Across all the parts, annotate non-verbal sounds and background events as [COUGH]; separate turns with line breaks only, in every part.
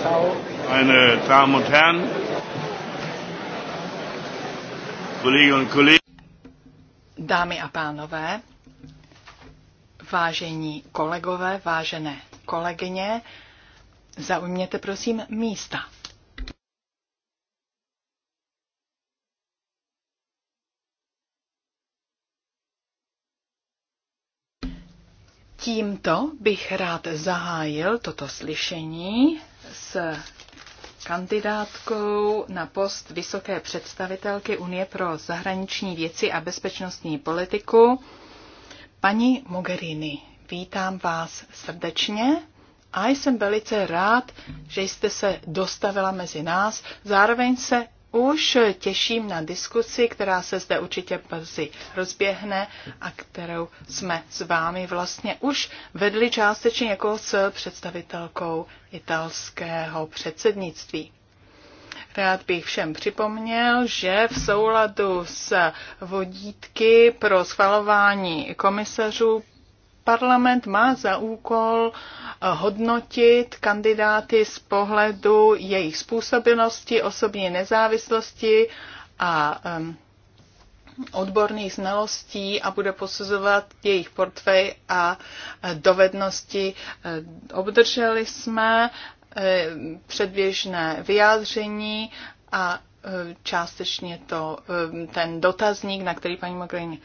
Meine Damen und Herren, Kolleginnen und Kollegen.
Dámy a pánové, vážení kolegové, vážené kolegyně, zaujměte prosím místa. Tímto bych rád zahájil toto slyšení s kandidátkou na post vysoké představitelky Unie pro zahraniční věci a bezpečnostní politiku. Paní Mogherini, vítám vás srdečně a jsem velice rád, že jste se dostavila mezi nás. Zároveň se už těším na diskusi, která se zde určitě brzy rozběhne a kterou jsme s vámi vlastně už vedli částečně jako s představitelkou italského předsednictví. Rád bych všem připomněl, že v souladu s vodítky pro schvalování komisařů Parlament má za úkol eh, hodnotit kandidáty z pohledu jejich způsobilosti, osobní nezávislosti a odborných znalostí a bude posuzovat jejich portfej a eh, dovednosti. Eh, obdrželi jsme předběžné vyjádření a částečně to ten dotazník, na který paní Magdalena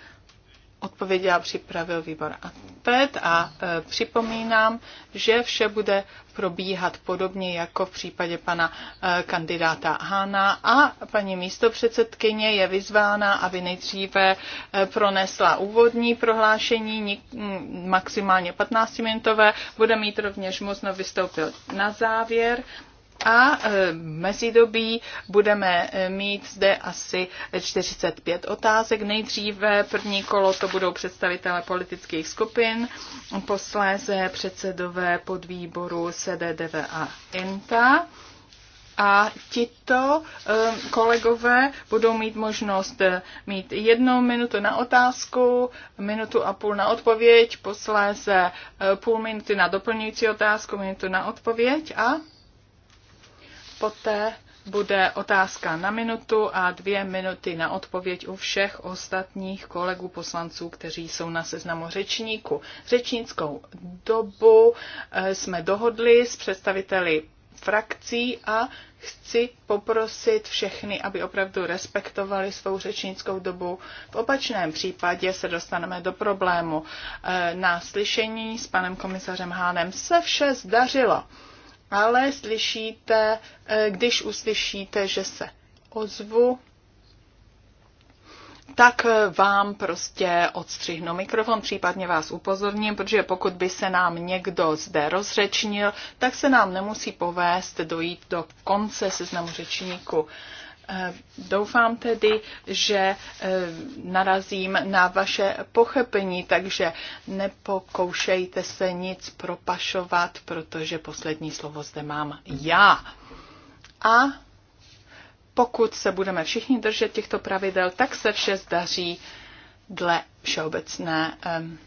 odpověděl a připravil výbor a PET a e, připomínám, že vše bude probíhat podobně jako v případě pana e, kandidáta Hána a paní místopředsedkyně je vyzvána, aby nejdříve e, pronesla úvodní prohlášení, nik, maximálně 15-minutové, bude mít rovněž možnost vystoupit na závěr a e, mezidobí budeme e, mít zde asi 45 otázek. Nejdříve první kolo to budou představitelé politických skupin, posléze předsedové podvýboru CDDV a INTA. A tito e, kolegové budou mít možnost e, mít jednu minutu na otázku, minutu a půl na odpověď, posléze půl minuty na doplňující otázku, minutu na odpověď a Poté bude otázka na minutu a dvě minuty na odpověď u všech ostatních kolegů poslanců, kteří jsou na seznamu řečníku. Řečnickou dobu eh, jsme dohodli s představiteli frakcí a chci poprosit všechny, aby opravdu respektovali svou řečnickou dobu. V opačném případě se dostaneme do problému. Eh, na slyšení s panem komisařem Hánem se vše zdařilo ale slyšíte, eh, když uslyšíte, že se ozvu, tak eh, vám prostě odstřihnu mikrofon, případně vás upozorním, protože pokud by se nám někdo zde rozřečnil, tak se nám nemusí povést dojít do konce seznamu řečníku. Eh, doufám tedy, že eh, narazím na vaše pochopení, takže nepokoušejte se nic propašovat, protože poslední slovo zde mám já. A pokud se budeme všichni držet těchto pravidel, tak se vše zdaří dle všeobecné um,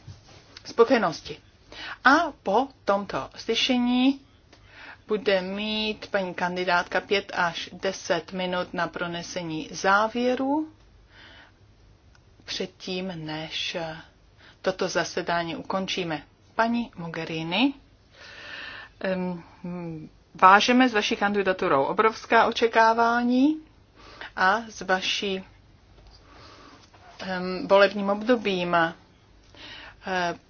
spokojenosti. A po tomto slyšení bude mít paní kandidátka 5 až 10 minut na pronesení závěru předtím, než toto zasedání ukončíme. Paní Mogherini, vážeme s vaší kandidaturou obrovská očekávání a s vaší volebním obdobím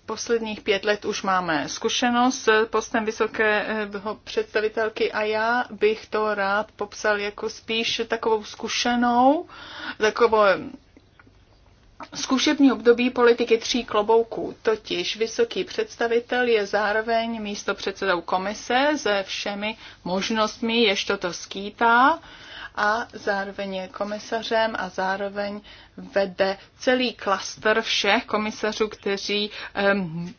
Posledních pět let už máme zkušenost s postem vysokého představitelky a já bych to rád popsal jako spíš takovou zkušenou, takovou Zkušební období politiky tří klobouků, totiž vysoký představitel je zároveň místo předsedou komise se všemi možnostmi, jež toto skýtá, a zároveň je komisařem a zároveň vede celý klaster všech komisařů, kteří um,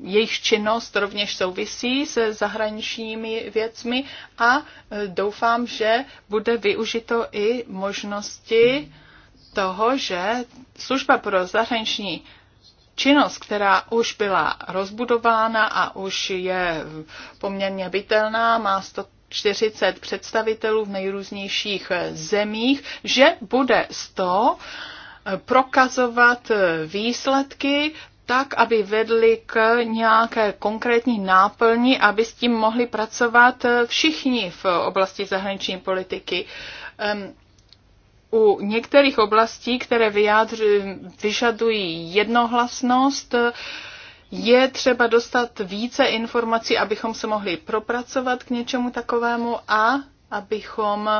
jejich činnost rovněž souvisí se zahraničními věcmi a e, doufám, že bude využito i možnosti toho, že služba pro zahraniční činnost, která už byla rozbudována a už je poměrně bytelná, má 100 40 představitelů v nejrůznějších zemích, že bude 100 prokazovat výsledky tak, aby vedli k nějaké konkrétní náplni, aby s tím mohli pracovat všichni v oblasti zahraniční politiky. U některých oblastí, které vyjádř, vyžadují jednohlasnost, je třeba dostat více informací, abychom se mohli propracovat k něčemu takovému a abychom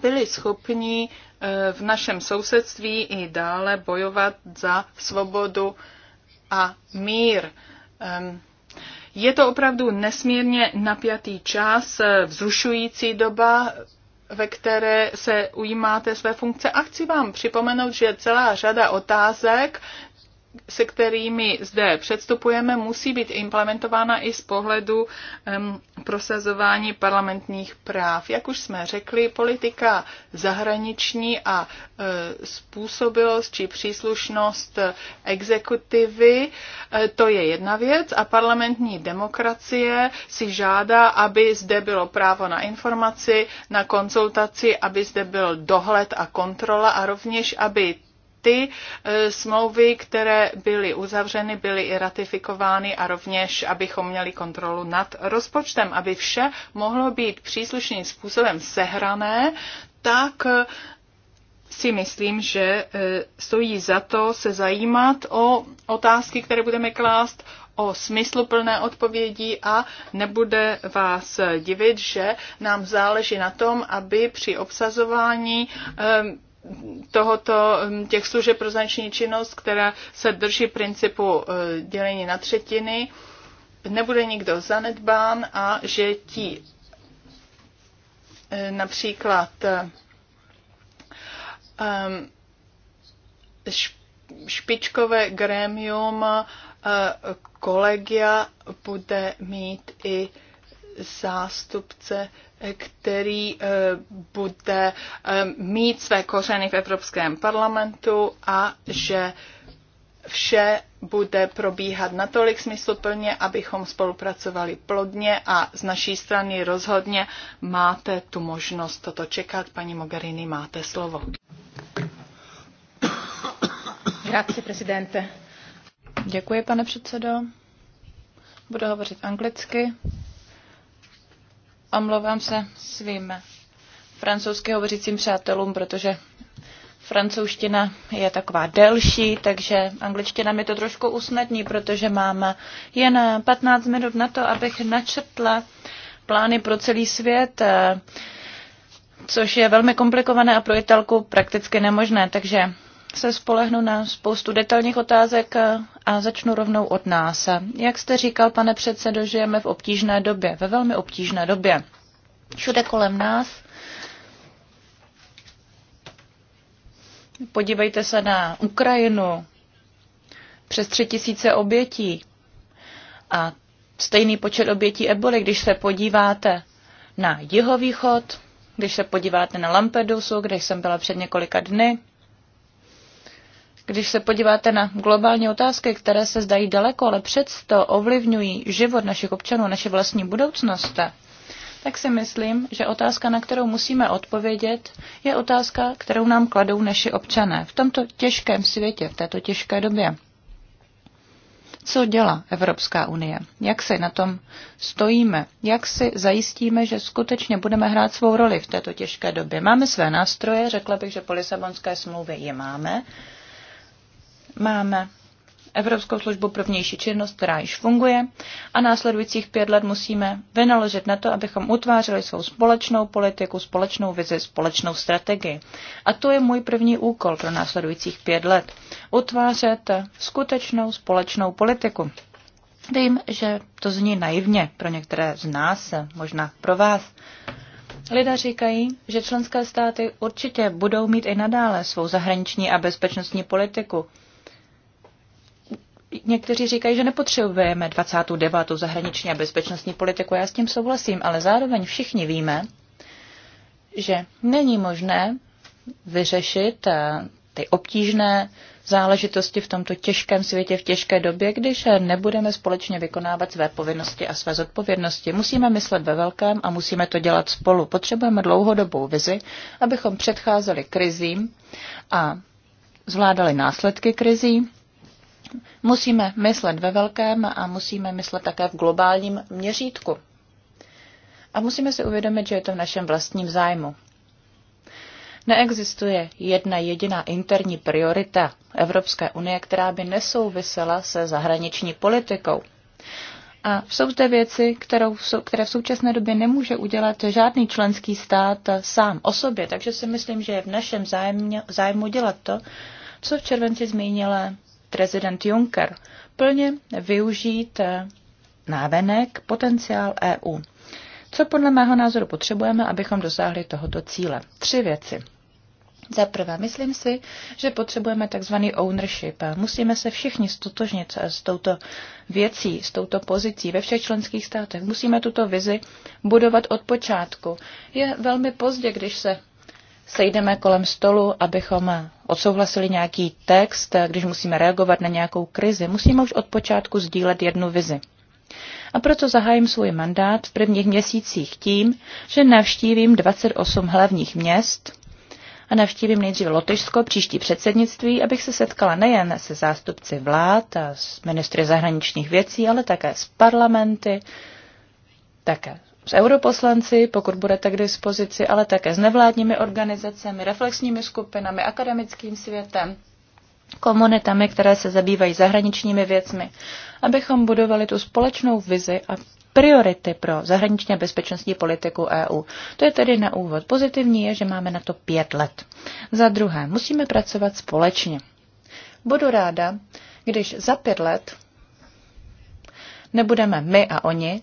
byli schopni eh, v našem sousedství i dále bojovat za svobodu a mír. Ehm, je to opravdu nesmírně napjatý čas, eh, vzrušující doba, ve které se ujímáte své funkce. A chci vám připomenout, že celá řada otázek se kterými zde předstupujeme, musí být implementována i z pohledu um, prosazování parlamentních práv. Jak už jsme řekli, politika zahraniční a uh, způsobilost či příslušnost exekutivy, uh, to je jedna věc a parlamentní demokracie si žádá, aby zde bylo právo na informaci, na konzultaci, aby zde byl dohled a kontrola a rovněž, aby ty e, smlouvy, které byly uzavřeny, byly i ratifikovány a rovněž, abychom měli kontrolu nad rozpočtem, aby vše mohlo být příslušným způsobem sehrané, tak e, si myslím, že e, stojí za to se zajímat o otázky, které budeme klást, o smysluplné odpovědi a nebude vás divit, že nám záleží na tom, aby při obsazování tohoto, mm, těch služeb pro zahraniční činnost, která se drží principu eh, dělení na třetiny, nebude nikdo zanedbán a že ti eh, například eh, ehm, špičkové grémium kolegia bude mít i zástupce který eh, bude eh, mít své kořeny v Evropském parlamentu a že vše bude probíhat natolik smysluplně, abychom spolupracovali plodně a z naší strany rozhodně máte tu možnost toto čekat. Paní Mogherini, máte slovo.
Grazie, prezidente. Děkuji, pane předsedo. Budu hovořit anglicky. Omlouvám se svým francouzsky hovořícím přátelům, protože francouzština je taková delší, takže angličtina mi to trošku usnadní, protože mám jen 15 minut na to, abych načrtla plány pro celý svět, eh, což je velmi komplikované a pro Italku prakticky nemožné. Takže se spolehnu na spoustu detailních otázek a začnu rovnou od nás. Jak jste říkal, pane předsedo, žijeme v obtížné době, ve velmi obtížné době. Všude kolem nás. Podívejte se na Ukrajinu. Přes tři tisíce obětí. A stejný počet obětí eboli, když se podíváte na jihovýchod, když se podíváte na Lampedusu, kde jsem byla před několika dny, když se podíváte na globální otázky, které se zdají daleko, ale přesto ovlivňují život našich občanů, naše vlastní budoucnost, tak si myslím, že otázka, na kterou musíme odpovědět, je otázka, kterou nám kladou naši občané v tomto těžkém světě, v této těžké době. Co dělá Evropská unie? Jak si na tom stojíme? Jak si zajistíme, že skutečně budeme hrát svou roli v této těžké době? Máme své nástroje, řekla bych, že po Lisabonské smlouvě je máme, Máme Evropskou službu pro vnější činnost, která již funguje a následujících pět let musíme vynaložit na to, abychom utvářeli svou společnou politiku, společnou vizi, společnou strategii. A to je můj první úkol pro následujících pět let. Utvářet skutečnou společnou politiku. Vím, že to zní naivně pro některé z nás, možná pro vás. Lidé říkají, že členské státy určitě budou mít i nadále svou zahraniční a bezpečnostní politiku, Někteří říkají, že nepotřebujeme 29. zahraniční a bezpečnostní politiku. Já s tím souhlasím, ale zároveň všichni víme, že není možné vyřešit eh, ty obtížné záležitosti v tomto těžkém světě, v těžké době, když eh, nebudeme společně vykonávat své povinnosti a své zodpovědnosti. Musíme myslet ve velkém a musíme to dělat spolu. Potřebujeme dlouhodobou vizi, abychom předcházeli krizím a zvládali následky krizí Musíme myslet ve velkém a musíme myslet také v globálním měřítku. A musíme si uvědomit, že je to v našem vlastním zájmu. Neexistuje jedna jediná interní priorita Evropské unie, která by nesouvisela se zahraniční politikou. A jsou zde věci, kterou, které v současné době nemůže udělat žádný členský stát sám o sobě. Takže si myslím, že je v našem zájmu, zájmu dělat to, co v červenci zmínila prezident Juncker plně využít eh, návenek potenciál EU. Co podle mého názoru potřebujeme, abychom dosáhli tohoto cíle? Tři věci. Za prvé, myslím si, že potřebujeme takzvaný ownership. Musíme se všichni stotožnit s touto věcí, s touto pozicí ve všech členských státech. Musíme tuto vizi budovat od počátku. Je velmi pozdě, když se sejdeme kolem stolu, abychom odsouhlasili nějaký text, když musíme reagovat na nějakou krizi, musíme už od počátku sdílet jednu vizi. A proto zahájím svůj mandát v prvních měsících tím, že navštívím 28 hlavních měst a navštívím nejdřív Lotyšsko, příští předsednictví, abych se setkala nejen se zástupci vlád a s ministry zahraničních věcí, ale také s parlamenty, také s europoslanci, pokud budete k dispozici, ale také s nevládními organizacemi, reflexními skupinami, akademickým světem, komunitami, které se zabývají zahraničními věcmi, abychom budovali tu společnou vizi a priority pro zahraniční a bezpečnostní politiku EU. To je tedy na úvod. Pozitivní je, že máme na to pět let. Za druhé, musíme pracovat společně. Budu ráda, když za pět let nebudeme my a oni,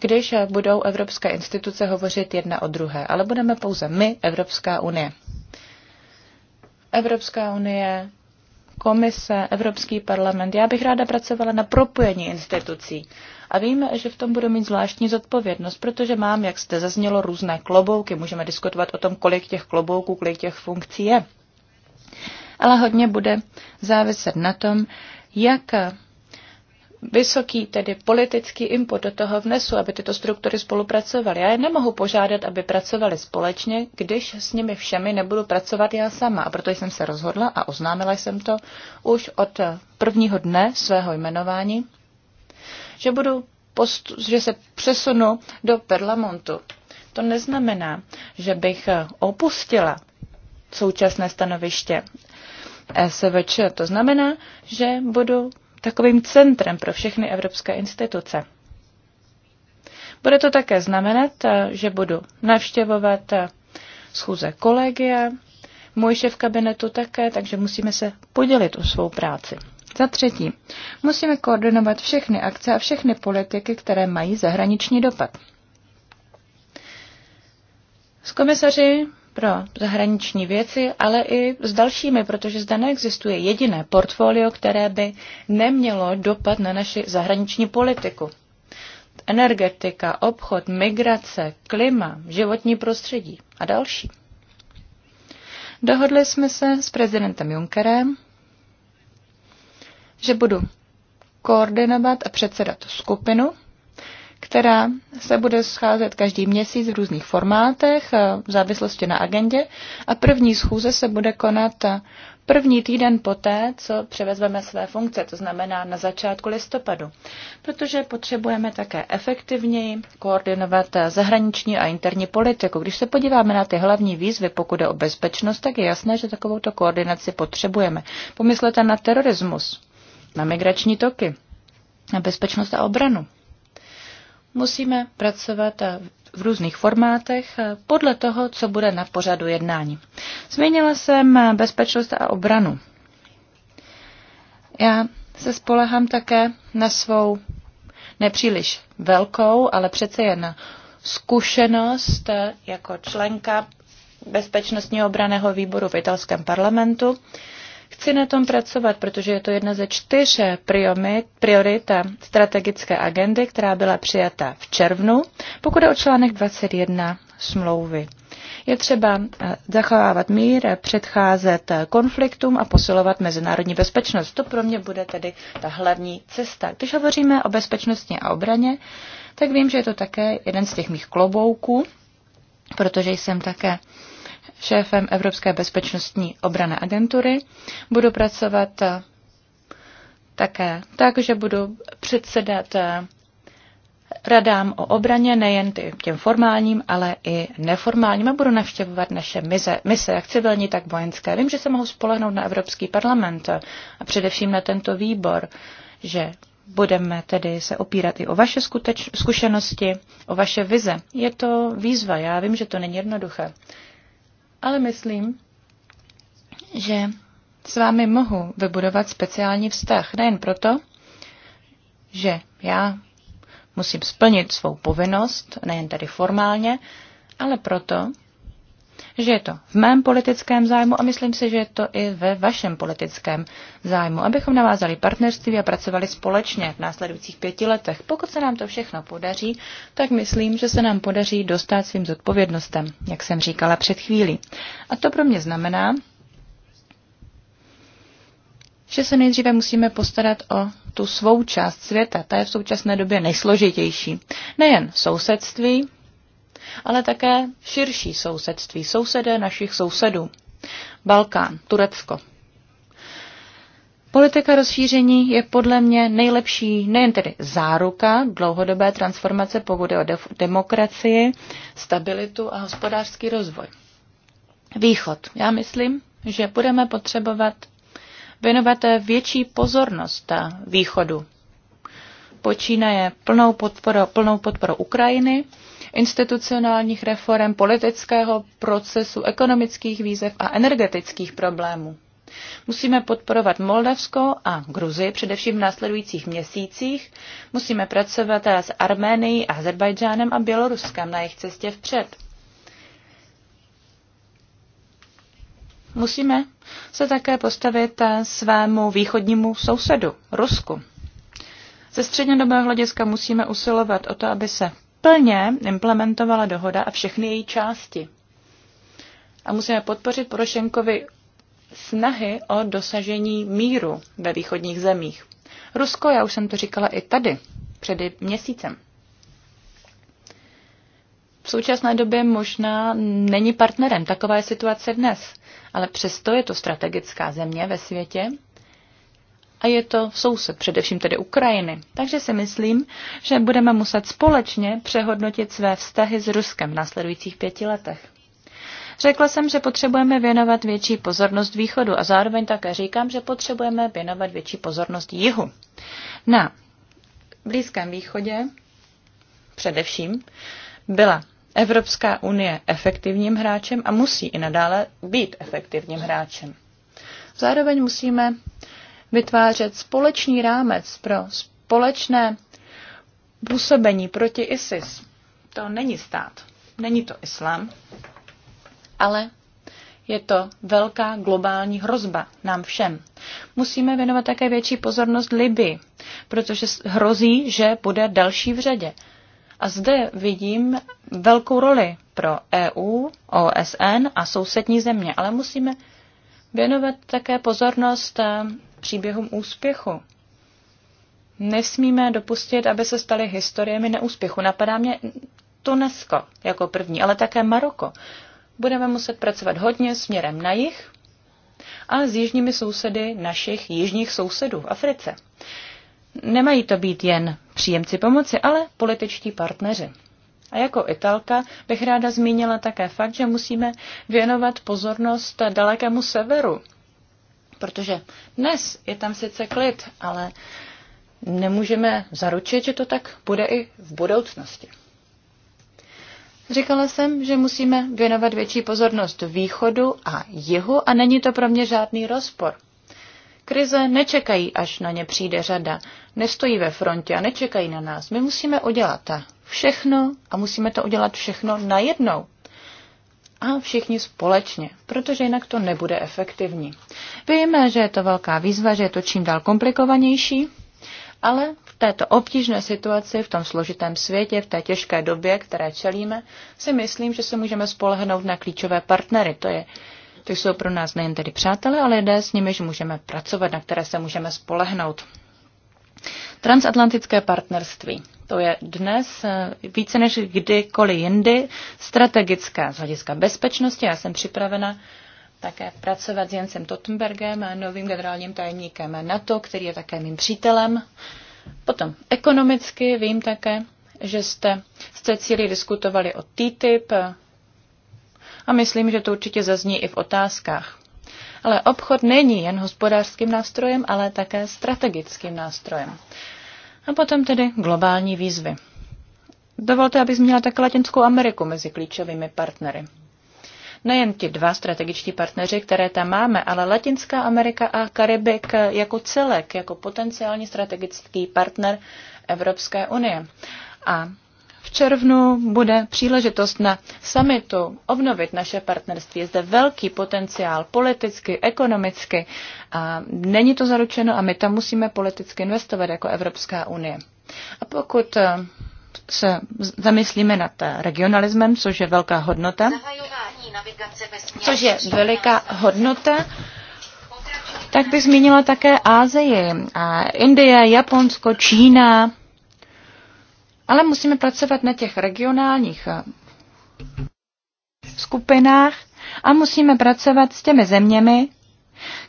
když budou evropské instituce hovořit jedna o druhé, ale budeme pouze my, Evropská unie. Evropská unie, komise, Evropský parlament. Já bych ráda pracovala na propojení institucí. A víme, že v tom budu mít zvláštní zodpovědnost, protože mám, jak jste zaznělo, různé klobouky. Můžeme diskutovat o tom, kolik těch klobouků, kolik těch funkcí je. Ale hodně bude záviset na tom, jak vysoký tedy politický input do toho vnesu, aby tyto struktury spolupracovaly. Já je nemohu požádat, aby pracovali společně, když s nimi všemi nebudu pracovat já sama. A proto jsem se rozhodla a oznámila jsem to už od prvního dne svého jmenování, že, budu postu- že se přesunu do parlamentu. To neznamená, že bych opustila současné stanoviště SVČ. To znamená, že budu takovým centrem pro všechny evropské instituce. Bude to také znamenat, že budu navštěvovat schůze kolegia, můj šéf kabinetu také, takže musíme se podělit o svou práci. Za třetí, musíme koordinovat všechny akce a všechny politiky, které mají zahraniční dopad. S komisaři pro zahraniční věci, ale i s dalšími, protože zde neexistuje jediné portfolio, které by nemělo dopad na naši zahraniční politiku. Energetika, obchod, migrace, klima, životní prostředí a další. Dohodli jsme se s prezidentem Junckerem, že budu koordinovat a předsedat skupinu, která se bude scházet každý měsíc v různých formátech eh, v závislosti na agendě a první schůze se bude konat eh, první týden poté, co převezmeme své funkce, to znamená na začátku listopadu, protože potřebujeme také efektivněji koordinovat eh, zahraniční a interní politiku. Když se podíváme na ty hlavní výzvy, pokud je o bezpečnost, tak je jasné, že takovouto koordinaci potřebujeme. Pomyslete na terorismus, na migrační toky, na bezpečnost a obranu musíme pracovat eh, v různých formátech eh, podle toho, co bude na pořadu jednání. Zmínila jsem eh, bezpečnost a obranu. Já se spolehám také na svou nepříliš velkou, ale přece jen zkušenost jako členka bezpečnostního obraného výboru v italském parlamentu, Chci na tom pracovat, protože je to jedna ze čtyř priorit strategické agendy, která byla přijata v červnu, pokud je o článek 21 smlouvy. Je třeba eh, zachovávat mír, předcházet konfliktům a posilovat mezinárodní bezpečnost. To pro mě bude tedy ta hlavní cesta. Když hovoříme o bezpečnosti a obraně, tak vím, že je to také jeden z těch mých klobouků, protože jsem také šéfem Evropské bezpečnostní obrané agentury. Budu pracovat eh, také tak, že budu předsedat eh, radám o obraně, nejen těm formálním, ale i neformálním a budu navštěvovat naše mise, mise jak civilní, tak vojenské. Vím, že se mohu spolehnout na Evropský parlament eh, a především na tento výbor, že budeme tedy se opírat i o vaše skuteč, zkušenosti, o vaše vize. Je to výzva, já vím, že to není jednoduché ale myslím, že s vámi mohu vybudovat speciální vztah nejen proto, že já musím splnit svou povinnost, nejen tady formálně, ale proto, že je to v mém politickém zájmu a myslím si, že je to i ve vašem politickém zájmu, abychom navázali partnerství a pracovali společně v následujících pěti letech. Pokud se nám to všechno podaří, tak myslím, že se nám podaří dostat svým zodpovědnostem, jak jsem říkala před chvílí. A to pro mě znamená, že se nejdříve musíme postarat o tu svou část světa. Ta je v současné době nejsložitější. Nejen sousedství, ale také širší sousedství, sousedé našich sousedů. Balkán, Turecko. Politika rozšíření je podle mě nejlepší nejen tedy záruka dlouhodobé transformace, pokud je o demokracii, stabilitu a hospodářský rozvoj. Východ. Já myslím, že budeme potřebovat věnovat větší pozornost východu. Počínaje plnou podporou, plnou podporou Ukrajiny institucionálních reform, politického procesu, ekonomických výzev a energetických problémů. Musíme podporovat Moldavsko a Gruzii především v následujících měsících. Musíme pracovat s Arménií, Azerbajdžánem a Běloruskem na jejich cestě vpřed. Musíme se také postavit svému východnímu sousedu, Rusku. Ze střednědobého hlediska musíme usilovat o to, aby se plně implementovala dohoda a všechny její části. A musíme podpořit Porošenkovi snahy o dosažení míru ve východních zemích. Rusko, já už jsem to říkala i tady, před měsícem. V současné době možná není partnerem. Taková je situace dnes. Ale přesto je to strategická země ve světě a je to soused, především tedy Ukrajiny. Takže si myslím, že budeme muset společně přehodnotit své vztahy s Ruskem v následujících pěti letech. Řekla jsem, že potřebujeme věnovat větší pozornost východu a zároveň také říkám, že potřebujeme věnovat větší pozornost jihu. Na Blízkém východě především byla Evropská unie efektivním hráčem a musí i nadále být efektivním hráčem. Zároveň musíme vytvářet společný rámec pro společné působení proti ISIS. To není stát, není to islám, ale je to velká globální hrozba nám všem. Musíme věnovat také větší pozornost Libii, protože hrozí, že bude další v řadě. A zde vidím velkou roli pro EU, OSN a sousední země, ale musíme věnovat také pozornost eh, příběhům úspěchu. Nesmíme dopustit, aby se staly historiemi neúspěchu. Napadá mě Tunesko jako první, ale také Maroko. Budeme muset pracovat hodně směrem na jich a s jižními sousedy našich jižních sousedů v Africe. Nemají to být jen příjemci pomoci, ale političtí partneři. A jako italka bych ráda zmínila také fakt, že musíme věnovat pozornost dalekému severu, protože dnes je tam sice klid, ale nemůžeme zaručit, že to tak bude i v budoucnosti. Říkala jsem, že musíme věnovat větší pozornost východu a jihu a není to pro mě žádný rozpor. Krize nečekají, až na ně přijde řada, nestojí ve frontě a nečekají na nás. My musíme udělat všechno a musíme to udělat všechno najednou a všichni společně, protože jinak to nebude efektivní. Víme, že je to velká výzva, že je to čím dál komplikovanější, ale v této obtížné situaci, v tom složitém světě, v té těžké době, které čelíme, si myslím, že se můžeme spolehnout na klíčové partnery. To, je, to jsou pro nás nejen tedy přátelé, ale lidé, s nimiž můžeme pracovat, na které se můžeme spolehnout. Transatlantické partnerství. To je dnes eh, více než kdykoliv jindy strategická z hlediska bezpečnosti. Já jsem připravena také pracovat s Jensem Tottenbergem, novým generálním tajemníkem NATO, který je také mým přítelem. Potom ekonomicky vím také, že jste s Cecílí diskutovali o TTIP eh, a myslím, že to určitě zazní i v otázkách. Ale obchod není jen hospodářským nástrojem, ale také strategickým nástrojem. A potom tedy globální výzvy. Dovolte, abych zmínila také Latinskou Ameriku mezi klíčovými partnery. Nejen ti dva strategičtí partneři, které tam máme, ale Latinská Amerika a Karibik jako celek, jako potenciální strategický partner Evropské unie. A v červnu bude příležitost na summitu obnovit naše partnerství. Je zde velký potenciál politicky, ekonomicky a není to zaručeno a my tam musíme politicky investovat jako Evropská unie. A pokud eh, se zamyslíme nad eh, regionalismem, což je velká hodnota, což je veliká hodnota, tak bych zmínila také Ázii. Indie, Japonsko, Čína, ale musíme pracovat na těch regionálních eh, skupinách a musíme pracovat s těmi zeměmi,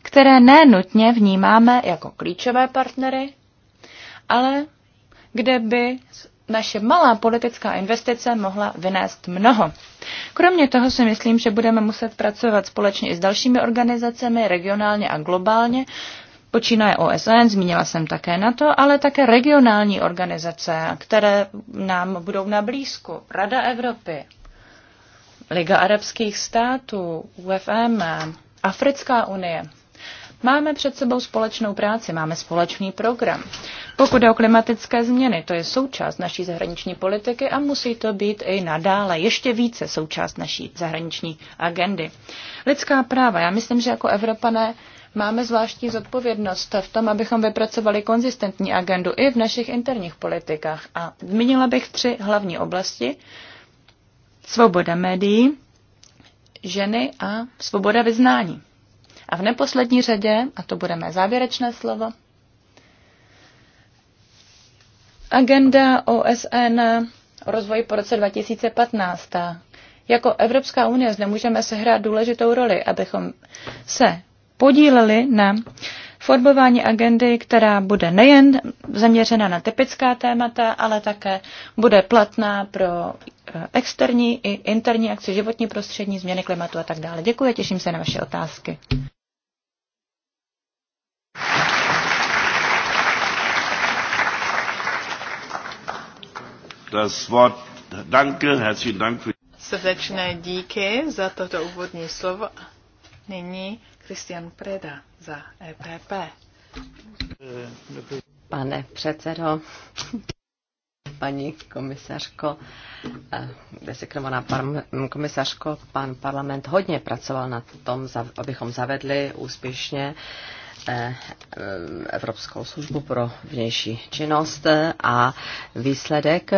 které nenutně vnímáme jako klíčové partnery, ale kde by naše malá politická investice mohla vynést mnoho. Kromě toho si myslím, že budeme muset pracovat společně i s dalšími organizacemi regionálně a globálně, počínaje OSN, zmínila jsem také na to, ale také regionální organizace, které nám budou na blízku. Rada Evropy, Liga arabských států, UFM, Africká unie. Máme před sebou společnou práci, máme společný program. Pokud je o klimatické změny, to je součást naší zahraniční politiky a musí to být i nadále ještě více součást naší zahraniční agendy. Lidská práva, já myslím, že jako Evropané máme zvláštní zodpovědnost v tom, abychom vypracovali konzistentní agendu i v našich interních politikách. A zmínila bych tři hlavní oblasti. Svoboda médií, ženy a svoboda vyznání. A v neposlední řadě, a to bude mé závěrečné slovo, agenda OSN o rozvoji po roce 2015. Jako Evropská unie zde můžeme sehrát důležitou roli, abychom se podíleli na formování agendy, která bude nejen zaměřena na typická témata, ale také bude platná pro eh, externí i interní akci životní prostřední změny klimatu a tak dále. Děkuji, těším se na vaše otázky. Das Wort, danke, herzlichen Dank für
Srdečné díky za toto úvodní slovo. Nyní Christian Preda za EPP.
Pane předsedo, paní komisařko, designovaná pan, komisařko, pan parlament hodně pracoval na tom, abychom zavedli úspěšně eh, eh, Evropskou službu pro vnější činnost a výsledek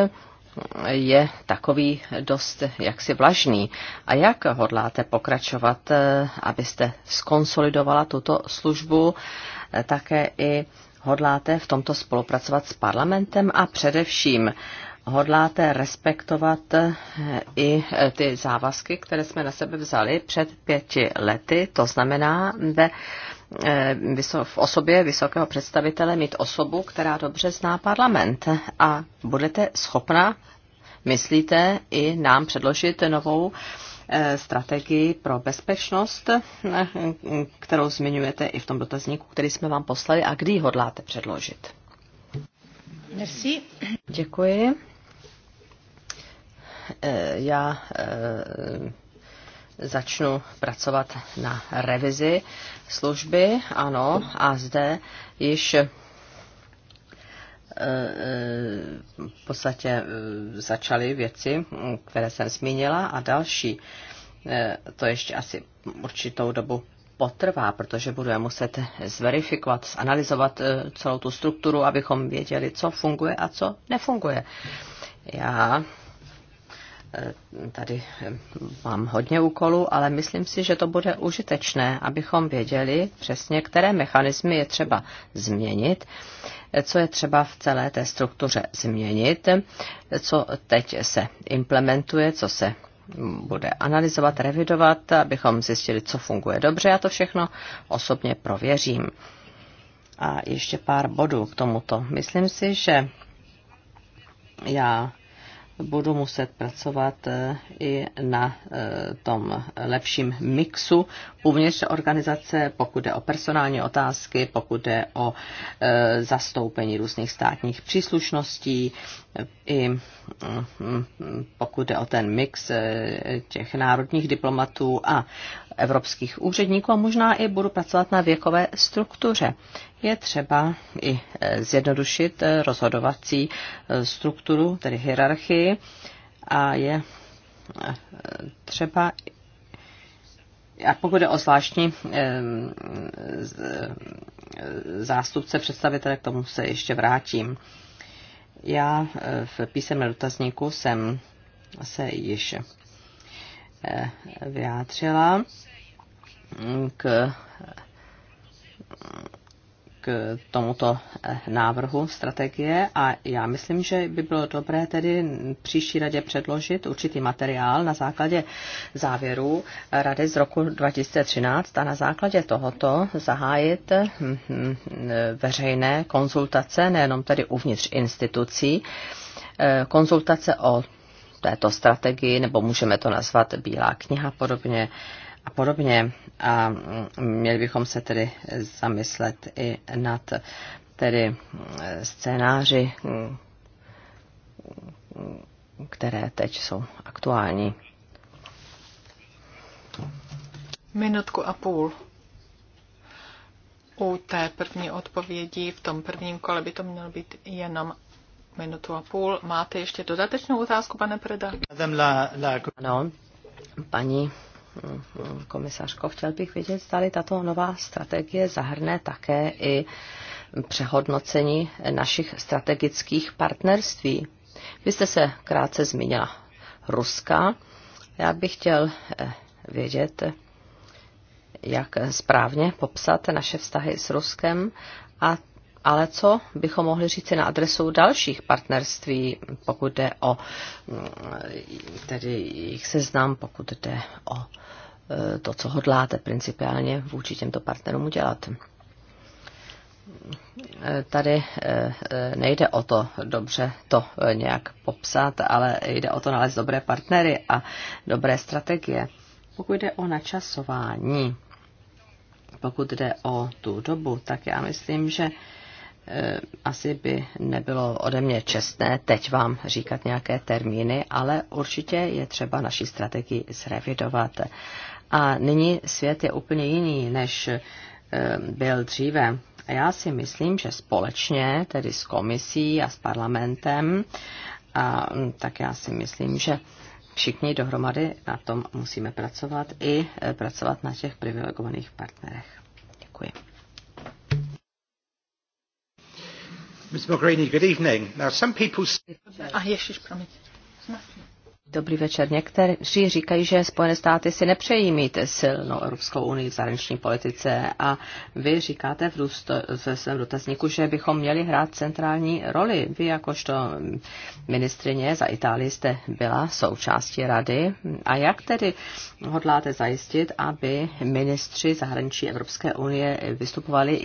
je takový dost jaksi vlažný. A jak hodláte pokračovat, eh, abyste skonsolidovala tuto službu, eh, také i hodláte v tomto spolupracovat s parlamentem a především hodláte respektovat eh, i ty závazky, které jsme na sebe vzali před pěti lety, to znamená ve Eh, v osobě vysokého představitele mít osobu, která dobře zná parlament a budete schopna, myslíte, i nám předložit novou eh, strategii pro bezpečnost, eh, kterou zmiňujete i v tom dotazníku, který jsme vám poslali a kdy ji hodláte předložit. Merci. Děkuji. Já začnu pracovat na revizi služby, ano, a zde již e, e, v podstatě e, začaly věci, které jsem zmínila a další. To ještě asi určitou dobu potrvá, protože budeme muset zverifikovat, zanalizovat celou tu strukturu, abychom věděli, co funguje a co nefunguje. Já Eh, tady eh, mám hodně úkolů, ale myslím si, že to bude užitečné, abychom věděli přesně, které mechanismy je třeba změnit, eh, co je třeba v celé té struktuře změnit, co teď se implementuje, co se bude analyzovat, revidovat, abychom zjistili, co funguje dobře. Já to všechno osobně prověřím. A ještě pár bodů k tomuto. Myslím si, že já budu muset pracovat eh, i na eh, tom lepším mixu uvnitř organizace, pokud jde o personální otázky, pokud jde o eh, zastoupení různých státních příslušností, i mm, mm, mm, pokud jde o ten mix těch národních diplomatů a evropských úředníků a možná i budu pracovat na věkové struktuře. Je třeba i e, zjednodušit e, rozhodovací e, strukturu, tedy hierarchii, a je třeba a pokud je o zvláštní zástupce představitele, k tomu se ještě vrátím. Já v písemném dotazníku jsem se již vyjádřila k, k tomuto návrhu strategie a já myslím, že by bylo dobré tedy příští radě předložit určitý materiál na základě závěrů rady z roku 2013 a na základě tohoto zahájit hm, hm, veřejné konzultace, nejenom tedy uvnitř institucí, eh, konzultace o této strategii, nebo můžeme to nazvat Bílá kniha podobně, a podobně. A mm, měli bychom se tedy zamyslet i nad tedy mm, scénáři, mm, které teď jsou aktuální.
Minutku a půl. U té první odpovědi v tom prvním kole by to mělo být jenom minutu a půl. Máte ještě dodatečnou otázku, pane Preda?
Ano, paní komisařko, chtěl bych vědět, zda tato nová strategie zahrne také i přehodnocení našich strategických partnerství. Vy jste se krátce zmínila Ruska. Já bych chtěl eh, vědět, jak správně popsat naše vztahy s Ruskem a ale co bychom mohli říci na adresu dalších partnerství, pokud jde o mm, tedy jejich seznam, pokud jde o eh, to, co hodláte principiálně vůči těmto partnerům udělat. Eh, tady eh, nejde o to dobře to nějak popsat, ale jde o to nalézt dobré partnery a dobré strategie. Pokud jde o načasování, pokud jde o tu dobu, tak já myslím, že Eh, asi by nebylo ode mě čestné teď vám říkat nějaké termíny, ale určitě je třeba naší strategii zrevidovat. A nyní svět je úplně jiný, než eh, byl dříve. A já si myslím, že společně, tedy s komisí a s parlamentem, a hm, tak já si myslím, že všichni dohromady na tom musíme pracovat i eh, pracovat na těch privilegovaných partnerech. Děkuji.
Ms. Mogherini, good evening.
Now, some people... Ah, ježiš, promiň. Dobrý večer. Někteří říkají, že Spojené státy si nepřejí mít silnou Evropskou unii v zahraniční politice a vy říkáte v důsto, ze svém dotazníku, že bychom měli hrát centrální roli. Vy jakožto ministrině za Itálii jste byla součástí rady. A jak tedy hodláte zajistit, aby ministři zahraničí Evropské unie vystupovali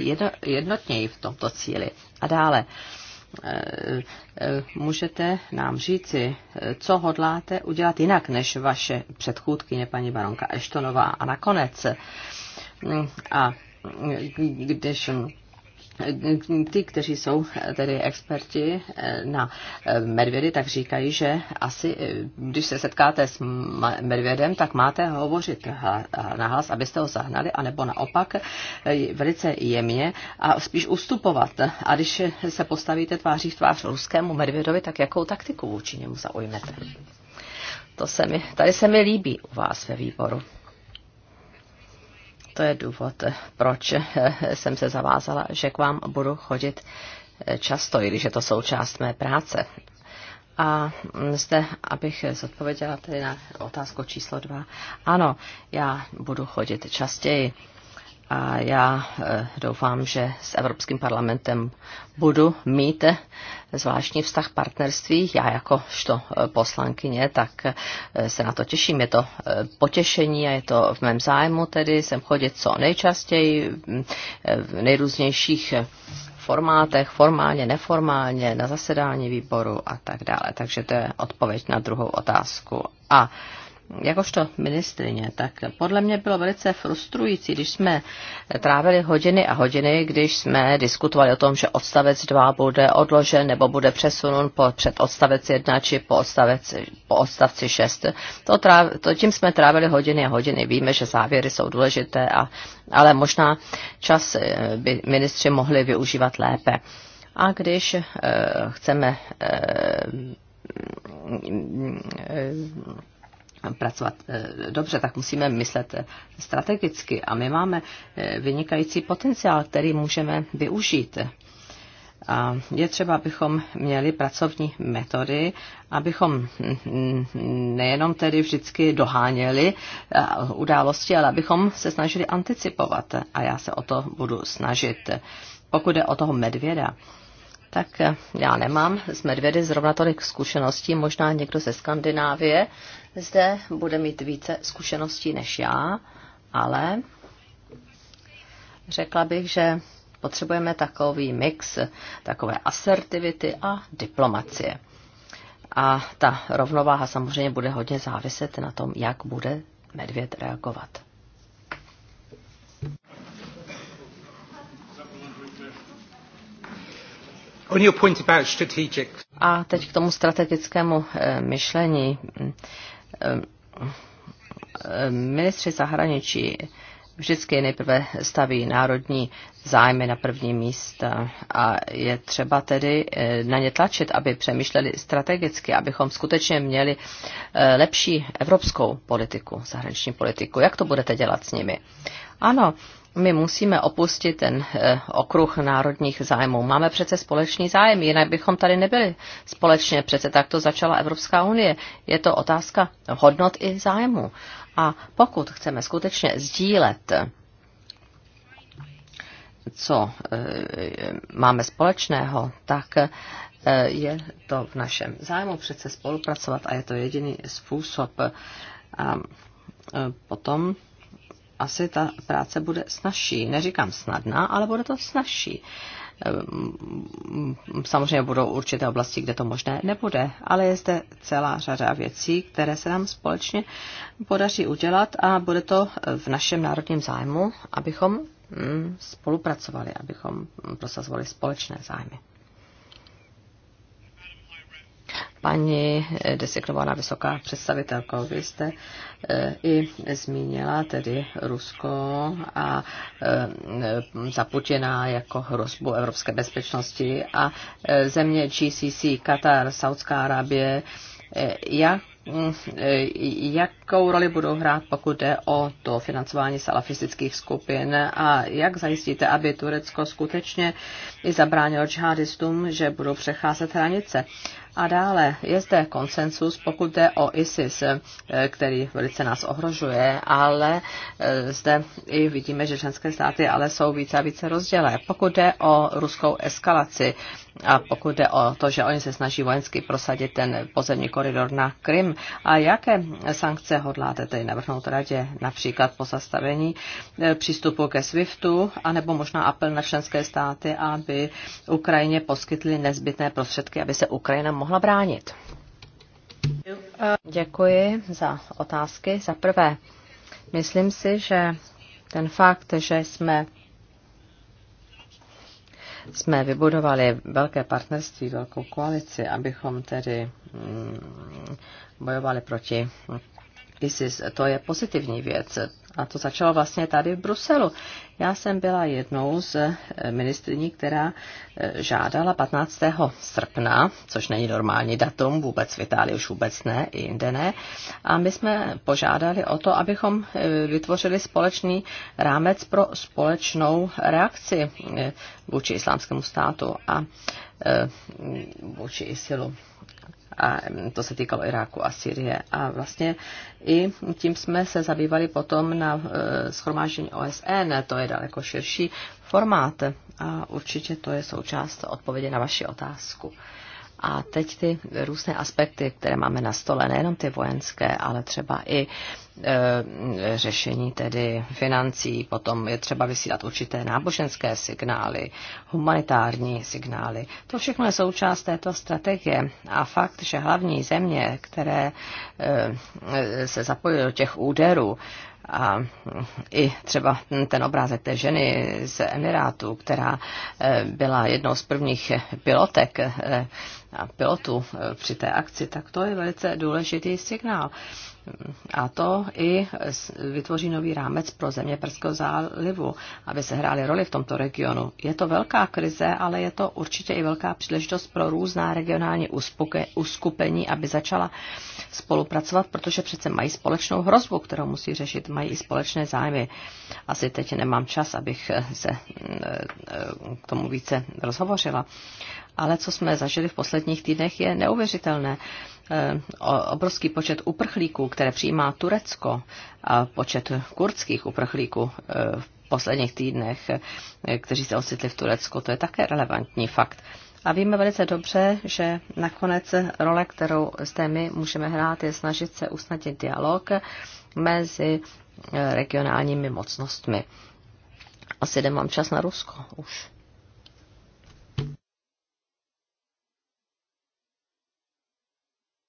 jednotněji v tomto cíli? A dále, Eh, eh, můžete nám říci, eh, co hodláte udělat jinak než vaše předchůdkyně paní baronka Eštonová. A nakonec, mm, a mm, když ty, kteří jsou tedy experti eh, na eh, medvědy, tak říkají, že asi, eh, když se setkáte s medvědem, tak máte hovořit na hlas, abyste ho zahnali, anebo naopak velice jemně a spíš ustupovat. A když se postavíte tváří v tvář ruskému medvědovi, tak jakou taktiku vůči němu zaujmete? To se mi, tady se mi líbí u vás ve výboru to je důvod, proč eh, jsem se zavázala, že k vám budu chodit eh, často, i když je to součást mé práce. A mm, zde, abych zodpověděla tedy na otázku číslo dva. Ano, já budu chodit častěji a já eh, doufám, že s Evropským parlamentem budu mít eh, zvláštní vztah partnerství. Já jako što eh, poslankyně, tak se na to těším. Je to potěšení a je to v mém zájmu, tedy jsem chodit co nejčastěji mm, v nejrůznějších formátech, formálně, neformálně, na zasedání výboru a tak dále. Takže to je odpověď na druhou otázku. A jakožto ministrině, tak podle mě bylo velice frustrující, když jsme trávili hodiny a hodiny, když jsme diskutovali o tom, že odstavec 2 bude odložen nebo bude přesunut po, před odstavec 1 či po, odstavec, po odstavci 6. To, tráv, to tím jsme trávili hodiny a hodiny. Víme, že závěry jsou důležité, a, ale možná čas eh, by ministři mohli využívat lépe. A když e, chceme e, pracovat eh, dobře, tak musíme myslet strategicky. A my máme eh, vynikající potenciál, který můžeme využít. A je třeba, abychom měli pracovní metody, abychom nejenom tedy vždycky doháněli eh, události, ale abychom se snažili anticipovat. A já se o to budu snažit. Pokud je o toho medvěda, tak já nemám z medvědy zrovna tolik zkušeností, možná někdo ze Skandinávie, zde bude mít více zkušeností než já, ale řekla bych, že potřebujeme takový mix takové asertivity a diplomacie. A ta rovnováha samozřejmě bude hodně záviset na tom, jak bude medvěd reagovat. A teď k tomu strategickému eh, myšlení. Ehm, ministři zahraničí vždycky nejprve staví národní zájmy na první místa a je třeba tedy eh, na ně tlačit, aby přemýšleli strategicky, abychom skutečně měli eh, lepší evropskou politiku, zahraniční politiku. Jak to budete dělat s nimi? Ano, my musíme opustit ten eh, okruh národních zájmů. Máme přece společný zájem, jinak bychom tady nebyli společně. Přece tak to začala Evropská unie. Je to otázka hodnot i zájmu. A pokud chceme skutečně sdílet, co eh, máme společného, tak eh, je to v našem zájmu přece spolupracovat a je to jediný způsob. A potom asi ta práce bude snažší. Neříkám snadná, ale bude to snažší. Ehm, samozřejmě budou určité oblasti, kde to možné nebude, ale je zde celá řada věcí, které se nám společně podaří udělat a bude to v našem národním zájmu, abychom hm, spolupracovali, abychom hm, prosazovali společné zájmy. Paní eh, designovaná vysoká představitelko, vy jste eh, i zmínila tedy Rusko a eh, za Putina jako hrozbu evropské bezpečnosti a země GCC, Katar, Saudská Arábie, jak jakou roli budou hrát, pokud jde o to financování salafistických skupin a jak zajistíte, aby Turecko skutečně i zabránilo džihadistům, že budou přecházet hranice. A dále je zde konsensus, pokud jde o ISIS, eh, který velice nás ohrožuje, ale eh, zde i vidíme, že členské státy ale jsou více a více rozdělé. Pokud jde o ruskou eskalaci, a pokud jde o to, že oni se snaží vojensky prosadit ten pozemní koridor na Krym, a jaké sankce hodláte tedy navrhnout radě, například zastavení eh, přístupu ke SWIFTu, anebo možná apel na členské státy, aby Ukrajině poskytly nezbytné prostředky, aby se Ukrajina mohla bránit? Děkuji za otázky. Za prvé, myslím si, že ten fakt, že jsme jsme vybudovali velké partnerství, velkou koalici, abychom tedy mm, bojovali proti ISIS. To je pozitivní věc a to začalo vlastně tady v Bruselu. Já jsem byla jednou z eh, ministriní, která eh, žádala 15. srpna, což není normální datum, vůbec v Itálii už vůbec ne, i jinde ne. A my jsme požádali o to, abychom eh, vytvořili společný rámec pro společnou reakci vůči islámskému státu a vůči ISILu a to se týkalo Iráku a Syrie. A vlastně i tím jsme se zabývali potom na e, schromáždění OSN, to je daleko širší formát a určitě to je součást odpovědi na vaši otázku. A teď ty různé aspekty, které máme na stole, nejenom ty vojenské, ale třeba i Eh, řešení tedy financí, potom je třeba vysílat určité náboženské signály, humanitární signály. To všechno je součást této strategie a fakt, že hlavní země, které eh, se zapojily do těch úderů, a i třeba ten obrázek té ženy z Emirátu, která eh, byla jednou z prvních pilotek a pilotů při té akci, tak to je velice důležitý signál. A to i vytvoří nový rámec pro země Perského zálivu, aby se hrály roli v tomto regionu. Je to velká krize, ale je to určitě i velká příležitost pro různá regionální uskupení, aby začala spolupracovat, protože přece mají společnou hrozbu, kterou musí řešit, mají i společné zájmy. Asi teď nemám čas, abych se eh, eh, k tomu více rozhovořila. Ale co jsme zažili v posledních týdnech, je neuvěřitelné. Eh, obrovský počet uprchlíků, které přijímá Turecko a počet kurdských uprchlíků eh, v posledních týdnech, eh, kteří se ocitli v Turecku, to je také relevantní fakt. A víme velice dobře, že nakonec role, kterou zde my můžeme hrát, je snažit se usnadnit dialog mezi regionálními mocnostmi. Asi nemám čas na Rusko už.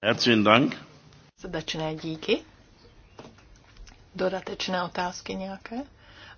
Herzlichen Dank.
Srdečné díky. Dodatečné otázky nějaké?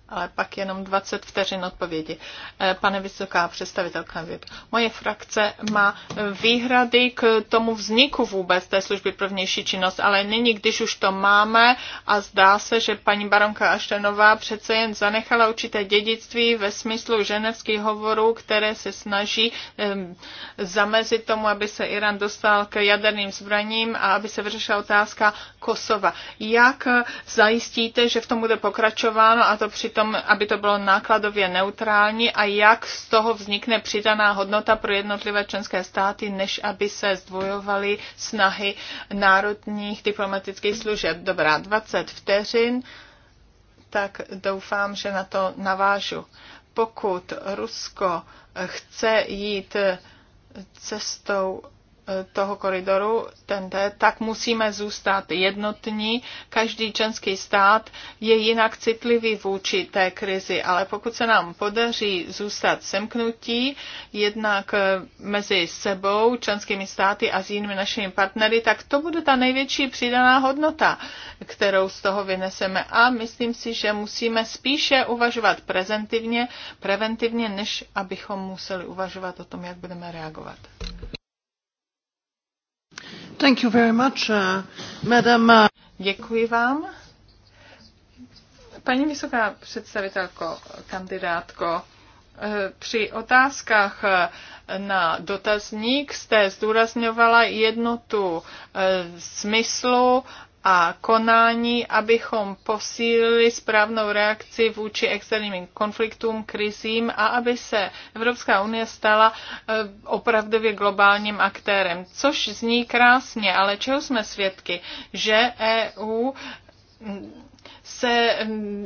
ale pak jenom 20 vteřin odpovědi. Eh, pane vysoká představitelka, moje frakce má výhrady k tomu vzniku vůbec té služby pro vnější činnost, ale nyní, když už to máme a zdá se, že paní baronka Aštenová přece jen zanechala určité dědictví ve smyslu ženevských hovorů, které se snaží ehm, zamezit tomu, aby se Irán dostal k jaderným zbraním a aby se vyřešila otázka Kosova. Jak zajistíte, že v tom bude pokračováno a to při tom, aby to bylo nákladově neutrální a jak z toho vznikne přidaná hodnota pro jednotlivé členské státy, než aby se zdvojovaly snahy národních diplomatických služeb. Dobrá, 20 vteřin, tak doufám, že na to navážu. Pokud Rusko chce jít cestou toho koridoru TNT, tak musíme zůstat jednotní. Každý členský stát je jinak citlivý vůči té krizi, ale pokud se nám podaří zůstat semknutí jednak eh, mezi sebou, členskými státy a s jinými našimi partnery, tak to bude ta největší přidaná hodnota, kterou z toho vyneseme. A myslím si, že musíme spíše uvažovat prezentivně, preventivně, než abychom museli uvažovat o tom, jak budeme reagovat. Uh, uh, Děkuji vám. Paní vysoká představitelko, kandidátko, eh, při otázkách eh, na dotazník jste zdůrazňovala jednotu eh, smyslu a konání, abychom posílili správnou reakci vůči externím konfliktům, krizím a aby se Evropská unie stala eh, opravdově globálním aktérem. Což zní krásně, ale čeho jsme svědky? Že EU se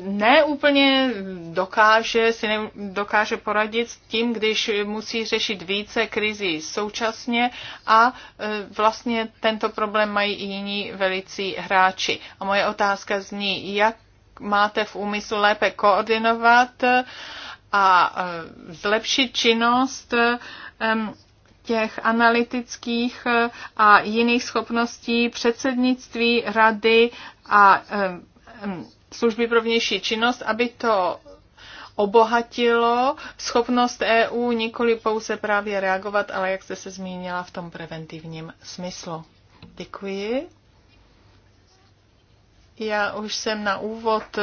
neúplně dokáže, si ne, dokáže poradit s tím, když musí řešit více krizí současně a e, vlastně tento problém mají i jiní velicí hráči. A moje otázka zní, jak máte v úmyslu lépe koordinovat e, a e, zlepšit činnost těch analytických a jiných schopností předsednictví rady a Mm, služby pro vnější činnost, aby to obohatilo schopnost EU nikoli pouze právě reagovat, ale jak jste se zmínila v tom preventivním smyslu. Děkuji. Já už jsem na úvod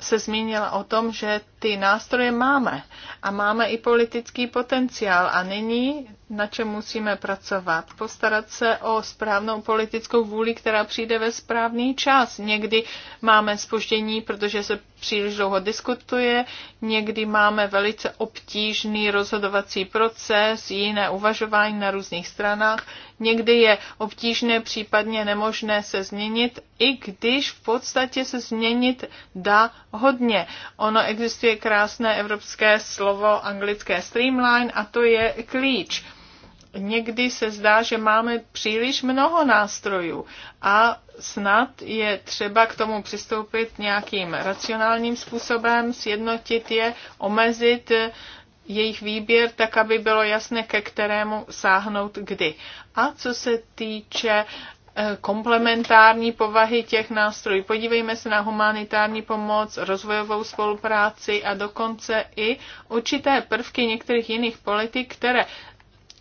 se zmínila o tom, že ty nástroje máme a máme i politický potenciál a nyní na čem musíme pracovat? Postarat se o správnou politickou vůli, která přijde ve správný čas. Někdy máme spoždění, protože se příliš dlouho diskutuje, někdy máme velice obtížný rozhodovací proces, jiné uvažování na různých stranách, někdy je obtížné, případně nemožné se změnit, i když v podstatě se změnit dá hodně. Ono existuje krásné evropské slovo anglické streamline a to je klíč někdy se zdá, že máme příliš mnoho nástrojů a snad je třeba k tomu přistoupit nějakým racionálním způsobem, sjednotit je, omezit eh, jejich výběr, tak aby bylo jasné, ke kterému sáhnout kdy. A co se týče eh, komplementární povahy těch nástrojů. Podívejme se na humanitární pomoc, rozvojovou spolupráci a dokonce i určité prvky některých jiných politik, které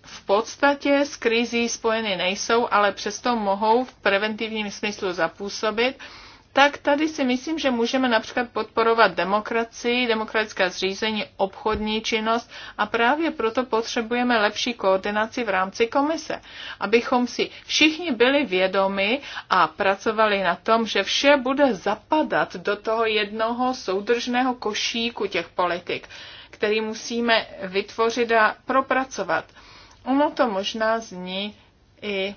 v podstatě s krizí spojeny nejsou, ale přesto mohou v preventivním smyslu zapůsobit, tak tady si myslím, že můžeme například podporovat demokracii, demokratické zřízení, obchodní činnost a právě proto potřebujeme lepší koordinaci v rámci komise, abychom si všichni byli vědomi a pracovali na tom, že vše bude zapadat do toho jednoho soudržného košíku těch politik, který musíme vytvořit a propracovat Ono to možná zní i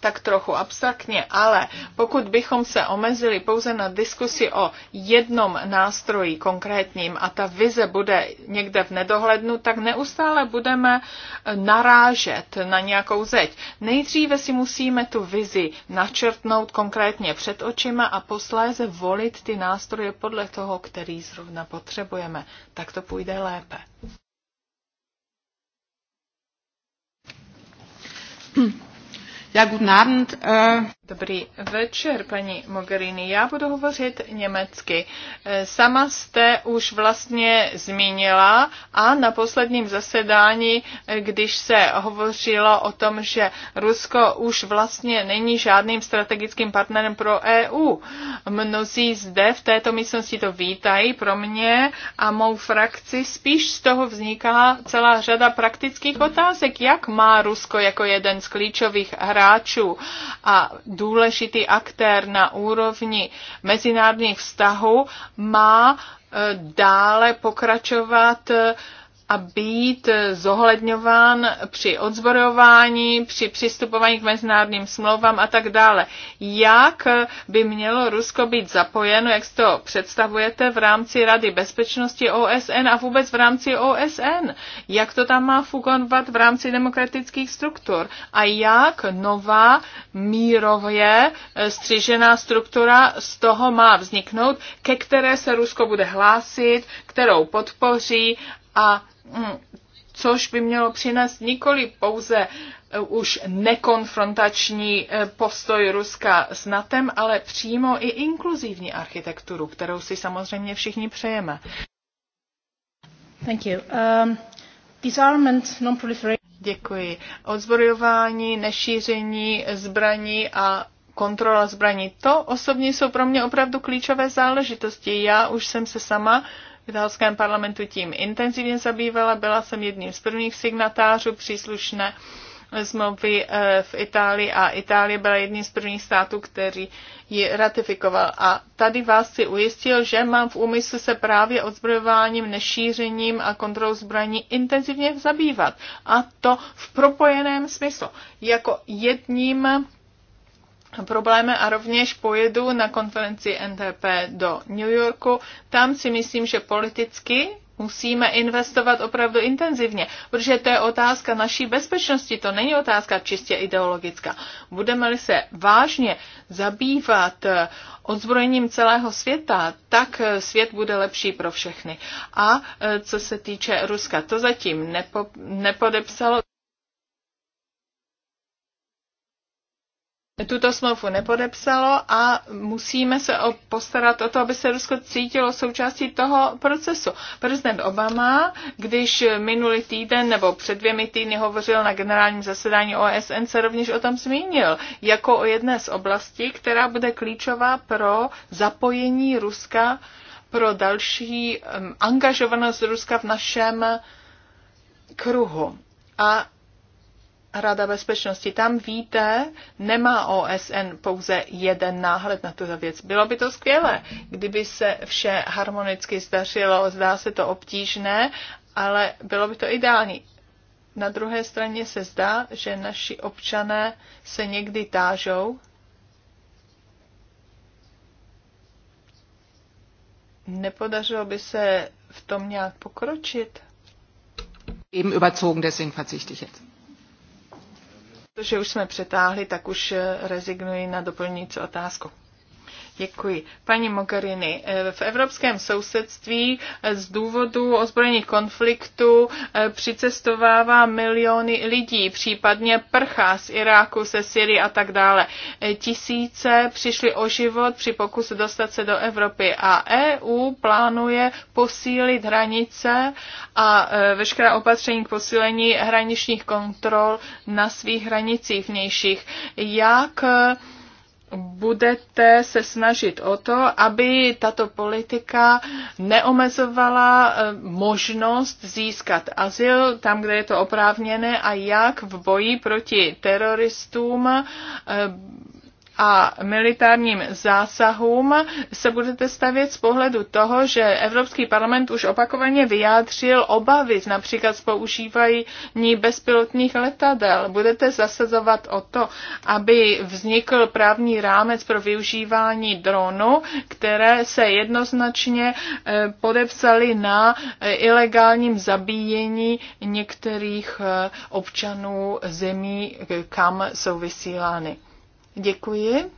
tak trochu abstraktně, ale pokud bychom se omezili pouze na diskusi o jednom nástroji konkrétním a ta vize bude někde v nedohlednu, tak neustále budeme narážet na nějakou zeď. Nejdříve si musíme tu vizi načrtnout konkrétně před očima a posléze volit ty nástroje podle toho, který zrovna potřebujeme. Tak to půjde lépe. Ja, guten Abend. Äh, Dobrý večer, paní Mogherini. Já budu hovořit německy. E, sama jste už vlastně zmínila a na posledním zasedání, e, když se hovořilo o tom, že Rusko už vlastně není žádným strategickým partnerem pro EU. Mnozí zde v této místnosti to vítají pro mě a mou frakci. Spíš z toho vzniká celá řada praktických otázek, jak má Rusko jako jeden z klíčových hráčů a důležitý aktér na úrovni mezinárodních vztahů, má e, dále pokračovat e, a být zohledňován při odzborování, při přistupování k mezinárodním smlouvám a tak dále. Jak by mělo Rusko být zapojeno, jak si to představujete v rámci Rady bezpečnosti OSN a vůbec v rámci OSN? Jak to tam má fungovat v rámci demokratických struktur? A jak nová mírově střižená struktura z toho má vzniknout, ke které se Rusko bude hlásit, kterou podpoří a Mm, což by mělo přinést nikoli pouze eh, už nekonfrontační eh, postoj Ruska s NATEM, ale přímo i inkluzivní architekturu, kterou si samozřejmě všichni přejeme. Thank you. Um, disarmament, non Děkuji. Odzbrojování, nešíření zbraní a kontrola zbraní. To osobně jsou pro mě opravdu klíčové záležitosti. Já už jsem se sama v italském parlamentu tím intenzivně zabývala. Byla jsem jedním z prvních signatářů příslušné smlouvy eh, v Itálii a Itálie byla jedním z prvních států, který ji ratifikoval. A tady vás si ujistil, že mám v úmyslu se právě odzbrojováním, nešířením a kontrolou zbraní intenzivně zabývat. A to v propojeném smyslu. Jako jedním problémy a rovněž pojedu na konferenci NTP do New Yorku. Tam si myslím, že politicky musíme investovat opravdu intenzivně, protože to je otázka naší bezpečnosti, to není otázka čistě ideologická. Budeme-li se vážně zabývat eh, odzbrojením celého světa, tak eh, svět bude lepší pro všechny. A eh, co se týče Ruska, to zatím nepo, nepodepsalo. tuto smlouvu nepodepsalo a musíme se postarat o to, aby se Rusko cítilo součástí toho procesu. Prezident Obama, když minulý týden nebo před dvěmi týdny hovořil na generálním zasedání OSN, se rovněž o tom zmínil, jako o jedné z oblastí, která bude klíčová pro zapojení Ruska, pro další angažovanost Ruska v našem kruhu. A Rada bezpečnosti. Tam víte, nemá OSN pouze jeden náhled na tuto věc. Bylo by to skvělé, kdyby se vše harmonicky zdařilo, zdá se to obtížné, ale bylo by to ideální. Na druhé straně se zdá, že naši občané se někdy tážou, nepodařilo by se v tom nějak pokročit. Eben überzogen, deswegen verzichte ich jetzt. Protože už jsme přetáhli, tak už rezignuji na doplňující otázku. Děkuji. Paní Mogherini, eh, v evropském sousedství eh, z důvodu ozbrojených konfliktů eh, přicestovává miliony lidí, případně prchá z Iráku, se Syrii a tak dále. Tisíce přišli o život při pokusu dostat se do Evropy a EU plánuje posílit hranice a veškerá opatření k posílení hraničních kontrol na svých hranicích vnějších. Jak budete se snažit o to, aby tato politika neomezovala eh, možnost získat azyl tam, kde je to oprávněné a jak v boji proti teroristům eh, a militárním zásahům se budete stavět z pohledu toho, že Evropský parlament už opakovaně vyjádřil obavy například z používání bezpilotních letadel. Budete zasazovat o to, aby vznikl právní rámec pro využívání dronu, které se jednoznačně eh, podepsaly na eh, ilegálním zabíjení některých eh, občanů zemí, kam jsou vysílány. Děkuji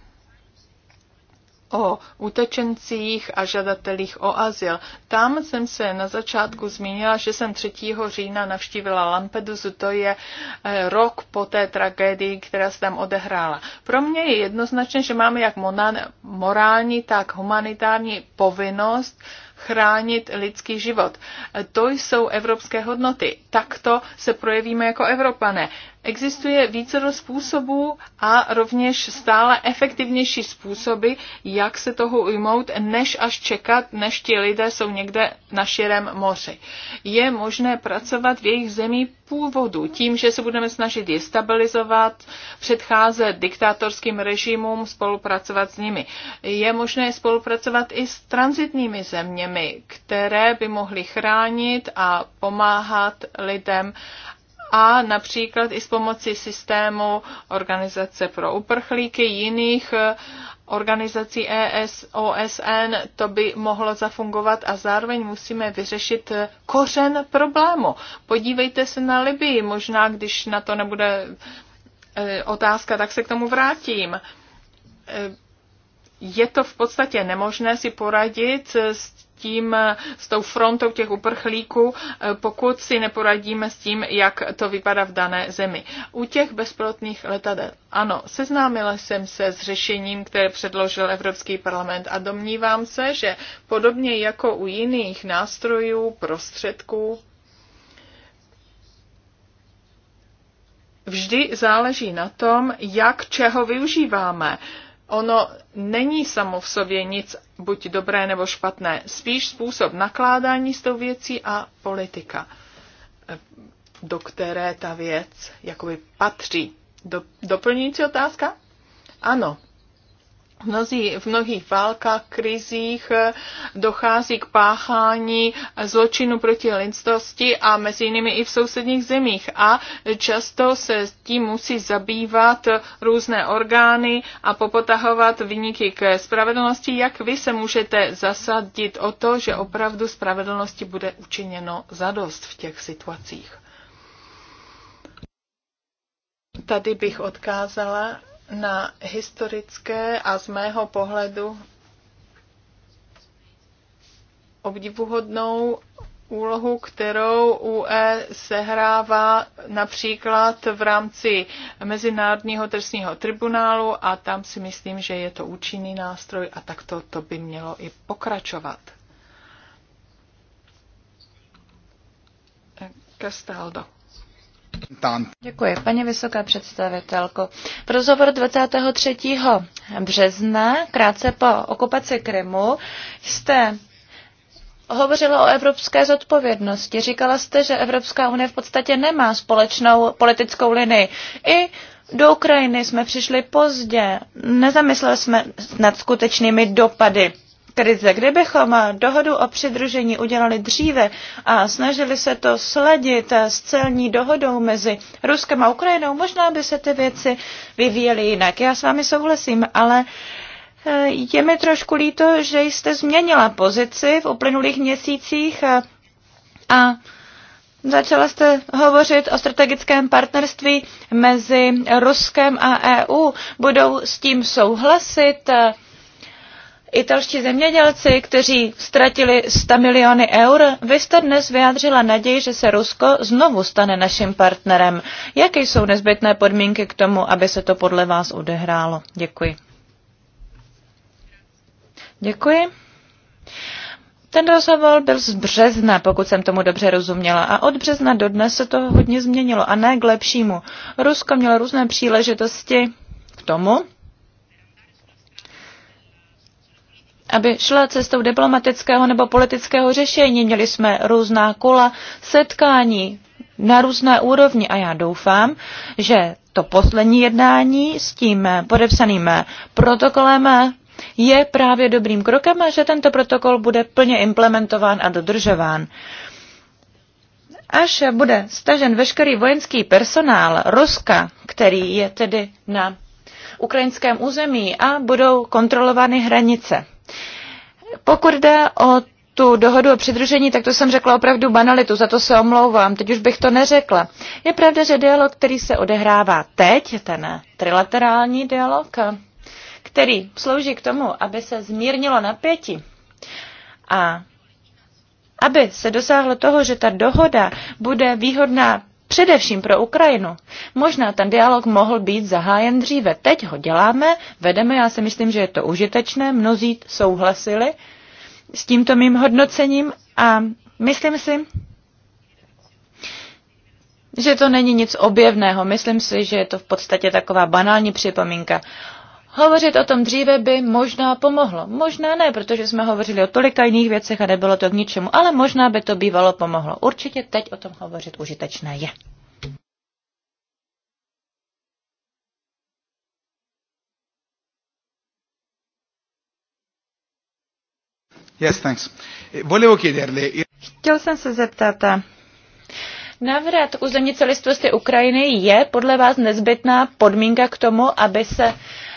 o utečencích a žadatelích o azyl. Tam jsem se na začátku zmínila, že jsem 3. října navštívila Lampedusu, to je eh, rok po té tragédii, která se tam odehrála. Pro mě je jednoznačné, že máme jak morální, tak humanitární povinnost chránit lidský život. To jsou evropské hodnoty. Takto se projevíme jako Evropané. Existuje více způsobů a rovněž stále efektivnější způsoby, jak se toho ujmout, než až čekat, než ti lidé jsou někde na širém moři. Je možné pracovat v jejich zemí původu tím, že se budeme snažit je stabilizovat, předcházet diktátorským režimům, spolupracovat s nimi. Je možné spolupracovat i s transitními zeměmi, které by mohly chránit a pomáhat lidem a například i s pomocí systému Organizace pro uprchlíky, jiných eh, organizací ES, OSN, to by mohlo zafungovat a zároveň musíme vyřešit eh, kořen problému. Podívejte se na Libii, možná když na to nebude eh, otázka, tak se k tomu vrátím. Je to v podstatě nemožné si poradit s tím, eh, s tou frontou těch uprchlíků, eh, pokud si neporadíme s tím, jak to vypadá v dané zemi. U těch bezpilotných letadel. Ano, seznámila jsem se s řešením, které předložil Evropský parlament a domnívám se, že podobně jako u jiných nástrojů, prostředků, vždy záleží na tom, jak čeho využíváme ono není samo v sobě nic buď dobré nebo špatné, spíš způsob nakládání s tou věcí a politika, do které ta věc jakoby patří. Do, doplňující otázka? Ano, Mnozí, v mnohých válkách, krizích eh, dochází k páchání zločinu proti lidskosti a mezi jinými i v sousedních zemích. A často se tím musí zabývat různé orgány a popotahovat vyniky k spravedlnosti. Jak vy se můžete zasadit o to, že opravdu spravedlnosti bude učiněno zadost v těch situacích? Tady bych odkázala na historické a z mého pohledu obdivuhodnou úlohu, kterou UE sehrává například v rámci Mezinárodního trestního tribunálu a tam si myslím, že je to účinný nástroj a tak to by mělo i pokračovat.
Castaldo. Děkuji, paní vysoká představitelko. V rozhovor 23. března, krátce po okupaci Krymu, jste hovořila o evropské zodpovědnosti. Říkala jste, že Evropská unie v podstatě nemá společnou politickou linii. I do Ukrajiny jsme přišli pozdě. Nezamysleli jsme nad skutečnými dopady krize. Kdybychom dohodu o přidružení udělali dříve a snažili se to sladit s celní dohodou mezi Ruskem a Ukrajinou, možná by se ty věci vyvíjely jinak. Já s vámi souhlasím, ale eh, je mi trošku líto, že jste změnila pozici v uplynulých měsících a, eh, a Začala jste hovořit o strategickém partnerství mezi Ruskem a EU. Budou s tím souhlasit eh, italští zemědělci, kteří ztratili 100 miliony eur, vy jste dnes vyjádřila naději, že se Rusko znovu stane naším partnerem. Jaké jsou nezbytné podmínky k tomu, aby se to podle vás odehrálo? Děkuji. Děkuji. Ten rozhovor byl z března, pokud jsem tomu dobře rozuměla. A od března do dnes se to hodně změnilo a ne k lepšímu. Rusko mělo různé příležitosti k tomu, aby šla cestou diplomatického nebo politického řešení. Měli jsme různá kola setkání na různé úrovni a já doufám, že to poslední jednání s tím podepsaným protokolem je právě dobrým krokem a že tento protokol bude plně implementován a dodržován. Až bude stažen veškerý vojenský personál Ruska, který je tedy na ukrajinském území a budou kontrolovány hranice. Pokud jde o tu dohodu o přidružení, tak to jsem řekla opravdu banalitu, za to se omlouvám, teď už bych to neřekla. Je pravda, že dialog, který se odehrává teď, ten trilaterální dialog, který slouží k tomu, aby se zmírnilo napětí a aby se dosáhlo toho, že ta dohoda bude výhodná především pro Ukrajinu. Možná ten dialog mohl být zahájen dříve. Teď ho děláme, vedeme, já si myslím, že je to užitečné, mnozí souhlasili s tímto mým hodnocením a myslím si, že to není nic objevného. Myslím si, že je to v podstatě taková banální připomínka. Hovořit o tom dříve by možná pomohlo. Možná ne, protože jsme hovořili o tolika jiných věcech a nebylo to k ničemu, ale možná by to bývalo pomohlo. Určitě teď o tom hovořit užitečné je. Yes, thanks. Volevo chiederle... Chtěl jsem se zeptat, eh, navrat územní celistvosti Ukrajiny je podle vás nezbytná podmínka k tomu, aby se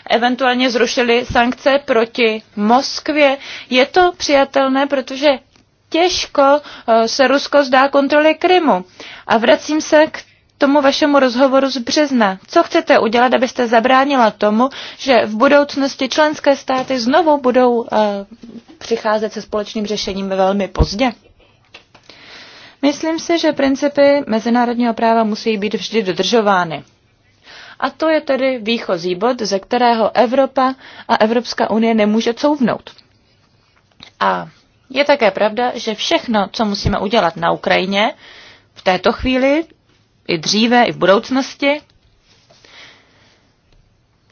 eventuálně zrušili sankce proti Moskvě. Je to přijatelné, protože těžko eh, se Rusko zdá kontroly Krymu. A vracím se k tomu vašemu rozhovoru z března. Co chcete udělat, abyste zabránila tomu, že v budoucnosti členské státy znovu budou uh, přicházet se společným řešením velmi pozdě? Myslím si, že principy mezinárodního práva musí být vždy dodržovány. A to je tedy výchozí bod, ze kterého Evropa a Evropská unie nemůže couvnout. A je také pravda, že všechno, co musíme udělat na Ukrajině, v této chvíli, i dříve, i v budoucnosti,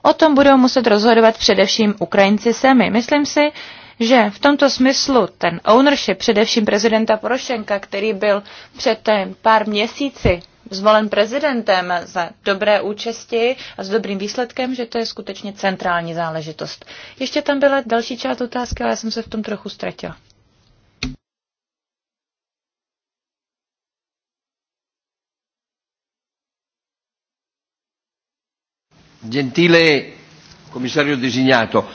o tom budou muset rozhodovat především Ukrajinci sami. Myslím si, že v tomto smyslu ten ownership především prezidenta Porošenka, který byl před eh, pár měsíci zvolen prezidentem za dobré účasti a s dobrým výsledkem, že to je skutečně centrální záležitost. Ještě tam byla další část otázky, ale já jsem se v tom trochu ztratila. Gentile komisario designato,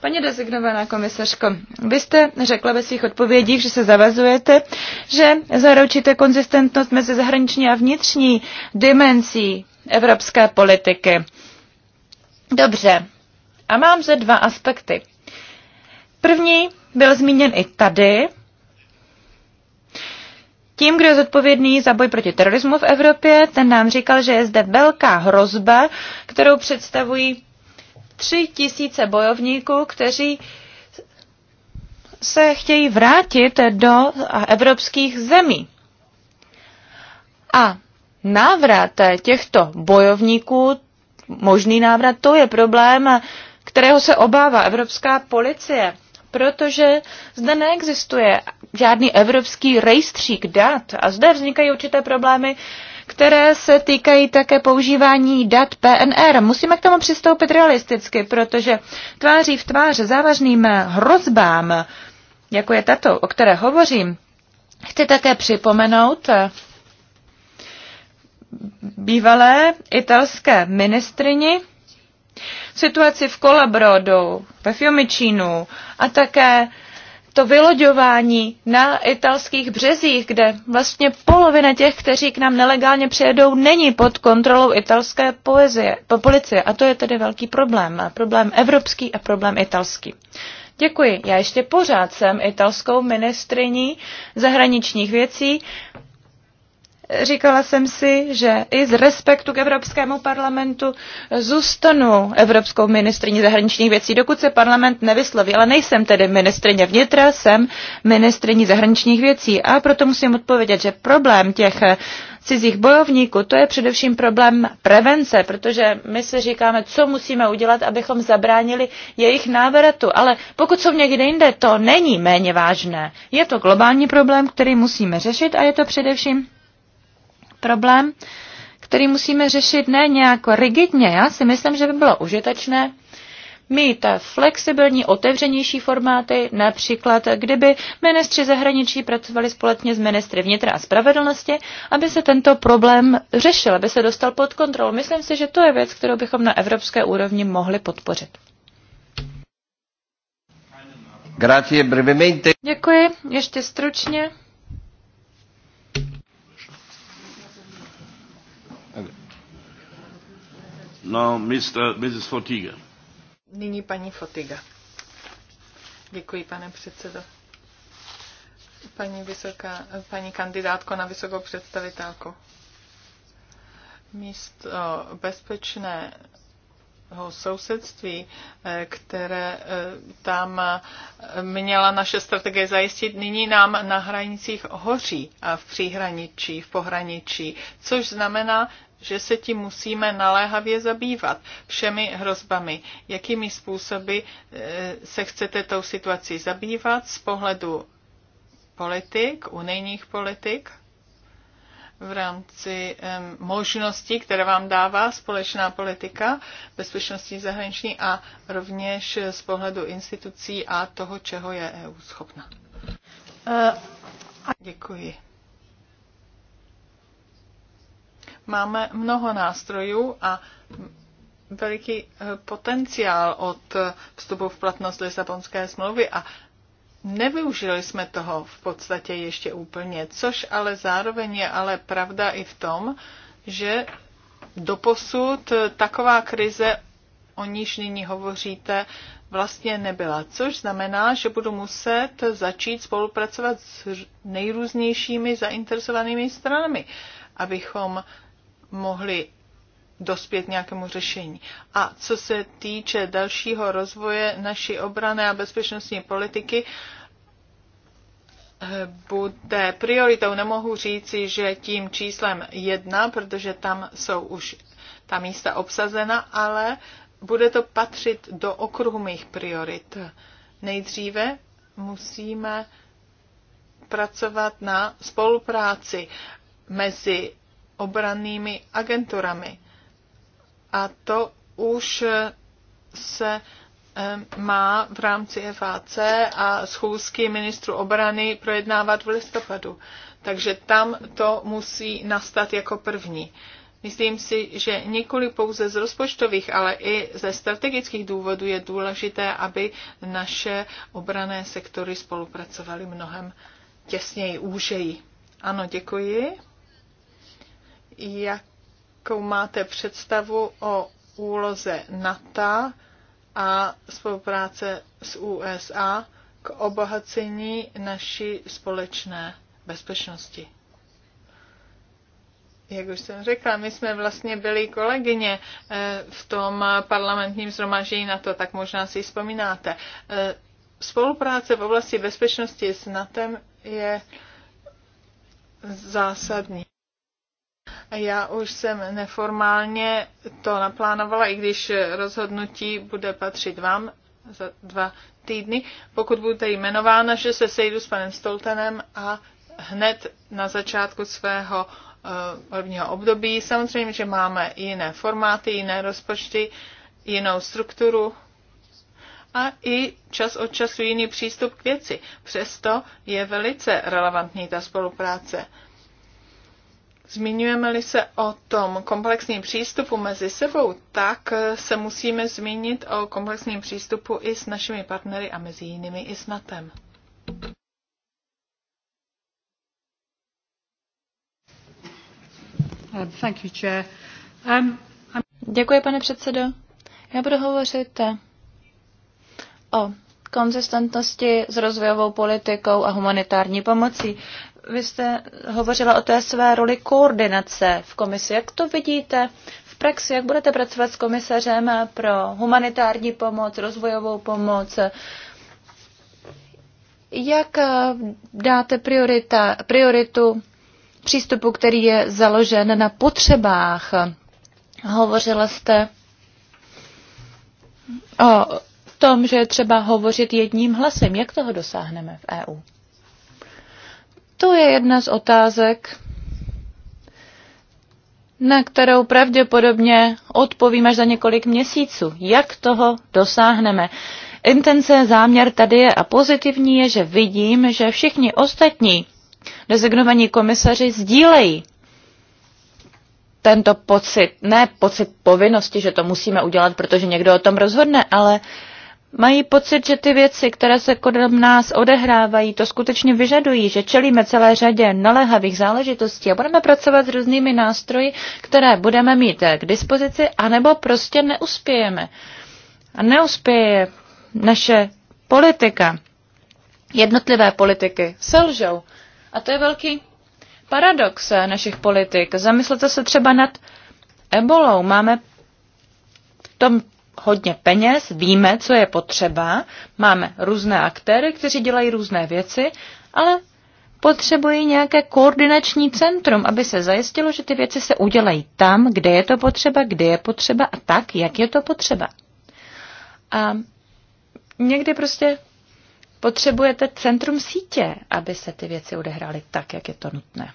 Paní designovaná komisařko, vy jste řekla ve svých odpovědích, že se zavazujete, že zaručíte konzistentnost mezi zahraniční a vnitřní dimenzí evropské politiky. Dobře. A mám zde dva aspekty. První byl zmíněn i tady. Tím, kdo je zodpovědný za boj proti terorismu v Evropě, ten nám říkal, že je zde velká hrozba, kterou představují tři tisíce bojovníků, kteří se chtějí vrátit do evropských zemí. A návrat těchto bojovníků, možný návrat, to je problém, kterého se obává evropská policie, protože zde neexistuje žádný evropský rejstřík dat a zde vznikají určité problémy, které se týkají také používání dat PNR. Musíme k tomu přistoupit realisticky, protože tváří v tvář závažným hrozbám, jako je tato, o které hovořím, chci také připomenout eh, bývalé italské ministrini, situaci v Kolabrodu, ve Fiumicinu a také to vyloďování na italských březích, kde vlastně polovina těch, kteří k nám nelegálně přijedou, není pod kontrolou italské poezie, po policie. A to je tedy velký problém. Problém evropský a problém italský. Děkuji. Já ještě pořád jsem italskou ministriní zahraničních věcí Říkala jsem si, že i z respektu k Evropskému parlamentu zůstanu evropskou ministriní zahraničních věcí, dokud se parlament nevysloví. Ale nejsem tedy ministrině vnitra, jsem ministriní zahraničních věcí. A proto musím odpovědět, že problém těch cizích bojovníků, to je především problém prevence, protože my si říkáme, co musíme udělat, abychom zabránili jejich návratu. Ale pokud jsou někde jinde, to není méně vážné. Je to globální problém, který musíme řešit a je to především problém, který musíme řešit ne nějak rigidně. Já si myslím, že by bylo užitečné mít flexibilní, otevřenější formáty, například kdyby ministři zahraničí pracovali společně s ministry vnitra a spravedlnosti, aby se tento problém řešil, aby se dostal pod kontrolu. Myslím si, že to je věc, kterou bychom na evropské úrovni mohli podpořit. Děkuji, ještě stručně. No, Mr. Mrs. Fotiga.
Nyní paní Fotiga. Děkuji, pane předsedo. Paní, vysoká, paní kandidátko na vysokou představitelku. Místo bezpečného sousedství, které eh, tam eh, měla naše strategie zajistit, nyní nám na hranicích hoří a v příhraničí, v pohraničí, což znamená, že se tím musíme naléhavě zabývat všemi hrozbami. Jakými způsoby e, se chcete tou situací zabývat z pohledu politik, unijních politik, v rámci um, možností, které vám dává společná politika bezpečnostní zahraniční a rovněž z pohledu institucí a toho, čeho je EU schopna. Uh, a... Děkuji. Máme mnoho nástrojů a veliký eh, potenciál od eh, vstupu v platnost Lisabonské smlouvy a nevyužili jsme toho v podstatě ještě úplně, což ale zároveň je ale pravda i v tom, že doposud eh, taková krize, o níž nyní hovoříte, vlastně nebyla. Což znamená, že budu muset začít spolupracovat s nejrůznějšími zainteresovanými stranami, abychom mohli dospět nějakému řešení. A co se týče dalšího rozvoje naší obrané a bezpečnostní politiky, bude prioritou, nemohu říci, že tím číslem jedna, protože tam jsou už ta místa obsazena, ale bude to patřit do okruhu mých priorit. Nejdříve musíme pracovat na spolupráci mezi obrannými agenturami. A to už se má v rámci FAC a schůzky ministru obrany projednávat v listopadu. Takže tam to musí nastat jako první. Myslím si, že nikoli pouze z rozpočtových, ale i ze strategických důvodů je důležité, aby naše obrané sektory spolupracovaly mnohem těsněji, úžeji. Ano, děkuji jakou máte představu o úloze NATO a spolupráce s USA k obohacení naší společné bezpečnosti. Jak už jsem řekla, my jsme vlastně byli kolegyně eh, v tom parlamentním zhromaždění na to, tak možná si vzpomínáte. Eh, spolupráce v oblasti bezpečnosti s NATEM je zásadní. Já už jsem neformálně to naplánovala, i když rozhodnutí bude patřit vám za dva týdny, pokud budete jmenována, že se sejdu s panem Stoltenem a hned na začátku svého eh, volebního období. Samozřejmě, že máme jiné formáty, jiné rozpočty, jinou strukturu a i čas od času jiný přístup k věci. Přesto je velice relevantní ta spolupráce. Zmiňujeme-li se o tom komplexním přístupu mezi sebou, tak se musíme zmínit o komplexním přístupu i s našimi partnery a mezi jinými i s NATEM.
Um, um, Děkuji, pane předsedo. Já budu hovořit eh, o konzistentnosti s rozvojovou politikou a humanitární pomocí. Vy jste hovořila o té své roli koordinace v komisi. Jak to vidíte v praxi? Jak budete pracovat s komisařem pro humanitární pomoc, rozvojovou pomoc? Jak eh, dáte priorita, prioritu přístupu, který je založen na potřebách? Hovořila jste o tom, že je třeba hovořit jedním hlasem. Jak toho dosáhneme v EU? To je jedna z otázek, na kterou pravděpodobně odpovím až za několik měsíců. Jak toho dosáhneme? Intence, záměr tady je a pozitivní je, že vidím, že všichni ostatní designovaní komisaři sdílejí tento pocit, ne pocit povinnosti, že to musíme udělat, protože někdo o tom rozhodne, ale mají pocit, že ty věci, které se kolem nás odehrávají, to skutečně vyžadují, že čelíme celé řadě naléhavých záležitostí a budeme pracovat s různými nástroji, které budeme mít eh, k dispozici, anebo prostě neuspějeme. A neuspěje naše politika. Jednotlivé politiky selžou. A to je velký paradox eh, našich politik. Zamyslete se třeba nad ebolou. Máme v tom hodně peněz, víme, co je potřeba, máme různé aktéry, kteří dělají různé věci, ale potřebují nějaké koordinační centrum, aby se zajistilo, že ty věci se udělají tam, kde je to potřeba, kde je potřeba a tak, jak je to potřeba. A někdy prostě potřebujete centrum sítě, aby se ty věci odehrály tak, jak je to nutné.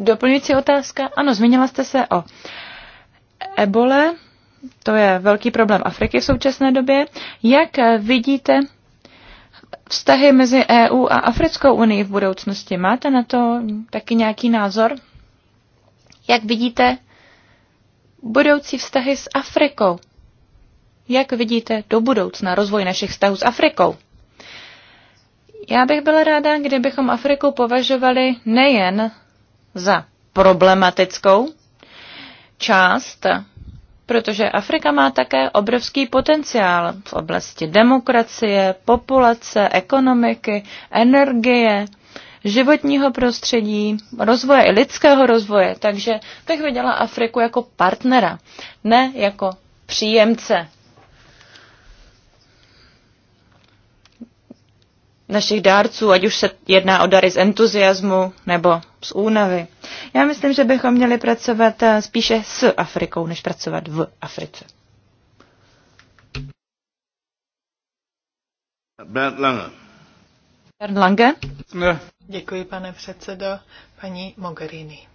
Doplňující otázka. Ano, zmínila jste se o ebole to je velký problém Afriky v současné době. Jak vidíte vztahy mezi EU a Africkou unii v budoucnosti? Máte na to taky nějaký názor? Jak vidíte budoucí vztahy s Afrikou? Jak vidíte do budoucna rozvoj našich vztahů s Afrikou? Já bych byla ráda, kdybychom Afriku považovali nejen za problematickou část protože Afrika má také obrovský potenciál v oblasti demokracie, populace, ekonomiky, energie, životního prostředí, rozvoje i lidského rozvoje. Takže bych viděla Afriku jako partnera, ne jako příjemce. našich dárců, ať už se jedná o dary z entuziasmu nebo z únavy. Já myslím, že bychom měli pracovat eh, spíše s Afrikou, než pracovat v Africe.
Bernd Lange.
Bernd Lange? Ne.
Děkuji, pane předsedo, paní Mogherini.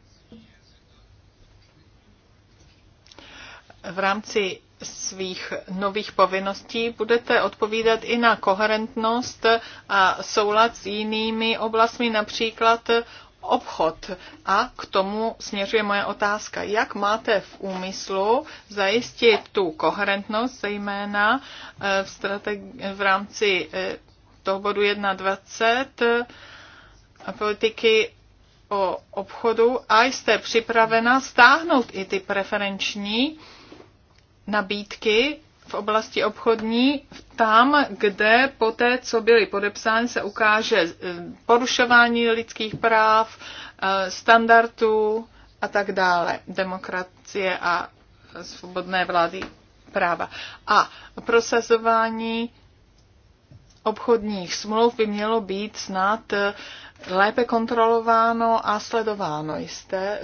V rámci svých nových povinností budete odpovídat i na koherentnost a soulad s jinými oblastmi, například obchod. A k tomu směřuje moje otázka. Jak máte v úmyslu zajistit tu koherentnost, zejména eh, v, strategi- v rámci eh, toho bodu 1.20 eh, politiky o obchodu a jste připravena stáhnout i ty preferenční nabídky v oblasti obchodní tam, kde po té, co byly podepsány, se ukáže eh, porušování lidských práv, eh, standardů a tak dále, demokracie a svobodné vlády práva. A prosazování obchodních smluv by mělo být snad eh, lépe kontrolováno a sledováno. Jste,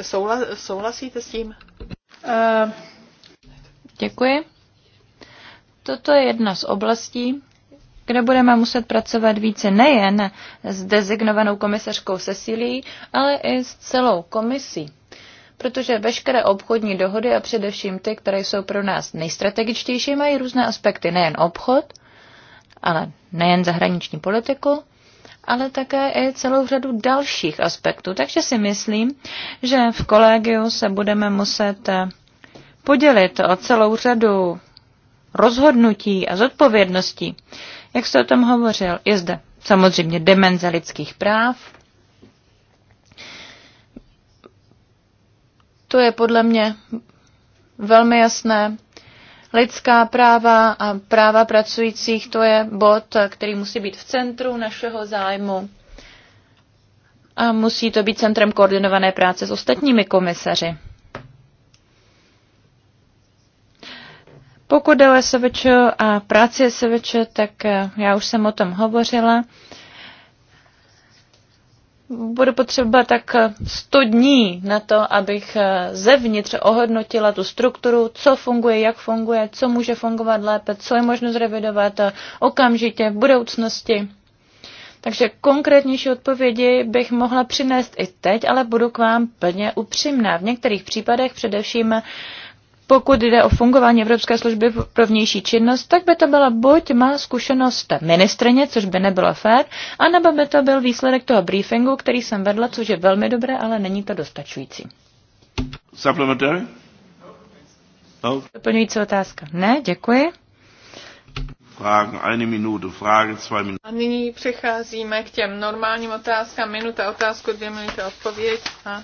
souhlasíte s tím?
Uh... Děkuji. Toto je jedna z oblastí, kde budeme muset pracovat více nejen s dezignovanou komisařkou Cecilí, ale i s celou komisí. Protože veškeré obchodní dohody a především ty, které jsou pro nás nejstrategičtější, mají různé aspekty. Nejen obchod, ale nejen zahraniční politiku, ale také i celou řadu dalších aspektů. Takže si myslím, že v kolegiu se budeme muset podělit o celou řadu rozhodnutí a zodpovědností. Jak jste o tom hovořil, je zde samozřejmě demenze lidských práv. To je podle mě velmi jasné. Lidská práva a práva pracujících, to je bod, který musí být v centru našeho zájmu a musí to být centrem koordinované práce s ostatními komisaři. Pokud jde o SVČ a práci SVČ, tak eh, já už jsem o tom hovořila. Budu potřeba tak 100 eh, dní na to, abych eh, zevnitř ohodnotila tu strukturu, co funguje, jak funguje, co může fungovat lépe, co je možno zrevidovat okamžitě v budoucnosti. Takže konkrétnější odpovědi bych mohla přinést i teď, ale budu k vám plně upřímná. V některých případech, především pokud jde o fungování Evropské služby pro vnější činnost, tak by to byla buď má zkušenost ministrně, což by nebylo fér, anebo by to byl výsledek toho briefingu, který jsem vedla, což je velmi dobré, ale není to dostačující. Supplementary? No. Doplňující otázka. Ne, děkuji. A
nyní přecházíme k těm normálním otázkám. Minuta otázku, dvě minuty odpověď. A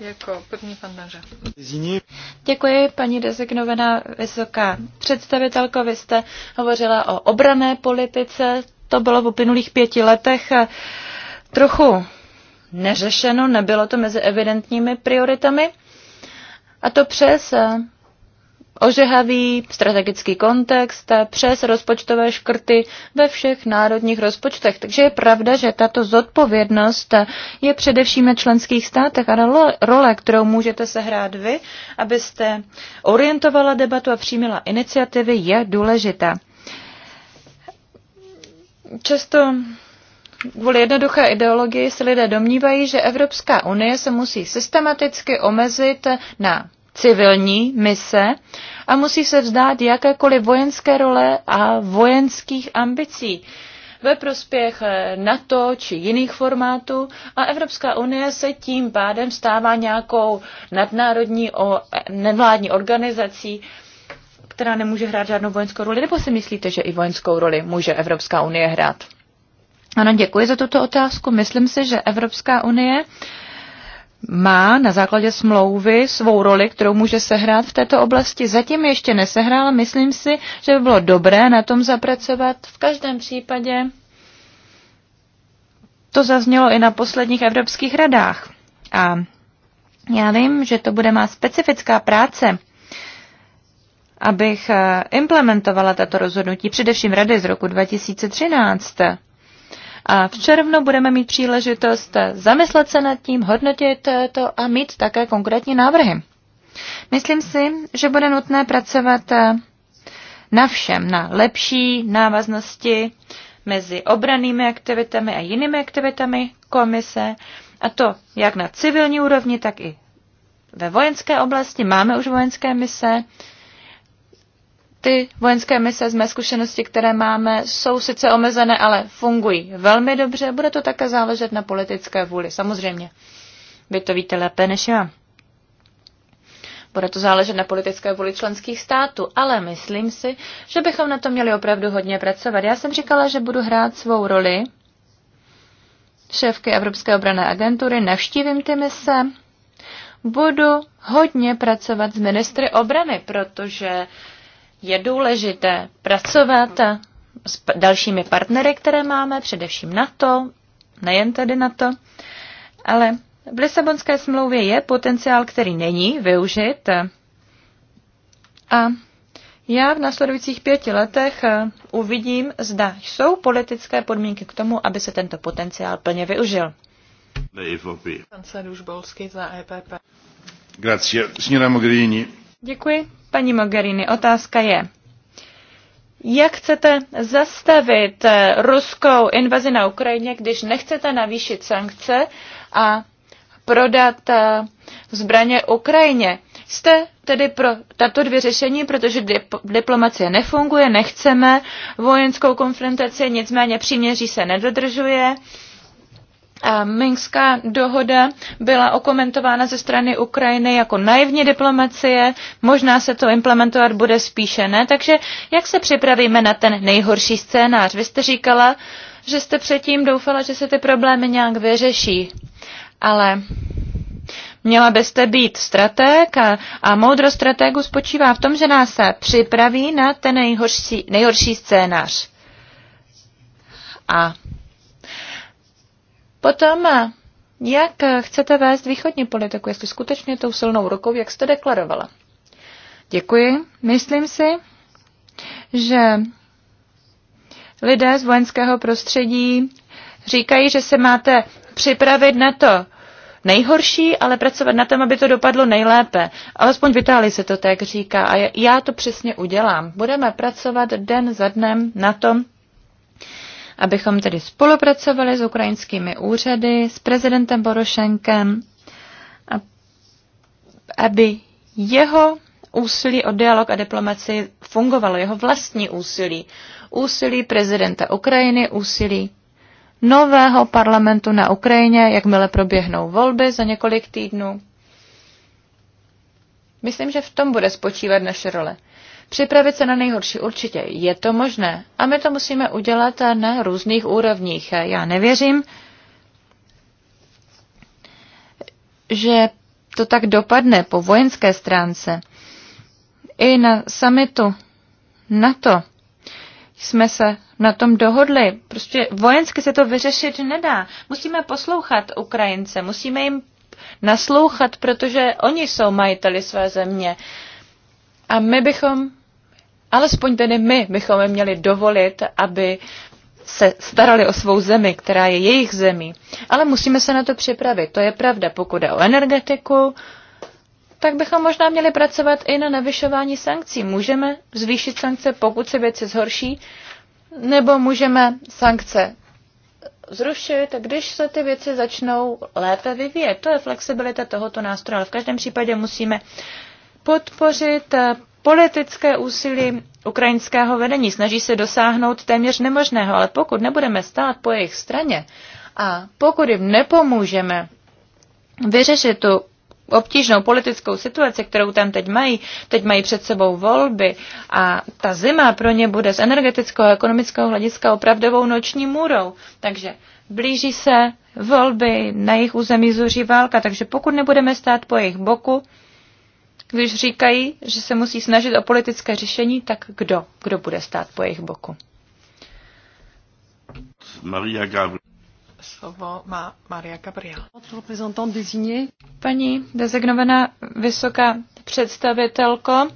jako první pan
Děkuji, paní designovaná vysoká představitelko. Vy jste hovořila o obrané politice. To bylo v uplynulých pěti letech eh, trochu neřešeno, nebylo to mezi evidentními prioritami. A to přes eh, ožehavý strategický kontext přes rozpočtové škrty ve všech národních rozpočtech. Takže je pravda, že tato zodpovědnost je především na členských státech a role, kterou můžete sehrát vy, abyste orientovala debatu a přijímila iniciativy, je důležitá. Často kvůli jednoduché ideologii se lidé domnívají, že Evropská unie se musí systematicky omezit na civilní mise a musí se vzdát jakékoliv vojenské role a vojenských ambicí ve prospěch eh, NATO či jiných formátů a Evropská unie se tím pádem stává nějakou nadnárodní o, nevládní organizací, která nemůže hrát žádnou vojenskou roli, nebo si myslíte, že i vojenskou roli může Evropská unie hrát? Ano, děkuji za tuto otázku. Myslím si, že Evropská unie má na základě smlouvy svou roli, kterou může sehrát v této oblasti. Zatím ještě nesehrál, myslím si, že by bylo dobré na tom zapracovat. V každém případě to zaznělo i na posledních evropských radách. A já vím, že to bude má specifická práce, abych eh, implementovala tato rozhodnutí, především rady z roku 2013 a v červnu budeme mít příležitost zamyslet se nad tím, hodnotit to a mít také konkrétní návrhy. Myslím si, že bude nutné pracovat eh, na všem, na lepší návaznosti mezi obranými aktivitami a jinými aktivitami komise, a to jak na civilní úrovni, tak i ve vojenské oblasti. Máme už vojenské mise, ty vojenské mise z mé zkušenosti, které máme, jsou sice omezené, ale fungují velmi dobře. Bude to také záležet na politické vůli, samozřejmě. Vy to víte lépe než já. Bude to záležet na politické vůli členských států, ale myslím si, že bychom na to měli opravdu hodně pracovat. Já jsem říkala, že budu hrát svou roli šéfky Evropské obrané agentury, navštívím ty mise, budu hodně pracovat s ministry obrany, protože je důležité pracovat s dalšími partnery, které máme, především na to, nejen tedy na to. ale v Lisabonské smlouvě je potenciál, který není využit. A já v následujících pěti letech eh, uvidím, zda jsou politické podmínky k tomu, aby se tento potenciál plně využil. za EPP. Děkuji, Paní Mogherini, otázka je, jak chcete zastavit eh, ruskou invazi na Ukrajině, když nechcete navýšit sankce a prodat eh, zbraně Ukrajině? Jste tedy pro tato dvě řešení, protože dip- diplomacie nefunguje, nechceme vojenskou konfrontaci, nicméně příměří se nedodržuje. Uh, Minská dohoda byla okomentována ze strany Ukrajiny jako naivní diplomacie, možná se to implementovat bude spíše ne, takže jak se připravíme na ten nejhorší scénář? Vy jste říkala, že jste předtím doufala, že se ty problémy nějak vyřeší, ale Měla byste být strateg a, a moudrost strategu spočívá v tom, že nás se připraví na ten nejhorší, nejhorší scénář. A Potom, jak chcete vést východní politiku, jestli skutečně tou silnou rukou, jak jste deklarovala? Děkuji. Myslím si, že lidé z vojenského prostředí říkají, že se máte připravit na to nejhorší, ale pracovat na tom, aby to dopadlo nejlépe. Alespoň v Itálii se to tak říká a já to přesně udělám. Budeme pracovat den za dnem na tom, abychom tedy spolupracovali s ukrajinskými úřady, s prezidentem Borošenkem, a aby jeho úsilí o dialog a diplomaci fungovalo, jeho vlastní úsilí. Úsilí prezidenta Ukrajiny, úsilí nového parlamentu na Ukrajině, jakmile proběhnou volby za několik týdnů. Myslím, že v tom bude spočívat naše role. Připravit se na nejhorší určitě je to možné a my to musíme udělat na různých úrovních. Já nevěřím, že to tak dopadne po vojenské stránce. I na samitu NATO jsme se na tom dohodli. Prostě vojensky se to vyřešit nedá. Musíme poslouchat Ukrajince, musíme jim naslouchat, protože oni jsou majiteli své země. A my bychom Alespoň tedy my bychom měli dovolit, aby se starali o svou zemi, která je jejich zemí. Ale musíme se na to připravit. To je pravda. Pokud je o energetiku, tak bychom možná měli pracovat i na navyšování sankcí. Můžeme zvýšit sankce, pokud se věci zhorší, nebo můžeme sankce zrušit, když se ty věci začnou lépe vyvíjet. To je flexibilita tohoto nástroje, ale v každém případě musíme podpořit politické úsilí ukrajinského vedení. Snaží se dosáhnout téměř nemožného, ale pokud nebudeme stát po jejich straně a pokud jim nepomůžeme vyřešit tu obtížnou politickou situaci, kterou tam teď mají. Teď mají před sebou volby a ta zima pro ně bude z energetického a ekonomického hlediska opravdovou noční můrou. Takže blíží se volby, na jejich území zuří válka, takže pokud nebudeme stát po jejich boku, když říkají, že se musí snažit o politické řešení, tak kdo? Kdo bude stát po jejich boku? Maria Gabriel.
Slovo má Maria Gabriel.
Paní dezignovaná vysoká představitelko,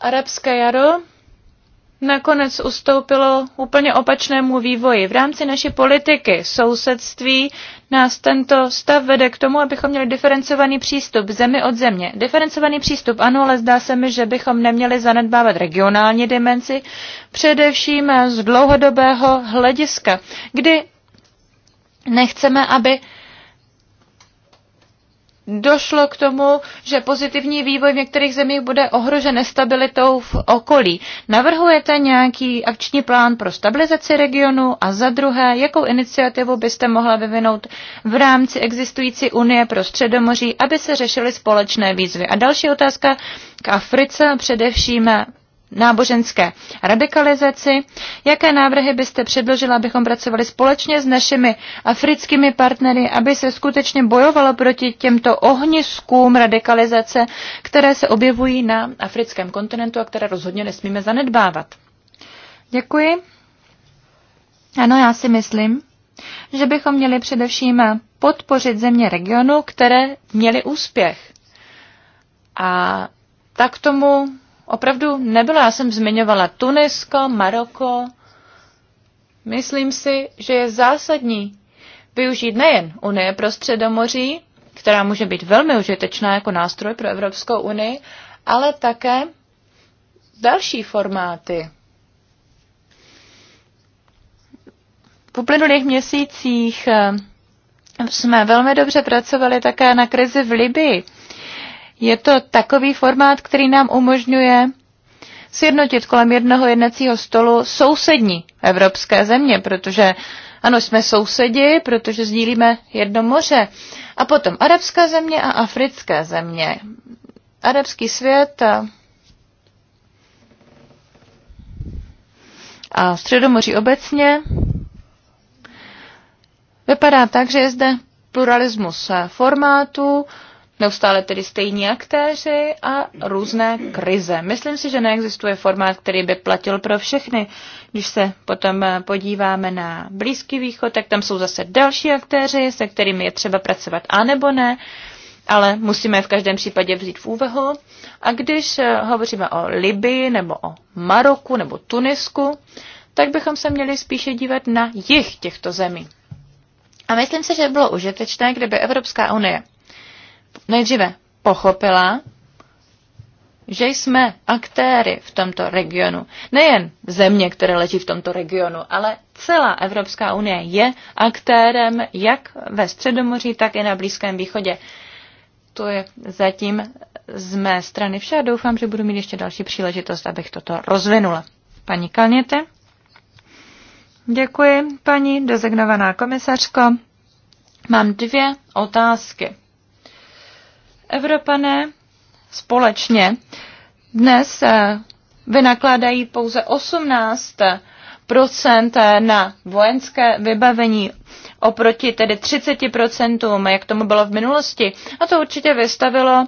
arabské jaro nakonec ustoupilo úplně opačnému vývoji. V rámci naší politiky sousedství nás tento stav vede k tomu, abychom měli diferencovaný přístup zemi od země. Diferencovaný přístup ano, ale zdá se mi, že bychom neměli zanedbávat regionální dimenzi, především z dlouhodobého hlediska, kdy nechceme, aby došlo k tomu, že pozitivní vývoj v některých zemích bude ohrožen nestabilitou v okolí. Navrhujete nějaký akční plán pro stabilizaci regionu a za druhé, jakou iniciativu byste mohla vyvinout v rámci existující Unie pro Středomoří, aby se řešily společné výzvy? A další otázka k Africe, především náboženské radikalizaci. Jaké návrhy byste předložila, abychom pracovali společně s našimi africkými partnery, aby se skutečně bojovalo proti těmto ohniskům radikalizace, které se objevují na africkém kontinentu a které rozhodně nesmíme zanedbávat? Děkuji. Ano, já si myslím, že bychom měli především podpořit země regionu, které měly úspěch. A tak tomu opravdu nebyla. Já jsem zmiňovala Tunisko, Maroko. Myslím si, že je zásadní využít nejen Unie pro středomoří, která může být velmi užitečná jako nástroj pro Evropskou unii, ale také další formáty. V uplynulých měsících eh, jsme velmi dobře pracovali také na krizi v Libii. Je to takový formát, který nám umožňuje sjednotit kolem jednoho jednacího stolu sousední evropské země, protože ano, jsme sousedi, protože sdílíme jedno moře. A potom arabská země a africká země. Arabský svět a, a středomoří obecně vypadá tak, že je zde pluralismus formátů, neustále tedy stejní aktéři a různé krize. Myslím si, že neexistuje formát, který by platil pro všechny. Když se potom podíváme na Blízký východ, tak tam jsou zase další aktéři, se kterými je třeba pracovat a nebo ne, ale musíme v každém případě vzít v úvahu. A když eh, hovoříme o Libii nebo o Maroku nebo Tunisku, tak bychom se měli spíše dívat na jich těchto zemí. A myslím si, že bylo užitečné, kdyby Evropská unie nejdříve pochopila, že jsme aktéry v tomto regionu. Nejen země, které leží v tomto regionu, ale celá Evropská unie je aktérem jak ve Středomoří, tak i na Blízkém východě. To je zatím z mé strany vše a doufám, že budu mít ještě další příležitost, abych toto rozvinula. Paní Kalněte. Děkuji, paní dozegnovaná komisařko. Mám dvě otázky. Evropané společně dnes eh, vynakládají pouze 18 eh, na vojenské vybavení oproti tedy 30%, jak tomu bylo v minulosti. A to určitě vystavilo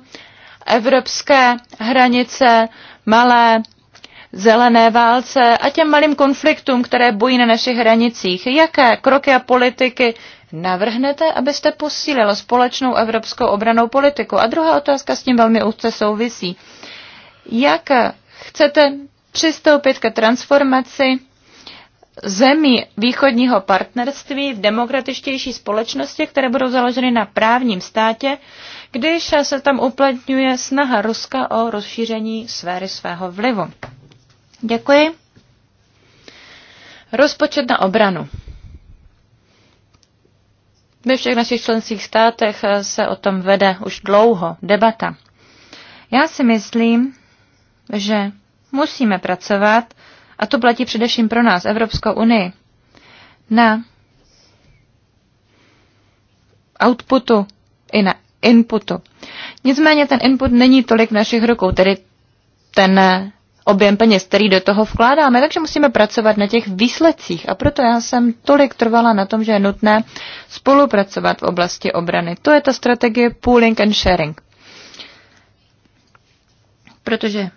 evropské hranice malé zelené válce a těm malým konfliktům, které bojí na našich hranicích. Jaké kroky a politiky navrhnete, abyste posílila společnou evropskou obranou politiku? A druhá otázka s tím velmi úzce souvisí. Jak chcete přistoupit ke transformaci zemí východního partnerství v demokratičtější společnosti, které budou založeny na právním státě, když se tam uplatňuje snaha Ruska o rozšíření sféry svého vlivu. Děkuji. Rozpočet na obranu. Ve všech našich členských státech se o tom vede už dlouho debata. Já si myslím, že musíme pracovat, a to platí především pro nás, Evropskou unii, na outputu i na inputu. Nicméně ten input není tolik v našich rukou, tedy ten objem peněz, který do toho vkládáme, takže musíme pracovat na těch výsledcích. A proto já jsem tolik trvala na tom, že je nutné spolupracovat v oblasti obrany. To je ta strategie pooling and sharing. Protože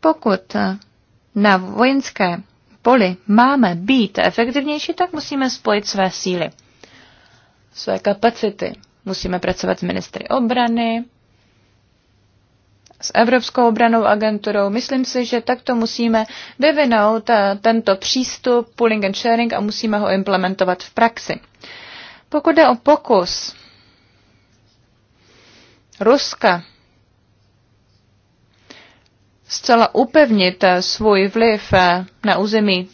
pokud na vojenské poli máme být efektivnější, tak musíme spojit své síly, své kapacity. Musíme pracovat s ministry obrany, s Evropskou obranou agenturou. Myslím si, že takto musíme vyvinout eh, tento přístup pooling and sharing a musíme ho implementovat v praxi. Pokud jde o pokus Ruska zcela upevnit eh, svůj vliv eh, na území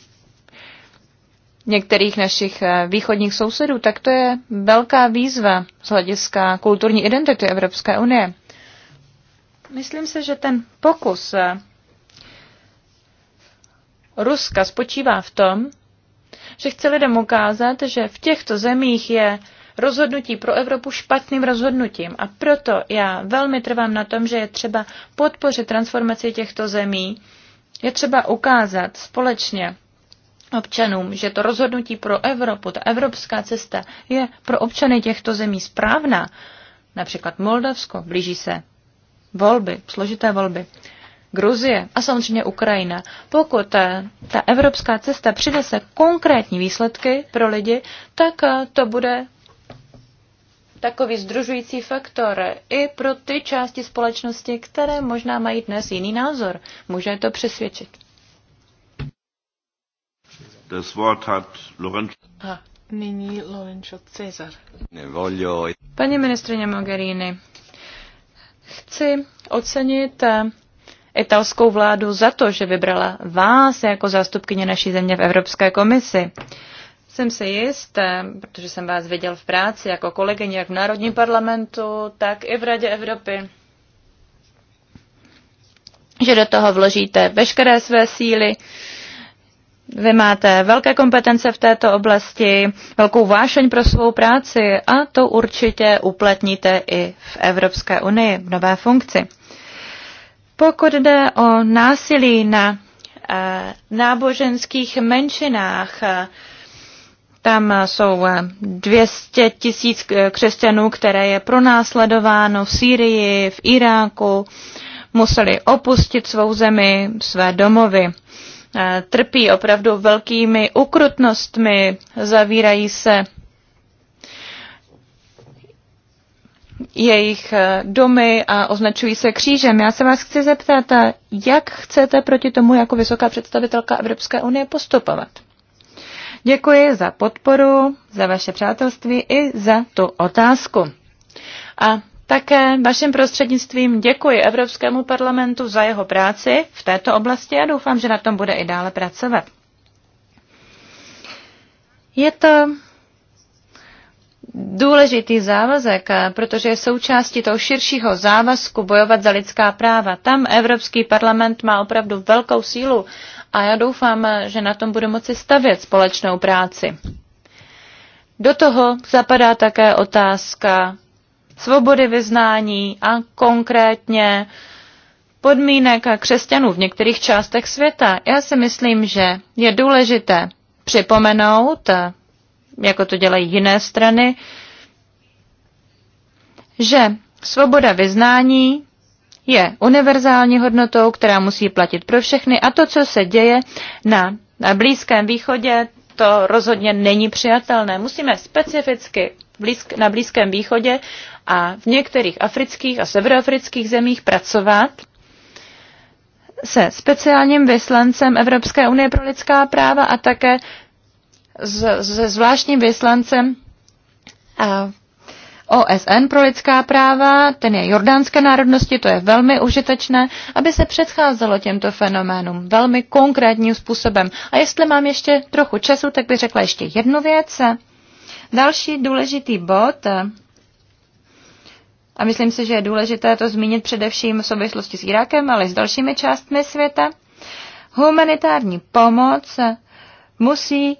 některých našich východních sousedů, tak to je velká výzva z hlediska kulturní identity Evropské unie. Myslím se, že ten pokus eh, Ruska spočívá v tom, že chce lidem ukázat, že v těchto zemích je rozhodnutí pro Evropu špatným rozhodnutím. A proto já velmi trvám na tom, že je třeba podpořit transformaci těchto zemí. Je třeba ukázat společně občanům, že to rozhodnutí pro Evropu, ta evropská cesta je pro občany těchto zemí správná. Například Moldavsko blíží se volby, složité volby. Gruzie a samozřejmě Ukrajina. Pokud ta, eh, ta evropská cesta přinese konkrétní výsledky pro lidi, tak eh, to bude takový združující faktor i pro ty části společnosti, které možná mají dnes jiný názor. Může to přesvědčit. Das Wort hat Lorenz. Ha, nyní Lorenzo Cesar. Paní ministrině Mogherini, Chci ocenit eh, italskou vládu za to, že vybrala vás jako zástupkyně naší země v Evropské komisi. Jsem si jist, eh, protože jsem vás viděl v práci jako kolegyně jak v Národním parlamentu, tak i v Radě Evropy, že do toho vložíte veškeré své síly, vy máte velké kompetence v této oblasti, velkou vášeň pro svou práci a to určitě uplatníte i v Evropské unii v nové funkci. Pokud jde o násilí na eh, náboženských menšinách, eh, tam jsou 200 eh, tisíc křesťanů, které je pronásledováno v Sýrii, v Iráku, museli opustit svou zemi, své domovy. Eh, trpí opravdu velkými ukrutnostmi, zavírají se jejich eh, domy a označují se křížem. Já se vás chci zeptat, eh, jak chcete proti tomu jako vysoká představitelka Evropské unie postupovat? Děkuji za podporu, za vaše přátelství i za tu otázku. A také vaším prostřednictvím děkuji Evropskému parlamentu za jeho práci v této oblasti a doufám, že na tom bude i dále pracovat. Je to důležitý závazek, protože je součástí toho širšího závazku bojovat za lidská práva. Tam Evropský parlament má opravdu velkou sílu a já doufám, že na tom bude moci stavět společnou práci. Do toho zapadá také otázka svobody vyznání a konkrétně podmínek a křesťanů v některých částech světa. Já si myslím, že je důležité připomenout, jako to dělají jiné strany, že svoboda vyznání je univerzální hodnotou, která musí platit pro všechny a to, co se děje na, na Blízkém východě, to rozhodně není přijatelné. Musíme specificky blízk, na Blízkém východě a v některých afrických a severoafrických zemích pracovat se speciálním vyslancem Evropské unie pro lidská práva a také se zvláštním vyslancem OSN pro lidská práva, ten je jordánské národnosti, to je velmi užitečné, aby se předcházelo těmto fenoménům velmi konkrétním způsobem. A jestli mám ještě trochu času, tak bych řekla ještě jednu věc. Další důležitý bod a myslím si, že je důležité to zmínit především v souvislosti s Irákem, ale i s dalšími částmi světa, humanitární pomoc musí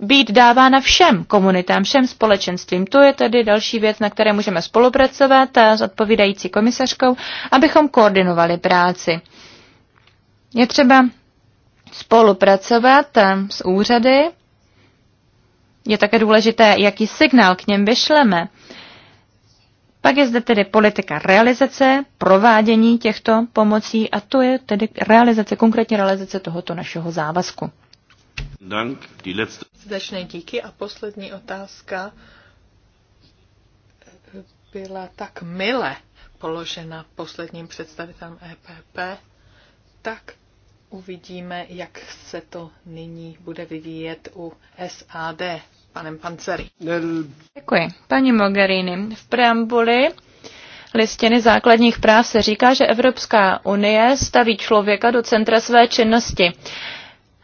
být dávána všem komunitám, všem společenstvím. To je tedy další věc, na které můžeme spolupracovat s odpovídající komisařkou, abychom koordinovali práci. Je třeba spolupracovat eh, s úřady. Je také důležité, jaký signál k něm vyšleme. Pak je zde tedy politika realizace, provádění těchto pomocí a to je tedy realizace, konkrétně realizace tohoto našeho závazku.
Dank, die
díky a poslední otázka byla tak mile položena posledním představitelem EPP, tak uvidíme, jak se to nyní bude vyvíjet u SAD panem Panceri. Děkuji.
Paní Mogherini, v preambuli listiny základních práv se říká, že Evropská unie staví člověka do centra své činnosti.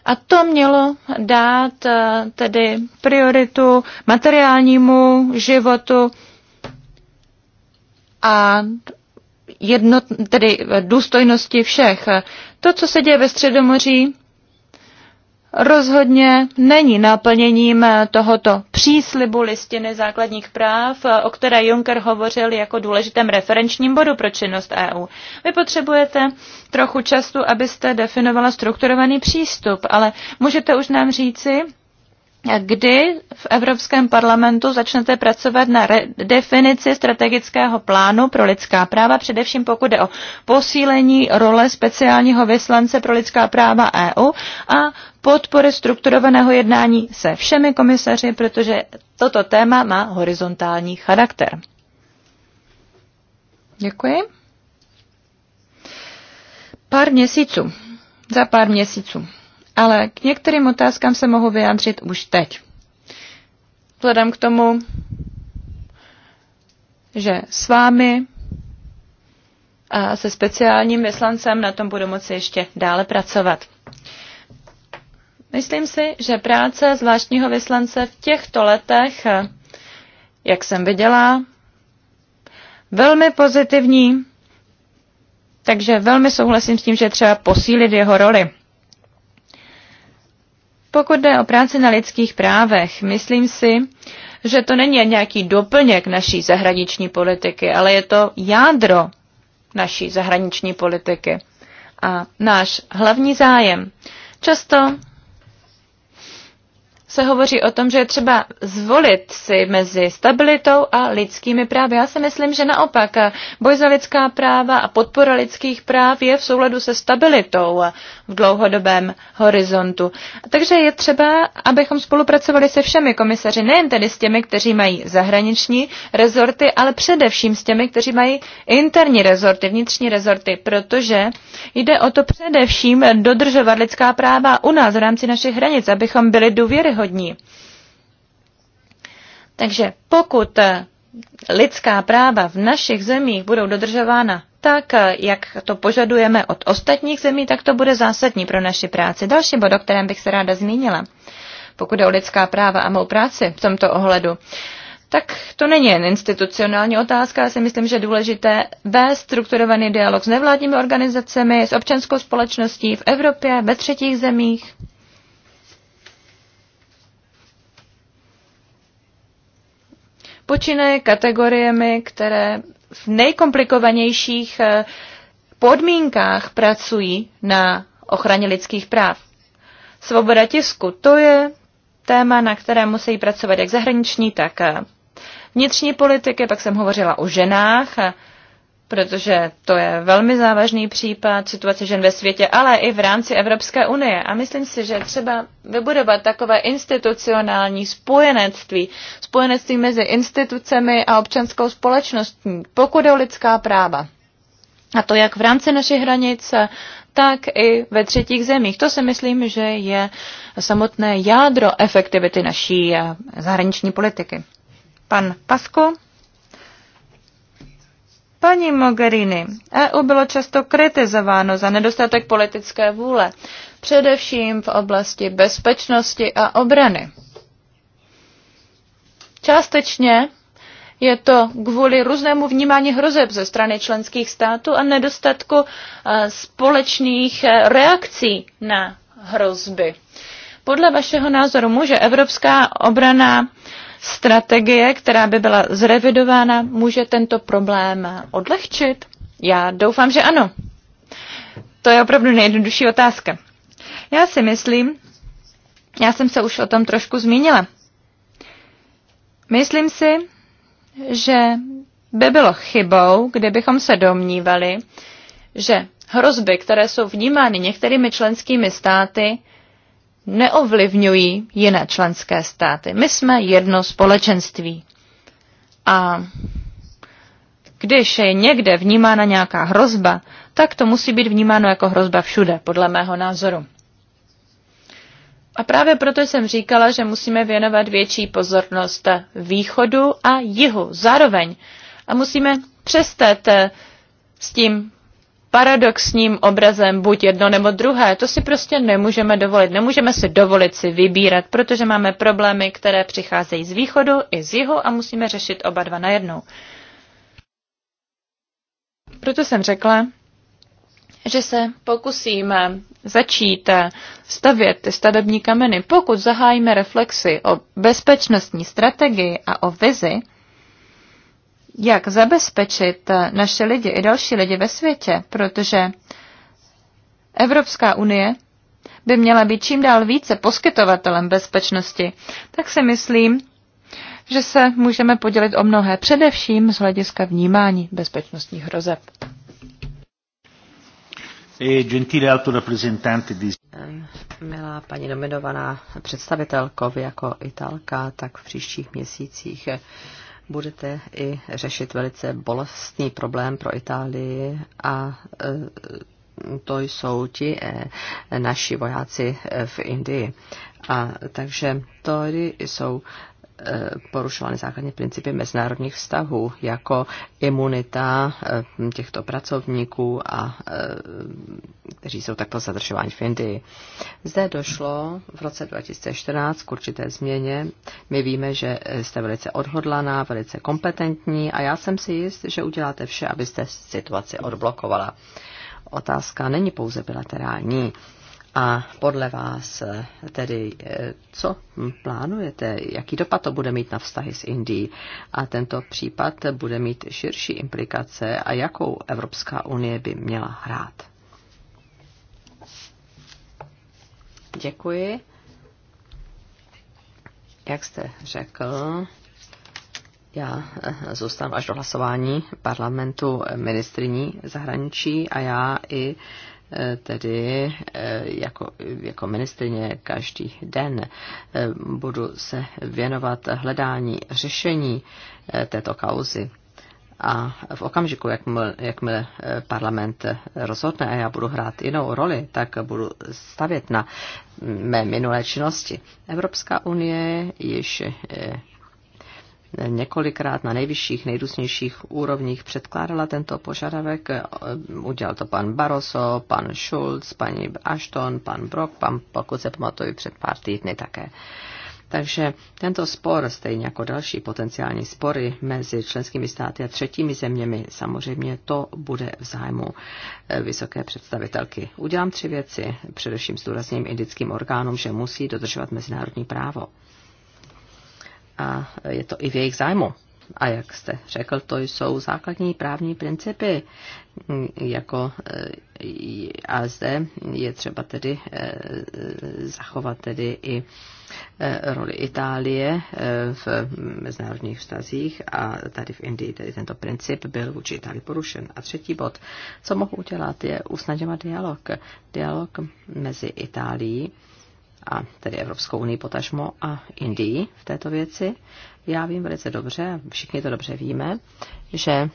A to mělo dát eh, tedy prioritu materiálnímu životu a jedno, tedy důstojnosti všech. To, co se děje ve Středomoří, rozhodně není naplněním eh, tohoto příslibu listiny základních práv, eh, o které Juncker hovořil jako důležitém referenčním bodu pro činnost EU. Vy potřebujete trochu času, abyste definovala strukturovaný přístup, ale můžete už nám říci, kdy v Evropském parlamentu začnete pracovat na definici strategického plánu pro lidská práva, především pokud jde o posílení role speciálního vyslance pro lidská práva EU a podpory strukturovaného jednání se všemi komisaři, protože toto téma má horizontální charakter. Děkuji. Pár měsíců. Za pár měsíců ale k některým otázkám se mohu vyjádřit už teď. Vzhledem k tomu, že s vámi a se speciálním vyslancem na tom budu moci ještě dále pracovat. Myslím si, že práce zvláštního vyslance v těchto letech, jak jsem viděla, velmi pozitivní, takže velmi souhlasím s tím, že třeba posílit jeho roli. Pokud jde o práci na lidských právech, myslím si, že to není nějaký doplněk naší zahraniční politiky, ale je to jádro naší zahraniční politiky a náš hlavní zájem. Často se hovoří o tom, že je třeba zvolit si mezi stabilitou a lidskými právy. Já si myslím, že naopak boj za lidská práva a podpora lidských práv je v souladu se stabilitou v dlouhodobém horizontu. Takže je třeba, abychom spolupracovali se všemi komisaři, nejen tedy s těmi, kteří mají zahraniční rezorty, ale především s těmi, kteří mají interní rezorty, vnitřní rezorty, protože jde o to především dodržovat lidská práva u nás v rámci našich hranic, abychom byli důvěryhodní národní. Takže pokud lidská práva v našich zemích budou dodržována tak, jak to požadujeme od ostatních zemí, tak to bude zásadní pro naši práci. Další bod, o kterém bych se ráda zmínila, pokud je o lidská práva a mou práci v tomto ohledu, tak to není jen institucionální otázka. Já si myslím, že je důležité vést strukturovaný dialog s nevládními organizacemi, s občanskou společností v Evropě, ve třetích zemích. počínaje kategoriemi, které v nejkomplikovanějších eh, podmínkách pracují na ochraně lidských práv. Svoboda tisku, to je téma, na které musí pracovat jak zahraniční, tak eh, vnitřní politiky. Pak jsem hovořila o ženách protože to je velmi závažný případ situace žen ve světě, ale i v rámci Evropské unie. A myslím si, že třeba vybudovat takové institucionální spojenectví, spojenectví mezi institucemi a občanskou společností, pokud je o lidská práva. A to jak v rámci našich hranic, tak i ve třetích zemích. To si myslím, že je samotné jádro efektivity naší eh, zahraniční politiky. Pan Pasko. Paní Mogherini, EU bylo často kritizováno za nedostatek politické vůle, především v oblasti bezpečnosti a obrany. Částečně je to kvůli různému vnímání hrozeb ze strany členských států a nedostatku e, společných e, reakcí na hrozby. Podle vašeho názoru může evropská obrana strategie, která by byla zrevidována, může tento problém odlehčit? Já doufám, že ano. To je opravdu nejjednodušší otázka. Já si myslím, já jsem se už o tom trošku zmínila. Myslím si, že by bylo chybou, kdybychom se domnívali, že hrozby, které jsou vnímány některými členskými státy, neovlivňují jiné členské státy. My jsme jedno společenství. A když je někde vnímána nějaká hrozba, tak to musí být vnímáno jako hrozba všude, podle mého názoru. A právě proto jsem říkala, že musíme věnovat větší pozornost východu a jihu zároveň. A musíme přestat eh, s tím paradoxním obrazem buď jedno nebo druhé. To si prostě nemůžeme dovolit. Nemůžeme si dovolit si vybírat, protože máme problémy, které přicházejí z východu i z jihu a musíme řešit oba dva najednou. Proto jsem řekla, že se pokusíme začít stavět ty stavební kameny, pokud zahájíme reflexy o bezpečnostní strategii a o vizi, jak zabezpečit naše lidi i další lidi ve světě, protože Evropská unie by měla být čím dál více poskytovatelem bezpečnosti, tak si myslím, že se můžeme podělit o mnohé, především z hlediska vnímání bezpečnostních hrozeb.
E, milá paní nominovaná představitelko, vy jako italka, tak v příštích měsících budete i řešit velice bolestný problém pro Itálii a e, to jsou ti e, naši vojáci e, v Indii. A takže to jsou Eh, porušovány základní principy mezinárodních vztahů, jako imunita eh, těchto pracovníků, a, eh, kteří jsou takto zadržováni v Indii. Zde došlo v roce 2014 k určité změně. My víme, že jste velice odhodlaná, velice kompetentní a já jsem si jist, že uděláte vše, abyste situaci odblokovala. Otázka není pouze bilaterální. A podle vás eh, tedy, eh, co plánujete, jaký dopad to bude mít na vztahy s Indií? A tento případ bude mít širší implikace a jakou Evropská unie by měla hrát? Děkuji. Jak jste řekl, já eh, zůstanu až do hlasování parlamentu ministriní zahraničí a já i Eh, tedy eh, jako, jako ministrině každý den eh, budu se věnovat hledání řešení této kauzy. A v okamžiku, jakmile, jakmile parlament rozhodne a já budu hrát jinou roli, tak budu stavět na mm, mé minulé činnosti. Evropská unie již několikrát na nejvyšších, nejrůznějších úrovních předkládala tento požadavek. Udělal to pan Barroso, pan Schulz, paní Ashton, pan Brock, pan, pokud se pamatuju, před pár týdny také. Takže tento spor, stejně jako další potenciální spory mezi členskými státy a třetími zeměmi, samozřejmě to bude v zájmu eh, vysoké představitelky. Udělám tři věci. Především důrazním indickým orgánům, že musí dodržovat mezinárodní právo a je to i v jejich zájmu. A jak jste řekl, to jsou základní právní principy. Mm, jako, eh, a zde je třeba tedy eh, zachovat tedy i eh, roli Itálie v mezinárodních vztazích a tady v Indii tedy tento princip byl vůči Itálii porušen. A třetí bod, co mohu udělat, je usnadňovat dialog. Dialog mezi Itálií a tedy Evropskou unii potažmo a Indii v této věci. Já vím velice dobře, všichni to dobře víme, že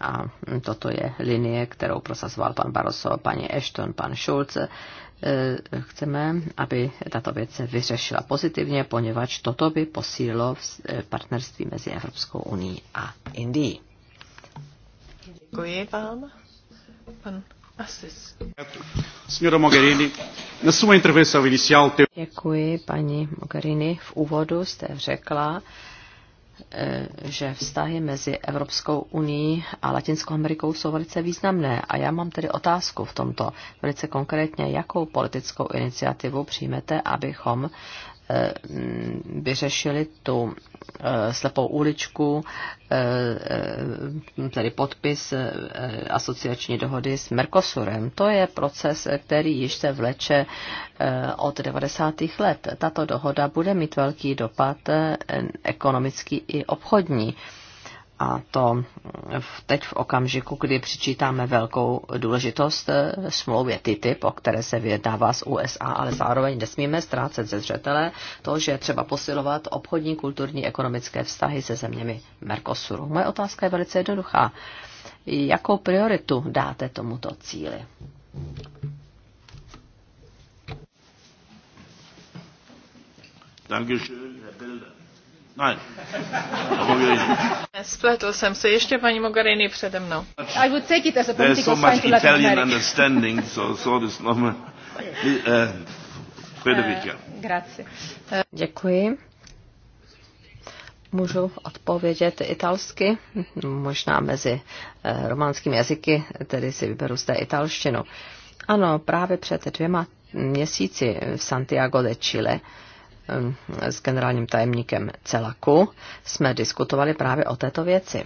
a toto je linie, kterou prosazoval pan Barroso, paní Ashton, pan Schulz. Eh, chceme, aby tato věc se vyřešila pozitivně, poněvadž toto by posílilo eh, partnerství mezi Evropskou unii a Indií.
Děkuji vám. Pan Asis.
Signora Mogherini, na své intervenci iniciál... Děkuji, paní Mogherini. V úvodu jste řekla, eh, že vztahy mezi Evropskou unii a Latinskou Amerikou jsou velice významné. A já mám tedy otázku v tomto velice konkrétně, jakou politickou iniciativu přijmete, abychom Eh, vyřešili tu eh, slepou uličku, eh, tedy podpis asociační dohody s Mercosurem. To je proces, který již se vleče od 90. let. Tato dohoda bude mít velký dopad ekonomický i obchodní a to teď v okamžiku, kdy přičítáme velkou důležitost eh, smlouvě TTIP, o které se vyjednává z USA, ale zároveň nesmíme ztrácet ze zřetele to, že je třeba posilovat obchodní, kulturní, ekonomické vztahy se zeměmi Mercosuru. Moje otázka je velice jednoduchá. Jakou prioritu dáte tomuto cíli? Dankeschön.
Spletl jsem se, ještě paní Mogherini přede mnou. I would take it as a political There's
so much Italian understanding, so, so this normal. uh, Grazie.
Eh. Děkuji. Můžu odpovědět italsky, možná mezi románskými jazyky, tedy si vyberu zde italštinu. Ano, právě před dvěma měsíci v Santiago de Chile s generálním tajemníkem Celaku jsme diskutovali právě o této věci.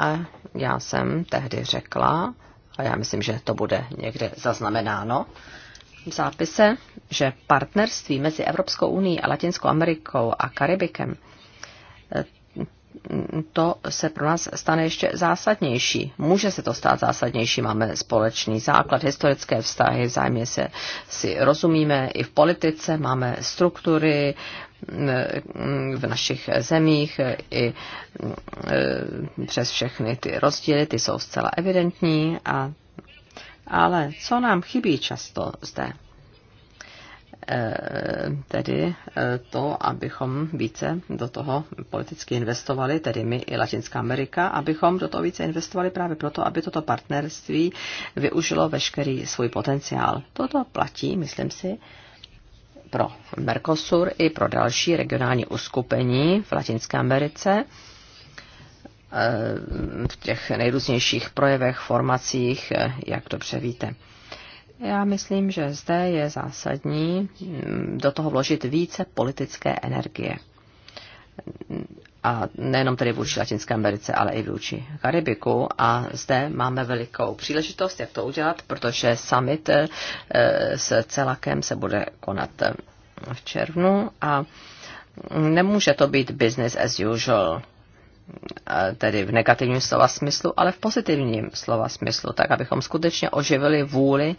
A já jsem tehdy řekla, a já myslím, že to bude někde zaznamenáno v zápise, že partnerství mezi Evropskou unii a Latinskou Amerikou a Karibikem to se pro nás stane ještě zásadnější. Může se to stát zásadnější, máme společný základ, historické vztahy, vzájemně se si rozumíme i v politice, máme struktury mm, mm, v našich zemích i mm, přes všechny ty rozdíly, ty jsou zcela evidentní a ale co nám chybí často zde? Eh, tedy eh, to, abychom více do toho politicky investovali, tedy my i Latinská Amerika, abychom do toho více investovali právě proto, aby toto partnerství využilo veškerý svůj potenciál. Toto platí, myslím si, pro Mercosur i pro další regionální uskupení v Latinské Americe eh, v těch nejrůznějších projevech, formacích, jak dobře víte. Já myslím, že zde je zásadní mm, do toho vložit více politické energie. A nejenom tedy vůči Latinské Americe, ale i vůči Karibiku. A zde máme velikou příležitost, jak to udělat, protože summit eh, s celakem se bude konat eh, v červnu a nemůže to být business as usual tedy v negativním slova smyslu, ale v pozitivním slova smyslu, tak abychom skutečně oživili vůli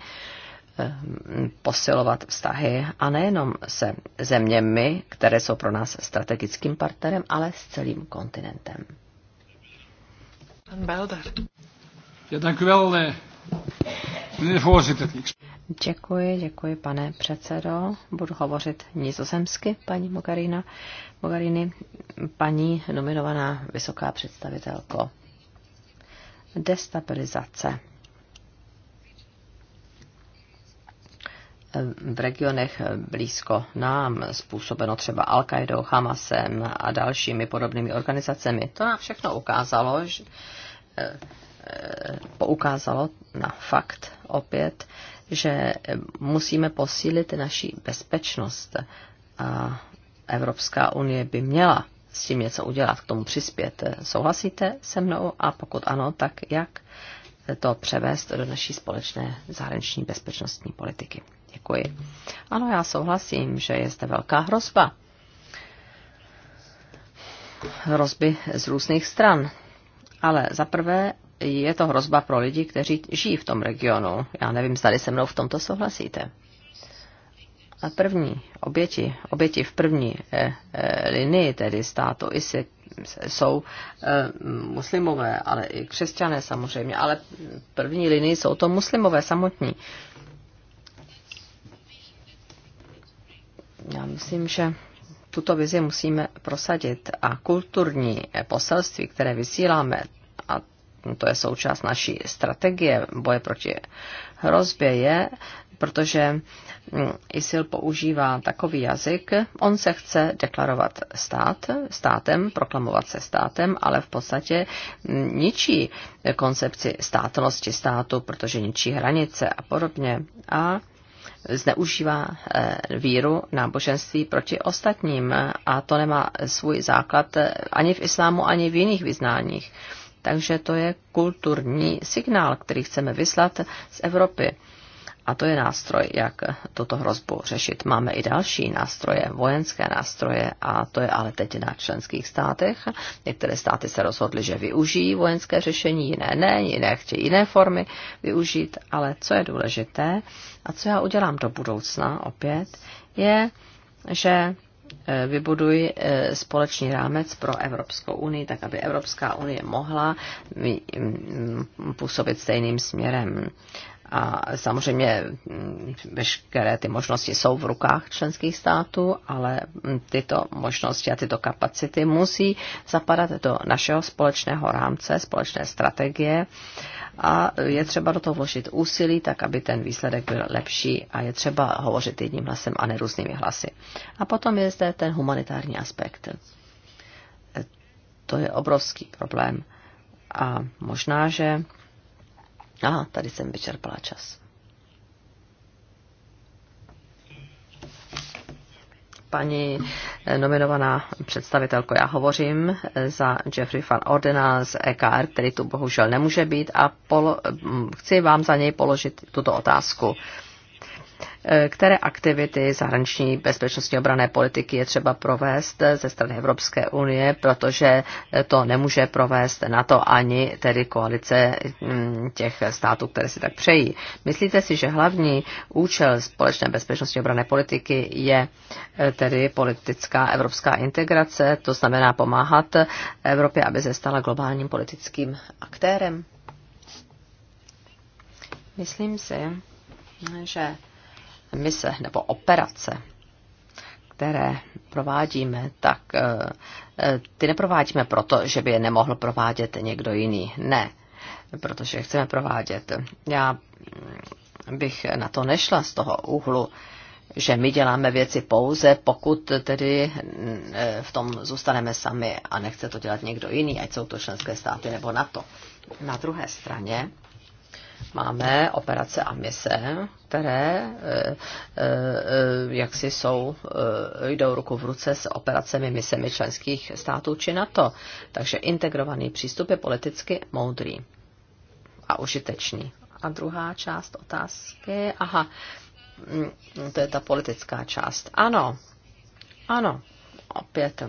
ehm, posilovat vztahy a nejenom se zeměmi, které jsou pro nás strategickým partnerem, ale s celým kontinentem.
Pan Belder. Ja, dank u wel, eh,
Děkuji, děkuji, pane předsedo. Budu hovořit nizozemsky, paní Mogarina. Mogarini, paní nominovaná vysoká představitelko. Destabilizace. v regionech blízko nám, způsobeno třeba al qaidou Hamasem a dalšími podobnými organizacemi. To nám všechno ukázalo, že poukázalo na fakt opět, že musíme posílit naši bezpečnost a Evropská unie by měla s tím něco udělat, k tomu přispět. Souhlasíte se mnou a pokud ano, tak jak to převést do naší společné zahraniční bezpečnostní politiky? Děkuji. Ano, já souhlasím, že je zde velká hrozba. Hrozby z různých stran. Ale za prvé je to hrozba pro lidi, kteří žijí v tom regionu. Já nevím, zda se mnou v tomto souhlasíte. A první oběti, oběti v první eh, eh, linii tedy státu ISI jsou eh, muslimové, ale i křesťané samozřejmě, ale první linii jsou to muslimové samotní. Já myslím, že tuto vizi musíme prosadit a kulturní eh, poselství, které vysíláme, No, to je součást naší strategie boje proti hrozbě, je, protože mm, ISIL používá takový jazyk, on se chce deklarovat stát, státem, proklamovat se státem, ale v podstatě mm, ničí koncepci státnosti státu, protože ničí hranice a podobně. A zneužívá eh, víru náboženství proti ostatním a to nemá svůj základ eh, ani v islámu, ani v jiných vyznáních. Takže to je kulturní signál, který chceme vyslat z Evropy. A to je nástroj, jak toto hrozbu řešit. Máme i další nástroje, vojenské nástroje, a to je ale teď na členských státech. Některé státy se rozhodly, že využijí vojenské řešení, jiné ne, jiné chtějí jiné formy využít, ale co je důležité a co já udělám do budoucna opět, je, že E, vybuduj e, společný rámec pro Evropskou unii, tak aby Evropská unie mohla působit stejným směrem. A samozřejmě mm, veškeré ty možnosti jsou v rukách členských států, ale mm, tyto možnosti a tyto kapacity musí zapadat do našeho společného rámce, společné strategie a je třeba do toho vložit úsilí, tak aby ten výsledek byl lepší a je třeba hovořit jedním hlasem a ne různými hlasy. A potom je zde ten humanitární aspekt. E, to je obrovský problém. A možná, že Aha, tady jsem vyčerpala čas. paní eh, nominovaná představitelko, já hovořím eh, za Jeffrey van Ordena z EKR, který tu bohužel nemůže být a polo- hm, chci vám za něj položit tuto otázku. Eh, které aktivity zahraniční bezpečnostní obrané politiky je třeba provést eh, ze strany Evropské unie, protože eh, to nemůže provést na to ani tedy koalice hm, těch států, které si tak přejí. Myslíte si, že hlavní účel společné bezpečnostní obrané politiky je tedy politická evropská integrace, to znamená pomáhat Evropě, aby se stala globálním politickým aktérem? Myslím si, že mise nebo operace, které provádíme, tak eh, eh, ty neprovádíme proto, že by je nemohl provádět někdo jiný. Ne, protože chceme provádět. Já bych na to nešla z toho úhlu, že my děláme věci pouze, pokud tedy eh, v tom zůstaneme sami a nechce to dělat někdo jiný, ať jsou to členské státy nebo NATO. Na druhé straně máme operace a mise, které e, e, e, jak si jsou, jdou ruku v ruce s operacemi, misemi členských států či NATO. Takže integrovaný přístup je politicky moudrý a užitečný. A druhá část otázky, aha, mm, to je ta politická část. Ano, ano, opět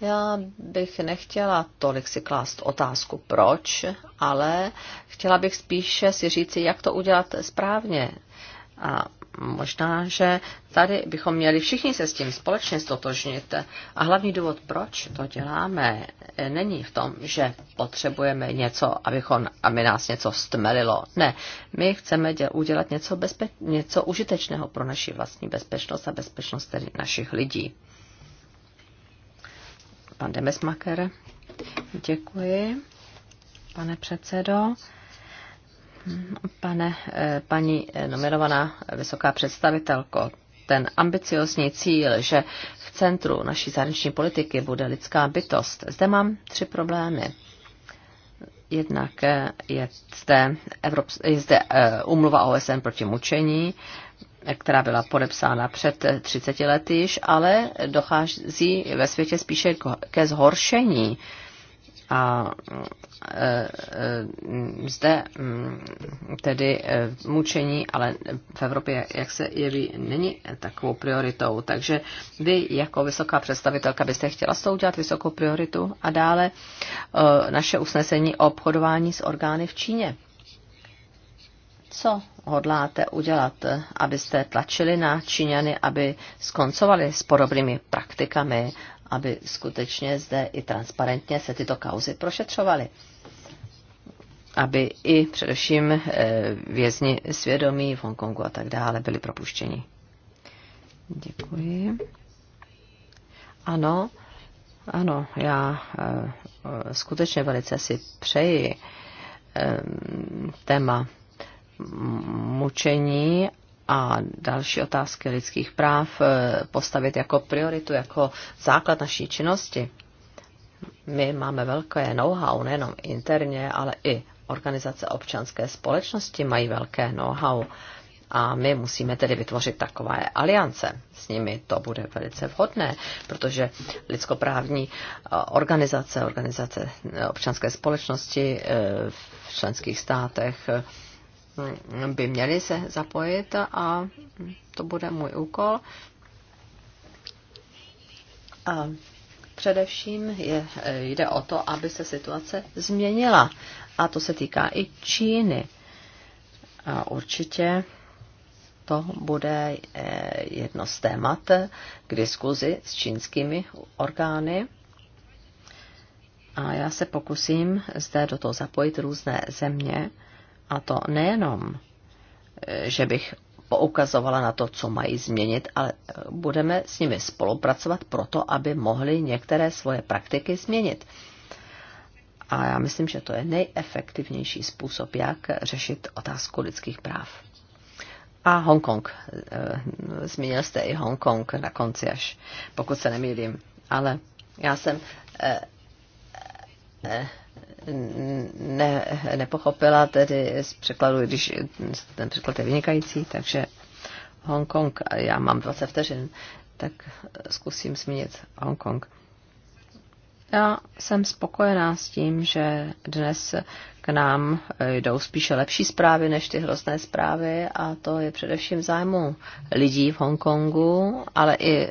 já bych nechtěla tolik si klást otázku proč, ale chtěla bych spíše si říci, jak to udělat správně. A možná, že tady bychom měli všichni se s tím společně stotožnit. A hlavní důvod, proč to děláme, není v tom, že potřebujeme něco, abychom, aby nás něco stmelilo. Ne, my chceme děl, udělat něco, bezpe- něco užitečného pro naši vlastní bezpečnost a bezpečnost tedy našich lidí. Pan Demesmaker. Děkuji, pane předsedo. Pane, eh, paní eh, nominovaná vysoká představitelko, ten ambiciozní cíl, že v centru naší zahraniční politiky bude lidská bytost. Zde mám tři problémy. Jednak eh, je zde, Evrop, je zde umluva OSN proti mučení, která byla podepsána před 30 lety již, ale dochází ve světě spíše ke zhoršení. A e, e, zde mm, tedy e, mučení, ale v Evropě, jak se jeví, není takovou prioritou. Takže vy jako vysoká představitelka byste chtěla s tou udělat vysokou prioritu a dále naše usnesení o obchodování s orgány v Číně. Co hodláte udělat, abyste tlačili na Číňany, aby skoncovali s podobnými praktikami, aby skutečně zde i transparentně se tyto kauzy prošetřovaly aby i především eh, vězni svědomí v Hongkongu a tak dále byli propuštěni. Děkuji. Ano, ano, já eh, skutečně velice si přeji eh, téma mučení a další otázky lidských práv eh, postavit jako prioritu, jako základ naší činnosti. My máme velké know-how, nejenom interně, ale i organizace občanské společnosti mají velké know-how a my musíme tedy vytvořit takové aliance. S nimi to bude velice vhodné, protože lidskoprávní eh, organizace, organizace eh, občanské společnosti v členských státech by měli se zapojit a to bude můj úkol. A především je, jde o to, aby se situace změnila. A to se týká i Číny. A určitě to bude eh, jedno z témat k diskuzi s čínskými orgány. A já se pokusím zde do toho zapojit různé země, a to nejenom, eh, že bych poukazovala na to, co mají změnit, ale eh, budeme s nimi spolupracovat proto, aby mohli některé svoje praktiky změnit. A já myslím, že to je nejefektivnější způsob, jak řešit otázku lidských práv. A Hongkong. Eh, zmínil jste i Hongkong na konci až, pokud se nemýlím. Ale já jsem ne, nepochopila tedy z překladu, když ten překlad je vynikající, takže Hongkong, já mám 20 vteřin, tak zkusím zmínit Hongkong. Já jsem spokojená s tím, že dnes k nám jdou spíše lepší zprávy než ty hrozné zprávy a to je především zájmu lidí v Hongkongu, ale i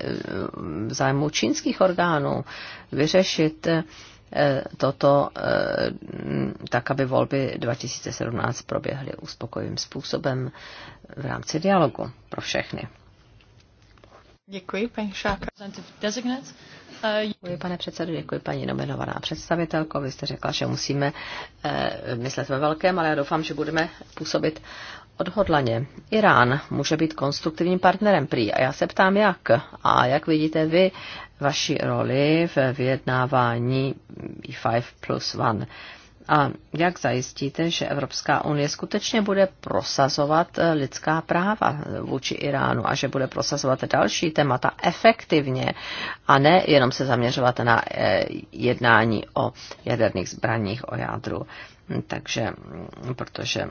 zájmu čínských orgánů vyřešit Eh, toto eh, tak, aby volby 2017 proběhly uspokojivým způsobem v rámci dialogu pro všechny.
Děkuji, paní Šáka.
Eh, děkuji, pane předsedo, děkuji, paní nominovaná představitelko. Vy jste řekla, že musíme myslet ve velkém, ale já doufám, že budeme působit odhodlaně. Irán může být konstruktivním partnerem prý a já se ptám jak. A jak vidíte vy vaši roli v vyjednávání E5 plus 1? A jak zajistíte, že Evropská unie skutečně bude prosazovat eh, lidská práva vůči Iránu a že bude prosazovat další témata efektivně a ne jenom se zaměřovat na eh, jednání o jaderných zbraních, o jádru? Takže, protože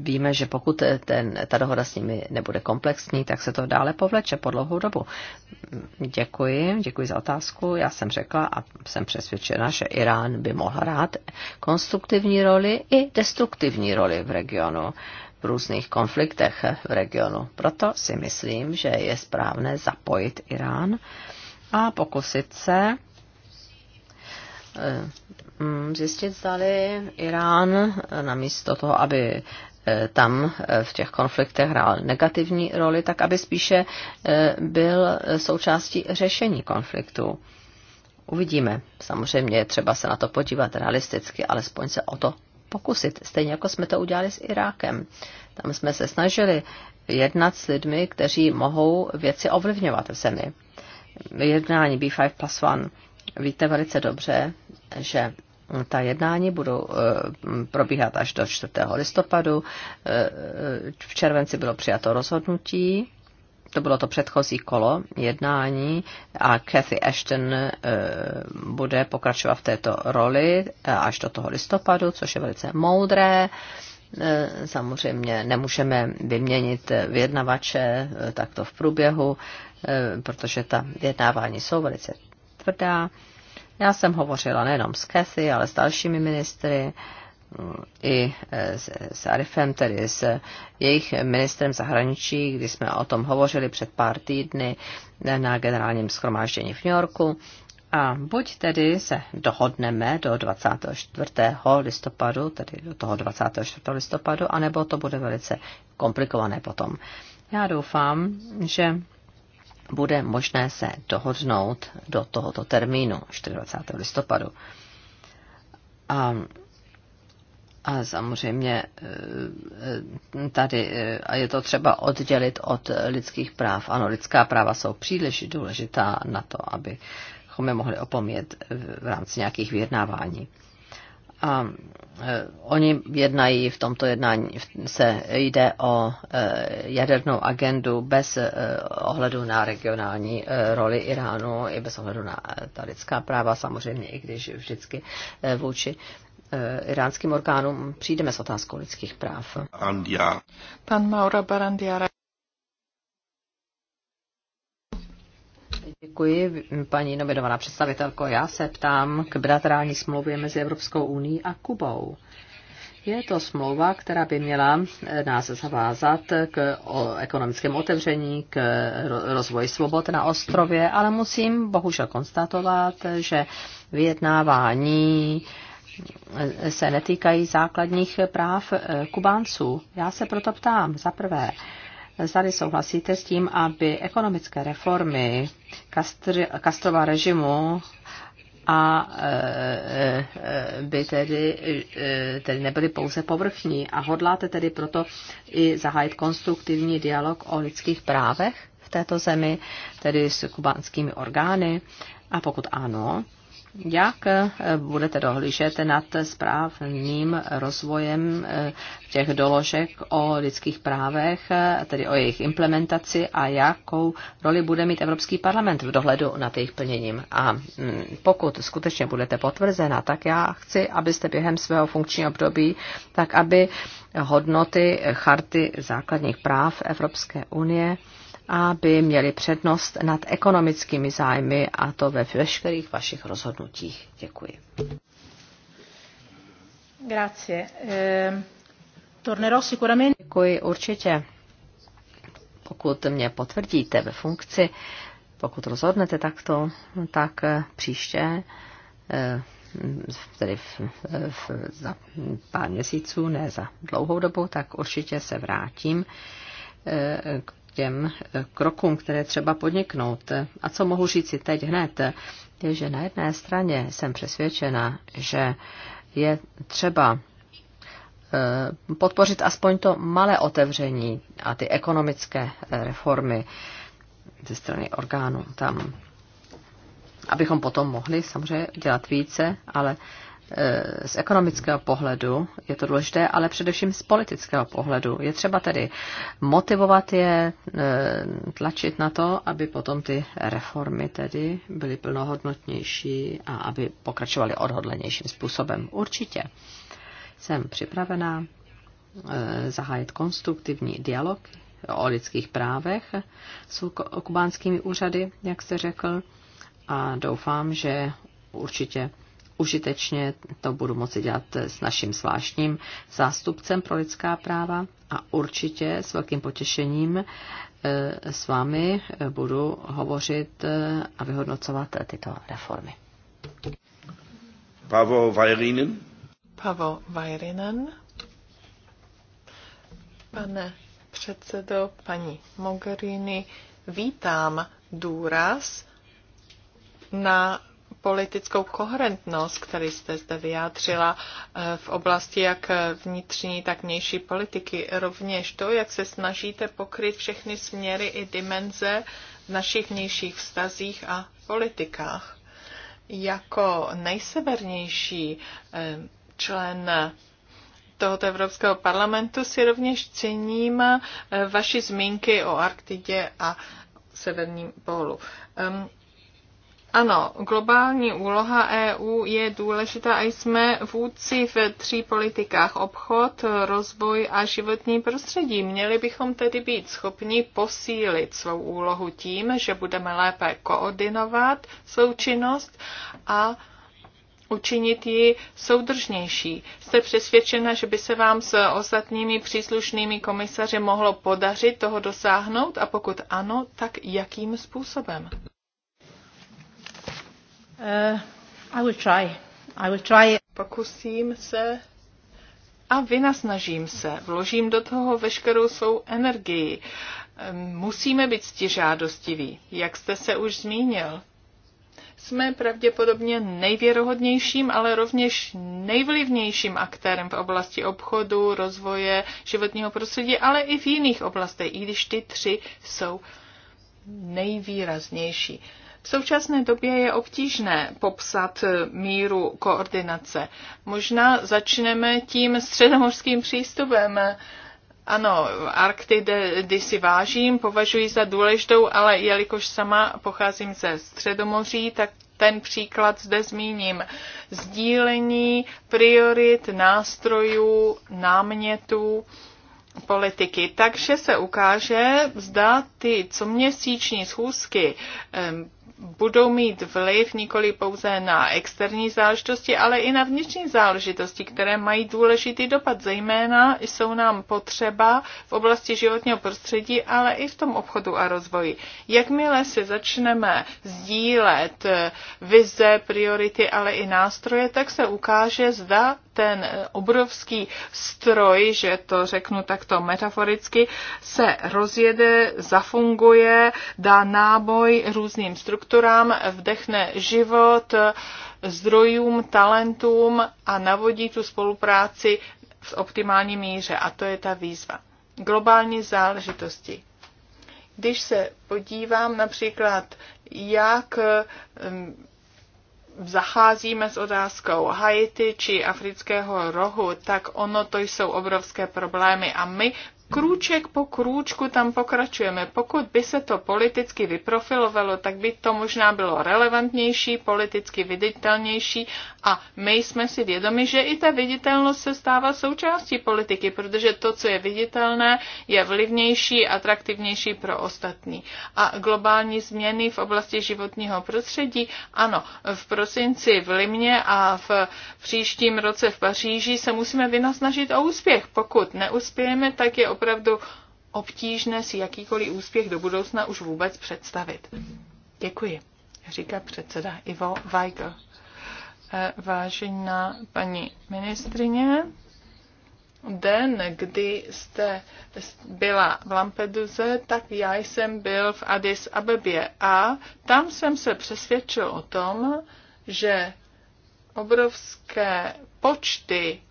víme, že pokud ten, ta dohoda s nimi nebude komplexní, tak se to dále povleče po dlouhou dobu. Děkuji, děkuji za otázku. Já jsem řekla a jsem přesvědčena, že Irán by mohl hrát konstruktivní roli i destruktivní roli v regionu v různých konfliktech v regionu. Proto si myslím, že je správné zapojit Irán a pokusit se eh, Mm, zjistit, zdali Irán eh, namísto toho, aby eh, tam eh, v těch konfliktech hrál negativní roli, tak aby spíše byl součástí řešení konfliktu. Uvidíme. Samozřejmě je třeba se na to podívat realisticky, alespoň se o to pokusit. Stejně jako jsme to udělali s Irákem. Tam jsme se snažili jednat s lidmi, kteří mohou věci ovlivňovat v zemi. Jednání B5 plus 1. Víte velice dobře, že ta jednání budou eh, probíhat až do 4. listopadu. Eh, v červenci bylo přijato rozhodnutí, to bylo to předchozí kolo jednání a Kathy Ashton eh, bude pokračovat v této roli až do toho listopadu, což je velice moudré. Samozřejmě nemůžeme vyměnit vyjednavače takto v průběhu, protože ta vyjednávání jsou velice tvrdá. Já jsem hovořila nejenom s Kathy, ale s dalšími ministry, i e, s, s Arifem, tedy s jejich ministrem zahraničí, kdy jsme o tom hovořili před pár týdny na generálním schromáždění v New Yorku. A buď tedy se dohodneme do 24. listopadu, tedy do toho 24. listopadu, anebo to bude velice komplikované potom. Já doufám, že bude možné se dohodnout do tohoto termínu 24. listopadu. A a samozřejmě e, e, tady e, a je to třeba oddělit od lidských práv. Ano, lidská práva jsou příliš důležitá na to, abychom je mohli opomět v rámci nějakých vyjednávání. A e, oni jednají v tomto jednání, se jde o e, jadernou agendu bez e, ohledu na regionální roli Iránu i bez ohledu na ta lidská práva, samozřejmě i když vždycky vůči iránským orgánům přijdeme s otázkou lidských práv. Andia. Pan Maura Barandiara. Děkuji, paní nominovaná představitelko. Já se ptám k bilaterální smlouvě mezi Evropskou uní a Kubou. Je to smlouva, která by měla eh, nás zavázat k ekonomickému otevření, k rozvoji svobod na ostrově, ale musím bohužel konstatovat, že vyjednávání eh, se netýkají základních práv eh, Kubánců. Já se proto ptám, za prvé, Zdali souhlasíte s tím, aby ekonomické reformy Kastr, Kastrova režimu a e, e, by tedy, e, tedy nebyly pouze povrchní. A hodláte tedy proto i zahájit konstruktivní dialog o lidských právech v této zemi, tedy s kubánskými orgány? A pokud ano, jak eh, budete dohlížet nad správným rozvojem eh, těch doložek o lidských právech, eh, tedy o jejich implementaci a jakou roli bude mít Evropský parlament v dohledu nad jejich plněním. A mm, pokud skutečně budete potvrzena, tak já chci, abyste během svého funkčního období, tak aby hodnoty charty základních práv Evropské unie aby měli přednost nad ekonomickými zájmy a to ve veškerých vašich rozhodnutích. Děkuji. Grazie. Ehm, tornerò sicuramente. Děkuji určitě. Pokud mě potvrdíte ve funkci, pokud rozhodnete takto, tak eh, příště eh, tedy v, eh, v, za pár měsíců, ne za dlouhou dobu, tak určitě se vrátím k těm eh, krokům, které třeba podniknout. A co mohu říct si teď hned, je, že na jedné straně jsem přesvědčena, že je třeba eh, podpořit aspoň to malé otevření a ty ekonomické eh, reformy ze strany orgánů tam, abychom potom mohli samozřejmě dělat více, ale Eh, z ekonomického pohledu je to důležité, ale především z politického pohledu. Je třeba tedy motivovat je, eh, tlačit na to, aby potom ty reformy tedy byly plnohodnotnější a aby pokračovaly odhodlenějším způsobem. Určitě jsem připravená eh, zahájit konstruktivní dialog o lidských právech s kubánskými úřady, jak jste řekl, a doufám, že určitě užitečně, to budu moci dělat s naším zvláštním zástupcem pro lidská práva a určitě s velkým potěšením eh, s vámi eh, budu hovořit eh, a vyhodnocovat tyto reformy.
Pavo Vajrinen. Pavo Vajrinen. Pane předsedo, paní Mogherini, vítám důraz na politickou koherentnost, který jste zde vyjádřila eh, v oblasti jak vnitřní, tak vnější politiky. Rovněž to, jak se snažíte pokryt všechny směry i dimenze v našich vnějších vztazích a politikách. Jako nejsevernější eh, člen tohoto Evropského parlamentu si rovněž cením eh, vaši zmínky o Arktidě a severním pólu. Ano, globální úloha EU je důležitá a jsme vůdci v tří politikách obchod, rozvoj a životní prostředí. Měli bychom tedy být schopni posílit svou úlohu tím, že budeme lépe koordinovat součinnost a učinit ji soudržnější. Jste přesvědčena, že by se vám s ostatními příslušnými komisaři mohlo podařit toho dosáhnout a pokud ano, tak jakým způsobem? Eh, I will try. I will try. Pokusím se a vynasnažím se. Vložím do toho veškerou svou energii. Musíme být stižádostiví, jak jste se už zmínil. Jsme pravděpodobně nejvěrohodnějším, ale rovněž nejvlivnějším aktérem v oblasti obchodu, rozvoje, životního prostředí, ale i v jiných oblastech, i když ty tři jsou nejvýraznější. Uh, v současné době je obtížné popsat eh, míru koordinace. Možná začneme tím středomorským přístupem. Ano, Arktide, kdy si vážím, považuji za důležitou, ale jelikož sama pocházím ze Středomoří, tak ten příklad zde zmíním. Sdílení priorit, nástrojů, námětů, politiky. Takže se ukáže, zda ty co měsíční schůzky budou mít vliv nikoli pouze na externí záležitosti, ale i na vnitřní záležitosti, které mají důležitý dopad. Zejména jsou nám potřeba v oblasti životního prostředí, ale i v tom obchodu a rozvoji. Jakmile si začneme sdílet vize, priority, ale i nástroje, tak se ukáže, zda ten obrovský stroj, že to řeknu takto metaforicky, se rozjede, zafunguje, dá náboj různým strukturám, strukturám vdechne život, zdrojům, talentům a navodí tu spolupráci v optimální míře. A to je ta výzva. Globální záležitosti. Když se podívám například, jak zacházíme s otázkou Haiti či Afrického rohu, tak ono to jsou obrovské problémy a my krůček po krůčku tam pokračujeme. Pokud by se to politicky vyprofilovalo, tak by to možná bylo relevantnější, politicky viditelnější a my jsme si vědomi, že i ta viditelnost se stává součástí politiky, protože to, co je viditelné, je vlivnější, atraktivnější pro ostatní. A globální změny v oblasti životního prostředí, ano, v prosinci v Limě a v příštím roce v Paříži se musíme vynasnažit o úspěch. Pokud neuspějeme, tak je opravdu obtížné si jakýkoliv úspěch do budoucna už vůbec představit. Děkuji, říká předseda Ivo Weigl. Eh, vážená paní ministrině, den, kdy jste byla v Lampeduze, tak já jsem byl v Addis Abebě a tam jsem se přesvědčil o tom, že obrovské počty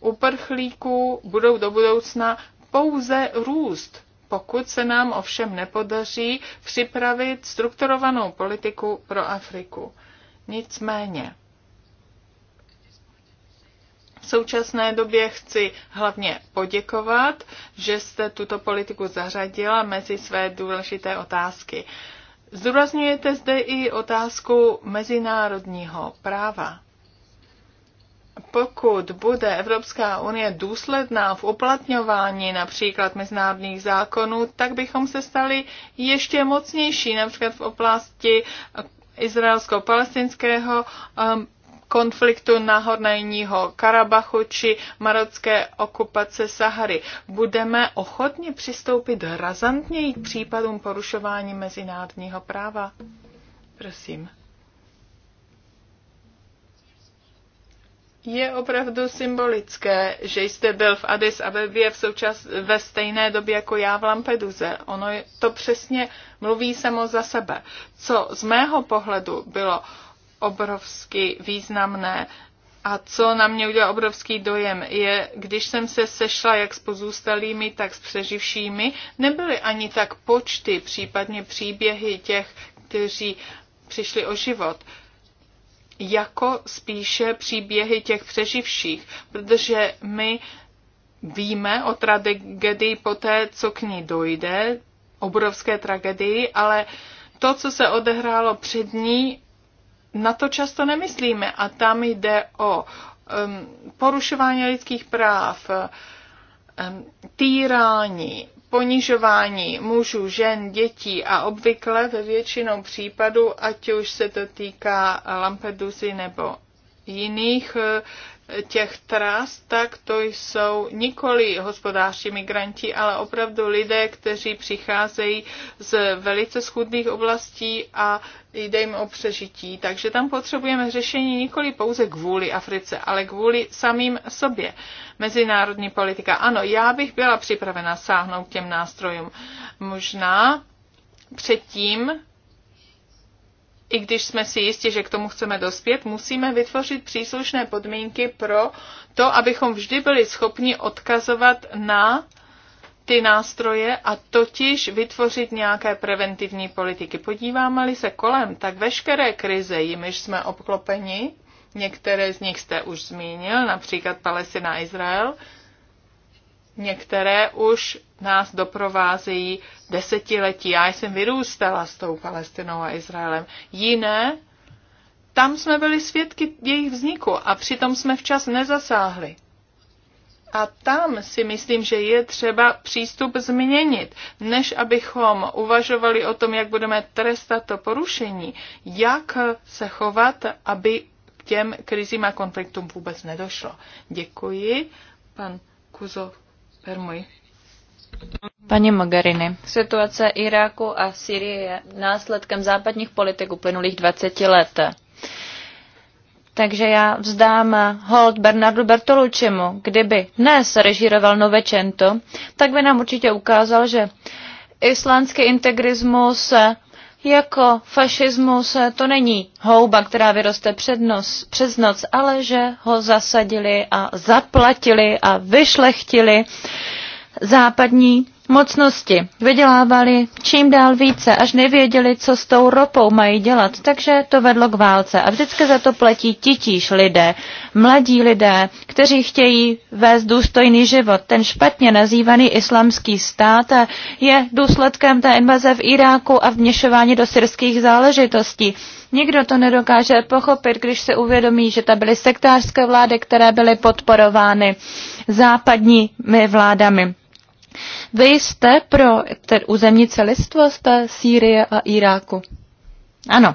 uprchlíků budou do budoucna pouze růst, pokud se nám ovšem nepodaří připravit strukturovanou politiku pro Afriku. Nicméně, v současné době chci hlavně poděkovat, že jste tuto politiku zařadila mezi své důležité otázky. Zdůrazňujete zde i otázku mezinárodního práva pokud bude Evropská unie důsledná v uplatňování například mezinárodních zákonů, tak bychom se stali ještě mocnější, například v oblasti izraelsko-palestinského um, konfliktu na Hornajního Karabachu či marocké okupace Sahary. Budeme ochotni přistoupit razantněji k případům porušování mezinárodního práva? Prosím. je opravdu symbolické, že jste byl v Addis Abebě v součas, ve stejné době jako já v Lampeduze. Ono je, to přesně mluví samo za sebe. Co z mého pohledu bylo obrovsky významné a co na mě udělal obrovský dojem, je, když jsem se sešla jak s pozůstalými, tak s přeživšími, nebyly ani tak počty, případně příběhy těch, kteří přišli o život jako spíše příběhy těch přeživších, protože my víme o tragedii poté, co k ní dojde, obrovské tragedii, ale to, co se odehrálo před ní, na to často nemyslíme. A tam jde o um, porušování lidských práv, um, týrání, ponižování mužů, žen, dětí a obvykle ve většinou případů, ať už se to týká Lampedusy nebo jiných těch tras, tak to jsou nikoli hospodářští migranti, ale opravdu lidé, kteří přicházejí z velice schudných oblastí a jde jim o přežití. Takže tam potřebujeme řešení nikoli pouze kvůli Africe, ale kvůli samým sobě. Mezinárodní politika. Ano, já bych byla připravena sáhnout k těm nástrojům. Možná předtím i když jsme si jistí, že k tomu chceme dospět, musíme vytvořit příslušné podmínky pro to, abychom vždy byli schopni odkazovat na ty nástroje a totiž vytvořit nějaké preventivní politiky. Podíváme-li se kolem, tak veškeré krize, jimiž jsme obklopeni, některé z nich jste už zmínil, například Palestina a Izrael, Některé už nás doprovázejí desetiletí. Já jsem vyrůstala s tou Palestinou a Izraelem. Jiné, tam jsme byli svědky jejich vzniku a přitom jsme včas nezasáhli. A tam si myslím, že je třeba přístup změnit, než abychom uvažovali o tom, jak budeme trestat to porušení, jak se chovat, aby k těm krizím a konfliktům vůbec nedošlo. Děkuji. Pan
Kuzov. Paní Mogherini, situace Iráku a Syrie je následkem západních politik uplynulých 20 let. Takže já vzdám hold Bernardu Bertoluccimu. Kdyby dnes režíroval Novečento, tak by nám určitě ukázal, že islánský integrismus jako fašismus eh, to není houba, která vyroste před nos, přes noc, ale že ho zasadili a zaplatili a vyšlechtili západní mocnosti vydělávali čím dál více, až nevěděli, co s tou ropou mají dělat, takže to vedlo k válce. A vždycky za to platí titíž lidé, mladí lidé, kteří chtějí vést důstojný život. Ten špatně nazývaný islamský stát je důsledkem té invaze v Iráku a vměšování do syrských záležitostí. Nikdo to nedokáže pochopit, když se uvědomí, že to byly sektářské vlády, které byly podporovány západními vládami. Vy jste pro územní celistvost Sýrie a Iráku? Ano.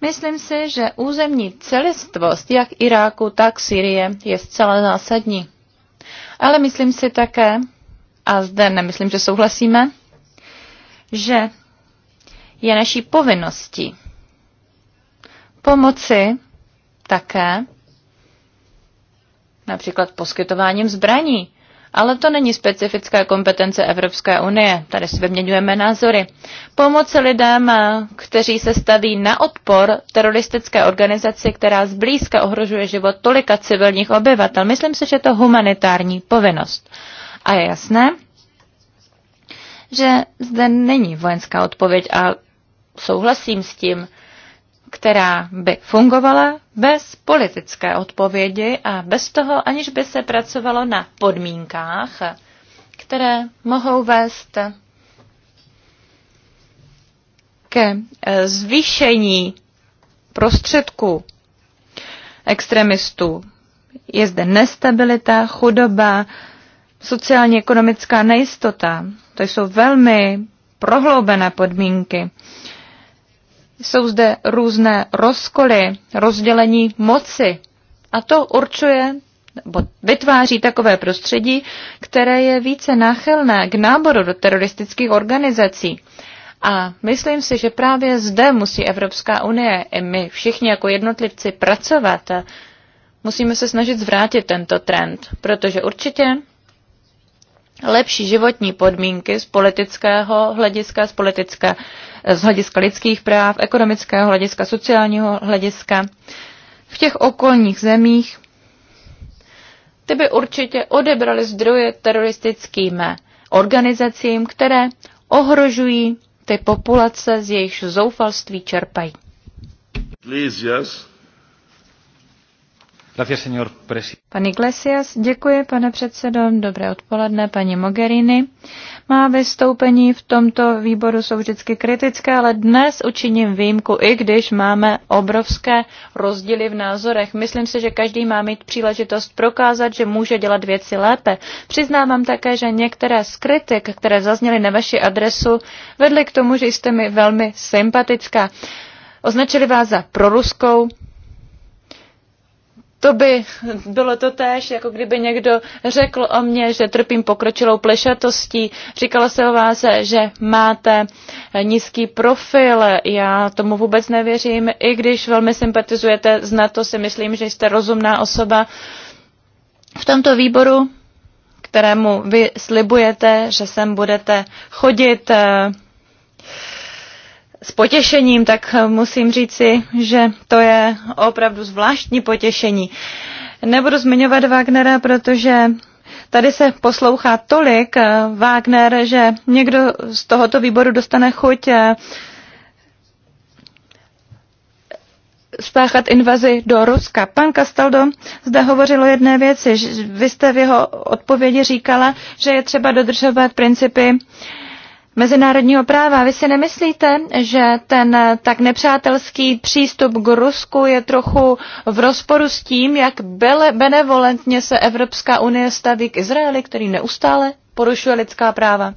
Myslím si, že územní celistvost jak Iráku, tak Syrie je zcela zásadní. Ale myslím si také, a zde nemyslím, že souhlasíme, že je naší povinností pomoci také například poskytováním zbraní ale to není specifická kompetence Evropské unie. Tady si vyměňujeme názory. Pomoc lidem, kteří se staví na odpor teroristické organizaci, která zblízka ohrožuje život tolika civilních obyvatel. Myslím si, že je to humanitární povinnost. A je jasné, že zde není vojenská odpověď a souhlasím s tím, která by fungovala bez politické odpovědi a bez toho, aniž by se pracovalo na podmínkách, které mohou vést ke eh, zvýšení prostředků extremistů. Je zde nestabilita, chudoba, sociálně ekonomická nejistota. To jsou velmi prohloubené podmínky. Jsou zde různé rozkoly, rozdělení moci a to určuje nebo vytváří takové prostředí, které je více náchylné k náboru do teroristických organizací. A myslím si, že právě zde musí Evropská unie i my všichni jako jednotlivci pracovat. Musíme se snažit zvrátit tento trend, protože určitě lepší životní podmínky z politického hlediska, z, politické, z hlediska lidských práv, ekonomického hlediska, sociálního hlediska. V těch okolních zemích ty by určitě odebrali zdroje teroristickým organizacím, které ohrožují ty populace, z jejichž zoufalství čerpají.
Please, yes.
Pan Iglesias, děkuji, pane předsedo. Dobré odpoledne, paní Mogherini. Má vystoupení v tomto výboru jsou vždycky kritické, ale dnes učiním výjimku, i když máme obrovské rozdíly v názorech. Myslím si, že každý má mít příležitost prokázat, že může dělat věci lépe. Přiznávám také, že některé z kritik, které zazněly na vaši adresu, vedly k tomu, že jste mi velmi sympatická. Označili vás za proruskou, to by bylo to též, jako kdyby někdo řekl o mně, že trpím pokročilou plešatostí. Říkalo se o vás, že máte nízký profil. Já tomu vůbec nevěřím. I když velmi sympatizujete s NATO, si myslím, že jste rozumná osoba. V tomto výboru, kterému vy slibujete, že sem budete chodit, s potěšením, tak musím říci, že to je opravdu zvláštní potěšení. Nebudu zmiňovat Wagnera, protože tady se poslouchá tolik eh, Wagner, že někdo z tohoto výboru dostane chuť eh, spáchat invazi do Ruska. Pan Castaldo zde hovořil o jedné věci. Vy jste v jeho odpovědi říkala, že je třeba dodržovat principy uh, mezinárodního práva. Vy si nemyslíte, že ten tak nepřátelský přístup k Rusku je trochu v rozporu s tím, jak benevolentně se Evropská unie staví k Izraeli, který neustále porušuje lidská práva?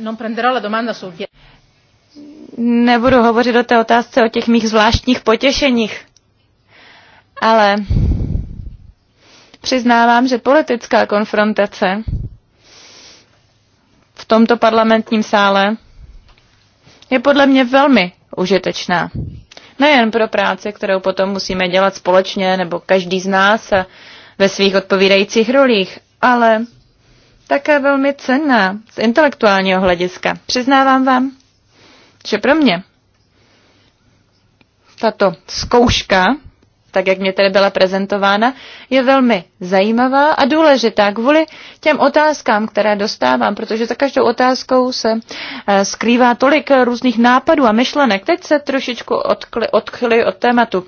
No Nebudu hovořit o té otázce o těch mých zvláštních potěšeních, ale přiznávám, že politická konfrontace v tomto parlamentním sále je podle mě velmi užitečná. Nejen pro práci, kterou potom musíme dělat společně nebo každý z nás ve svých odpovídajících rolích, ale také velmi cenná z intelektuálního hlediska. Přiznávám vám, že pro mě tato zkouška tak jak mě tady byla prezentována, je velmi zajímavá a důležitá kvůli těm otázkám, které dostávám, protože za každou otázkou se eh, skrývá tolik různých nápadů a myšlenek. Teď se trošičku odchyli od tématu.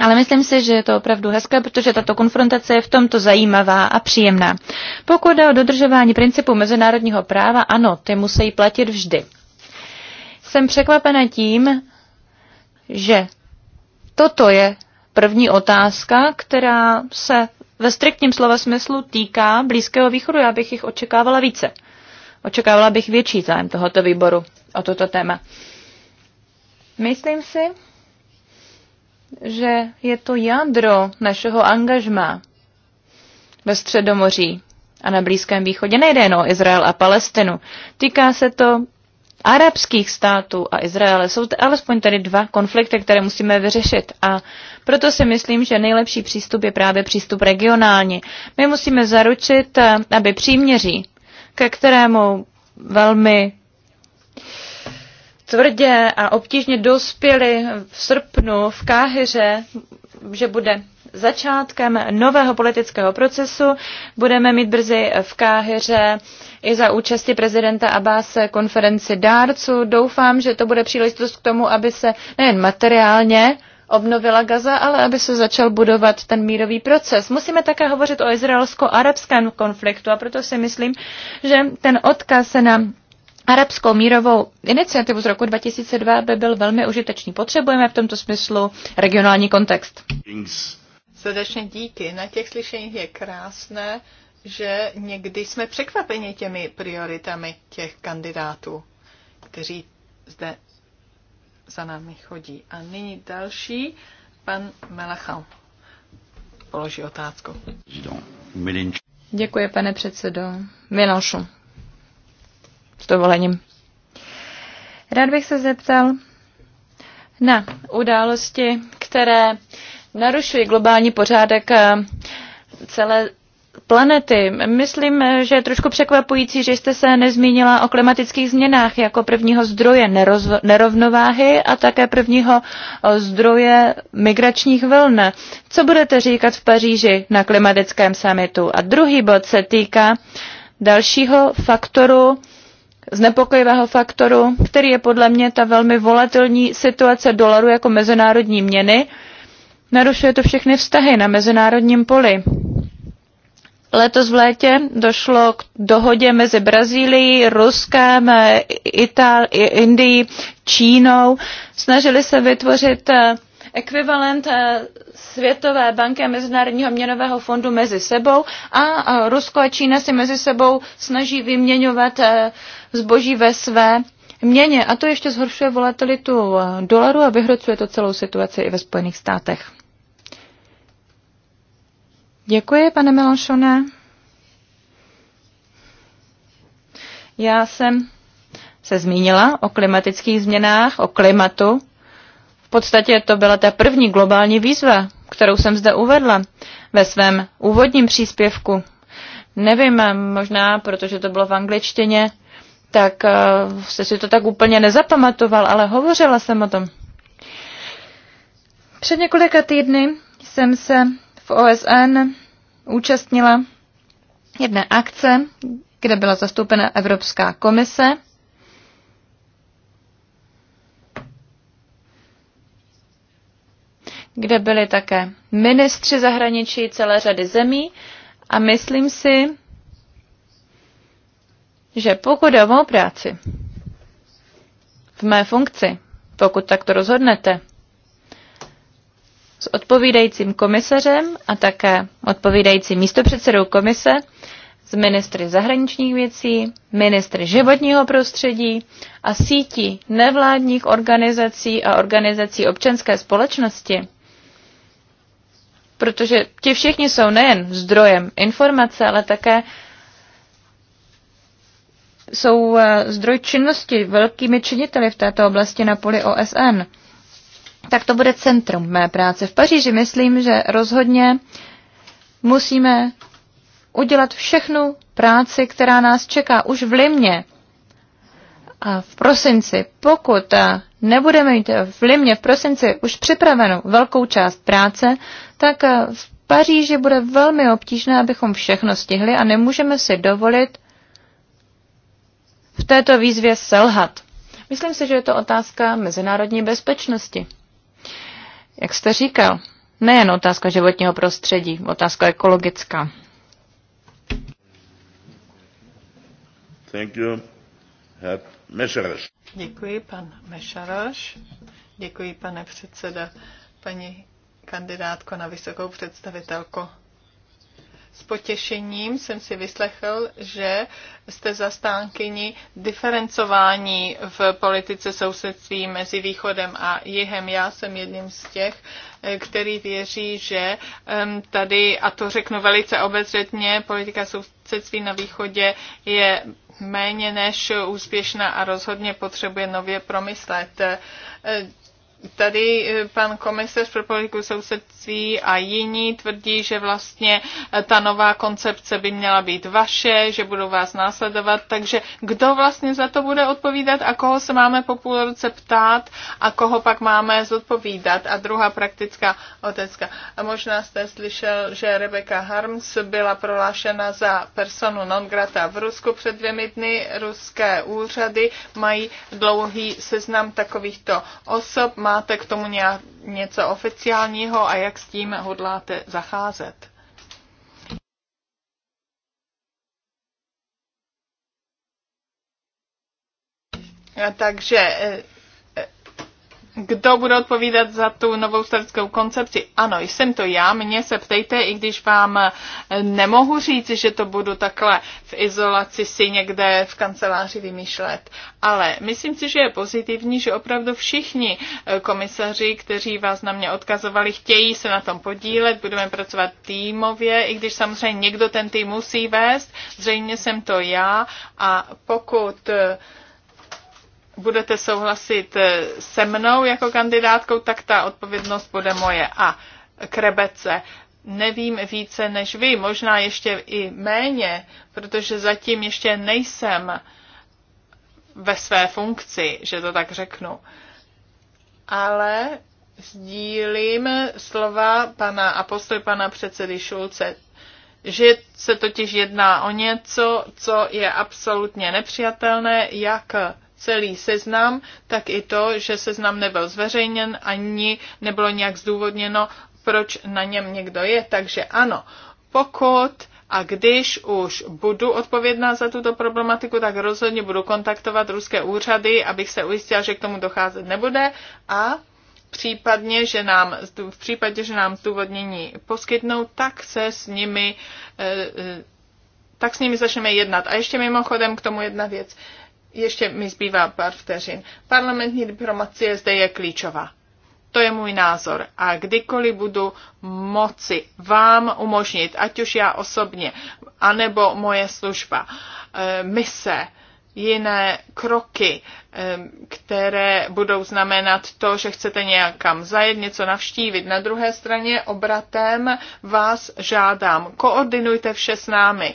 Ale myslím si, že je to opravdu hezké, protože tato konfrontace je v tomto zajímavá a příjemná. Pokud jde o dodržování principů mezinárodního práva, ano, ty musí platit vždy. Jsem překvapena tím, že toto je První otázka, která se ve striktním slova smyslu týká Blízkého východu, já bych jich očekávala více. Očekávala bych větší zájem tohoto výboru o toto téma. Myslím si, že je to jádro našeho angažma ve Středomoří a na Blízkém východě. Nejde jen o Izrael a Palestinu. Týká se to arabských států a Izraele. Jsou to alespoň tady dva konflikty, které musíme vyřešit. A proto si myslím, že nejlepší přístup je právě přístup regionální. My musíme zaručit, eh, aby příměří, ke kterému velmi tvrdě a obtížně dospěli v srpnu v Káhyře, že bude začátkem nového politického procesu. Budeme mít brzy v Káhyře i za účasti prezidenta Abáse konferenci dárců. Doufám, že to bude příležitost k tomu, aby se nejen materiálně obnovila Gaza, ale aby se začal budovat ten mírový proces. Musíme také hovořit o izraelsko-arabském konfliktu a proto si myslím, že ten odkaz na arabskou mírovou iniciativu z roku 2002 by byl velmi užitečný. Potřebujeme v tomto smyslu regionální kontext.
Srdečně díky. Na těch slyšeních je krásné že někdy jsme překvapeni těmi prioritami těch kandidátů, kteří zde za námi chodí. A nyní další, pan Melachal položí
otázku. Děkuji, pane předsedo. Milošu. S dovolením. Rád bych se zeptal na události, které narušují globální pořádek eh, celé planety. Myslím, že je trošku překvapující, že jste se nezmínila o klimatických změnách jako prvního zdroje nerovnováhy a také prvního eh, zdroje migračních vln. Co budete říkat v Paříži na klimatickém summitu? A druhý bod se týká dalšího faktoru, znepokojivého faktoru, který je podle mě ta velmi volatilní situace dolaru jako mezinárodní měny. Narušuje to všechny vztahy na mezinárodním poli. Letos v létě došlo k dohodě mezi Brazílií, Ruskem, Indií, Čínou. Snažili se vytvořit eh, ekvivalent eh, Světové banky a Mezinárodního měnového fondu mezi sebou a eh, Rusko a Čína si mezi sebou snaží vyměňovat zboží ve své měně. A to ještě zhoršuje volatilitu dolaru a vyhrocuje to celou situaci i ve Spojených státech. Děkuji, pane Melanchone. Já jsem se zmínila o klimatických změnách, o klimatu. V podstatě to byla ta první globální výzva, kterou jsem zde uvedla ve svém úvodním příspěvku. Nevím, možná, protože to bylo v angličtině, tak eh, se si to tak úplně nezapamatoval, ale hovořila jsem o tom. Před několika týdny jsem se v OSN účastnila jedné akce, kde byla zastoupena Evropská komise. kde byli také ministři zahraničí celé řady zemí a myslím si, že pokud je o mou práci, v mé funkci, pokud takto rozhodnete, s odpovídajícím komisařem a také odpovídajícím místopředsedou komise, s ministry zahraničních věcí, ministry životního prostředí a sítí nevládních organizací a organizací občanské společnosti. Protože ti všichni jsou nejen zdrojem informace, ale také jsou eh, zdroj činnosti velkými činiteli v této oblasti na poli OSN tak to bude centrum mé práce v Paříži. Myslím, že rozhodně musíme udělat všechnu práci, která nás čeká už v Limě a v prosinci. Pokud eh, nebudeme mít v Limě v prosinci už připravenou velkou část práce, tak eh, v Paříži bude velmi obtížné, abychom všechno stihli a nemůžeme si dovolit v této výzvě selhat. Myslím si, že je to otázka mezinárodní bezpečnosti. Jak jste říkal, nejen otázka životního prostředí, otázka ekologická. Thank you.
Děkuji, pan Mešaroš. Děkuji, pane předseda, paní kandidátko na vysokou představitelku. S potěšením jsem si vyslechl, že jste zastánkyni diferencování v politice sousedství mezi východem a jihem. Já jsem jedním z těch, eh, který věří, že tady, a to řeknu velice obezřetně, politika sousedství na východě je méně než úspěšná a rozhodně potřebuje nově promyslet. Eh, Tady eh, pan komisař pro politiku sousedství a jiní tvrdí, že vlastně eh, ta nová koncepce by měla být vaše, že budou vás následovat, takže kdo vlastně za to bude odpovídat a koho se máme po půl roce ptát a koho pak máme zodpovídat. A druhá praktická otecka. A možná jste slyšel, že Rebecca Harms byla prohlášena za personu non grata v Rusku před dvěmi dny. Ruské úřady mají dlouhý seznam takovýchto osob, máte k tomu nějak, něco oficiálního a jak s tím hodláte zacházet? Takže eh, kdo bude odpovídat za tu novou startskou koncepci? Ano, jsem to já, mě se ptejte, i když vám eh, nemohu říct, že to budu takhle v izolaci si někde v kanceláři vymýšlet. Ale myslím si, že je pozitivní, že opravdu všichni eh, komisaři, kteří vás na mě odkazovali, chtějí se na tom podílet, budeme pracovat týmově, i když samozřejmě někdo ten tým musí vést, zřejmě jsem to já a pokud eh, budete souhlasit eh, se mnou jako kandidátkou, tak ta odpovědnost bude moje. A krebece nevím více než vy, možná ještě i méně, protože zatím ještě nejsem ve své funkci, že to tak řeknu. Ale sdílím slova pana apostol, pana předsedy Šulce, že se totiž jedná o něco, co je absolutně nepřijatelné, jak celý seznam, tak i to, že seznam nebyl zveřejněn ani nebylo nějak zdůvodněno, proč na něm někdo je. Takže ano, pokud a když už budu odpovědná za tuto problematiku, tak rozhodně budu kontaktovat ruské úřady, abych se ujistila, že k tomu docházet nebude a případně, že nám, v případě, že nám zdůvodnění poskytnou, tak se s nimi eh, eh, tak s nimi začneme jednat. A ještě mimochodem k tomu jedna věc. Ještě mi zbývá pár vteřin. Parlamentní diplomacie zde je klíčová. To je můj názor. A kdykoliv budu moci vám umožnit, ať už já osobně, anebo moje služba, eh, mise, jiné kroky, které budou znamenat to, že chcete nějakam zajet, něco navštívit. Na druhé straně obratem vás žádám, koordinujte vše s námi.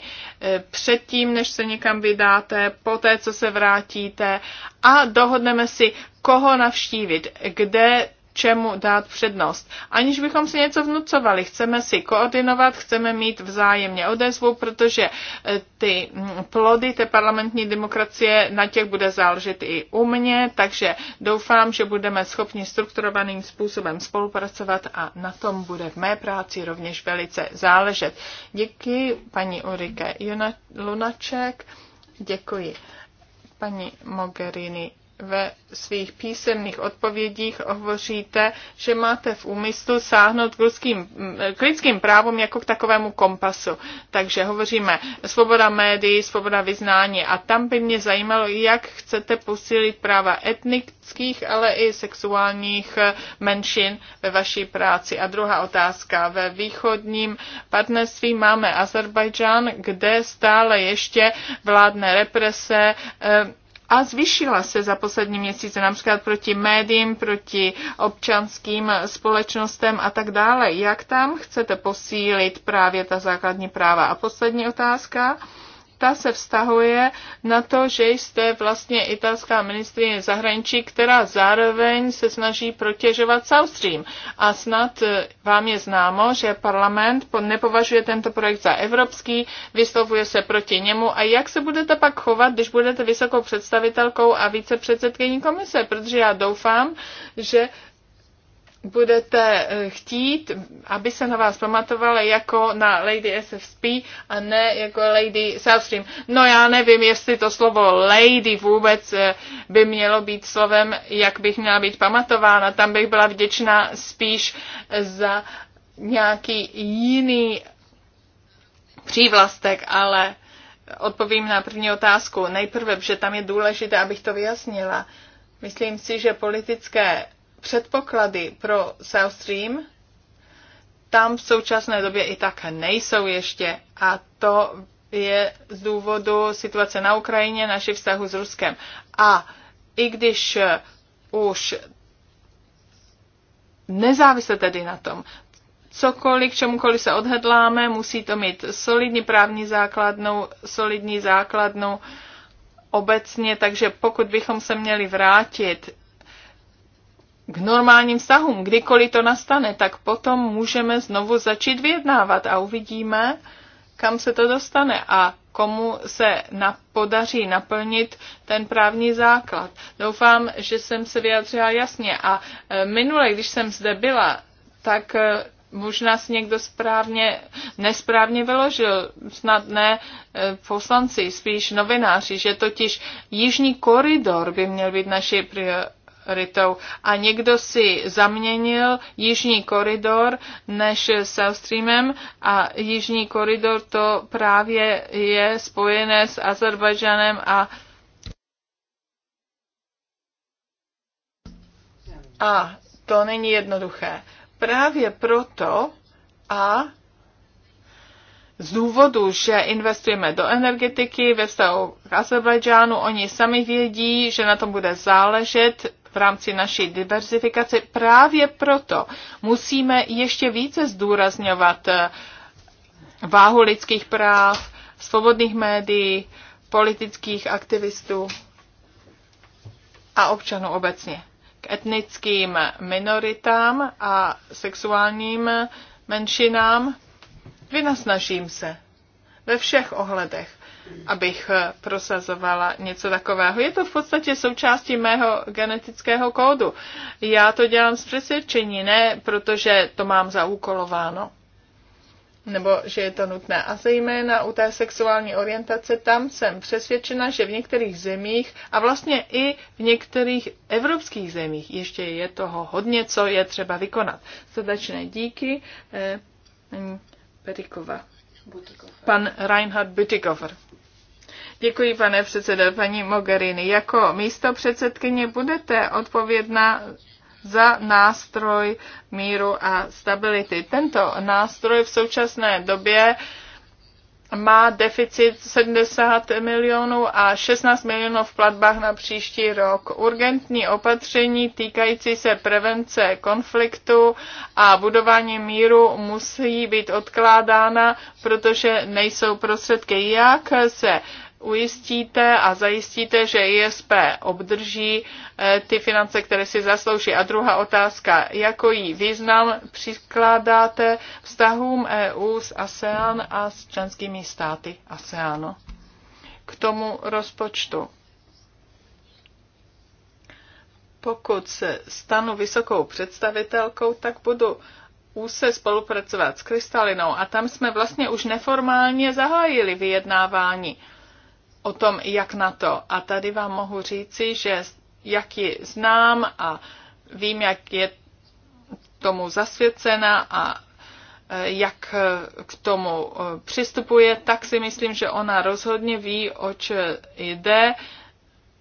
Předtím, než se někam vydáte, poté, co se vrátíte a dohodneme si, koho navštívit, kde čemu dát přednost. Aniž bychom si něco vnucovali, chceme si koordinovat, chceme mít vzájemně odezvu, protože eh, ty mm, plody té parlamentní demokracie, na těch bude záležet i u mě, takže doufám, že budeme schopni strukturovaným způsobem spolupracovat a na tom bude v mé práci rovněž velice záležet. Děkuji paní Urike Lunaček, děkuji paní Mogherini ve svých písemných odpovědích hovoříte, že máte v úmyslu sáhnout k, lidským, k lidským právům jako k takovému kompasu. Takže hovoříme svoboda médií, svoboda vyznání a tam by mě zajímalo, jak chcete posílit práva etnických, ale i sexuálních menšin ve vaší práci. A druhá otázka. Ve východním partnerství máme Azerbajdžán, kde stále ještě vládne represe, eh, a zvyšila se za poslední měsíce, například proti médiím, proti občanským společnostem a tak dále. Jak tam chcete posílit právě ta základní práva? A poslední otázka ta se vztahuje na to, že jste vlastně italská ministrině zahraničí, která zároveň se snaží protěžovat South Stream. A snad eh, vám je známo, že parlament nepovažuje tento projekt za evropský, vyslovuje se proti němu. A jak se budete pak chovat, když budete vysokou představitelkou a vícepředsedkyní komise? Protože já doufám, že budete eh, chtít, aby se na vás pamatovali jako na Lady SFP a ne jako Lady Selfstream. No já nevím, jestli to slovo Lady vůbec eh, by mělo být slovem, jak bych měla být pamatována. Tam bych byla vděčná spíš za nějaký jiný přívlastek, ale odpovím na první otázku. Nejprve, že tam je důležité, abych to vyjasnila. Myslím si, že politické předpoklady pro South Stream tam v současné době i tak nejsou ještě a to je z důvodu situace na Ukrajině, našich vztahu s Ruskem. A i když eh, už nezávisle tedy na tom, cokoliv, k čemukoliv se odhedláme, musí to mít solidní právní základnou, solidní základnou obecně, takže pokud bychom se měli vrátit k normálním vztahům, kdykoliv to nastane, tak potom můžeme znovu začít vyjednávat a uvidíme, kam se to dostane a komu se na, podaří naplnit ten právní základ. Doufám, že jsem se vyjadřila jasně. A e, minule, když jsem zde byla, tak e, možná si někdo správně, nesprávně vyložil, snad ne e, poslanci, spíš novináři, že totiž Jižní koridor by měl být naše prioritou ritou A někdo si zaměnil Jižní koridor než South Streamem a Jižní koridor to právě je spojené s Azerbajdžanem a A to není jednoduché. Právě proto a z důvodu, že investujeme do energetiky ve vztahu k Azerbajdžánu, oni sami vědí, že na tom bude záležet, v rámci naší diverzifikace. Právě proto musíme ještě více zdůrazňovat eh, váhu lidských práv, svobodných médií, politických aktivistů a občanů obecně. K etnickým minoritám a sexuálním menšinám vynasnažím se ve všech ohledech abych eh, prosazovala něco takového. Je to v podstatě součástí mého genetického kódu. Já to dělám z přesvědčení, ne protože to mám zaúkolováno nebo že je to nutné. A zejména u té sexuální orientace, tam jsem přesvědčena, že v některých zemích a vlastně i v některých evropských zemích ještě je toho hodně, co je třeba vykonat. Srdečné díky. Eh, Perikova. Pan Reinhard Bütikofer. Děkuji, pane předsedo. Paní Mogherini, jako místo předsedkyně budete odpovědná za nástroj míru a stability. Tento nástroj v současné době má deficit 70 milionů a 16 milionů v platbách na příští rok. Urgentní opatření týkající se prevence konfliktu a budování míru musí být odkládána, protože nejsou prostředky. Jak se ujistíte a zajistíte, že ISP obdrží eh, ty finance, které si zaslouží. A druhá otázka, jako jí význam přikládáte vztahům EU s ASEAN a s členskými státy ASEANu? K tomu rozpočtu. Pokud se stanu vysokou představitelkou, tak budu úse spolupracovat s Krystalinou a tam jsme vlastně už neformálně zahájili vyjednávání o tom, jak na to. A tady vám mohu říci, že jak ji znám a vím, jak je tomu zasvěcena a e, jak k tomu e, přistupuje, tak si myslím, že ona rozhodně ví, oč jde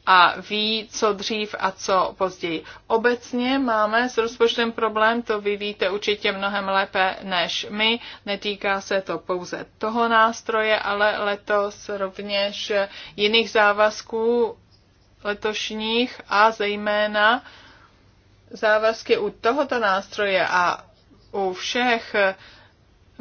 a ví, co dřív a co později. Obecně máme s rozpočtem problém, to vy víte určitě mnohem lépe než my. Netýká se to pouze toho nástroje, ale letos rovněž jiných závazků letošních a zejména závazky u tohoto nástroje a u všech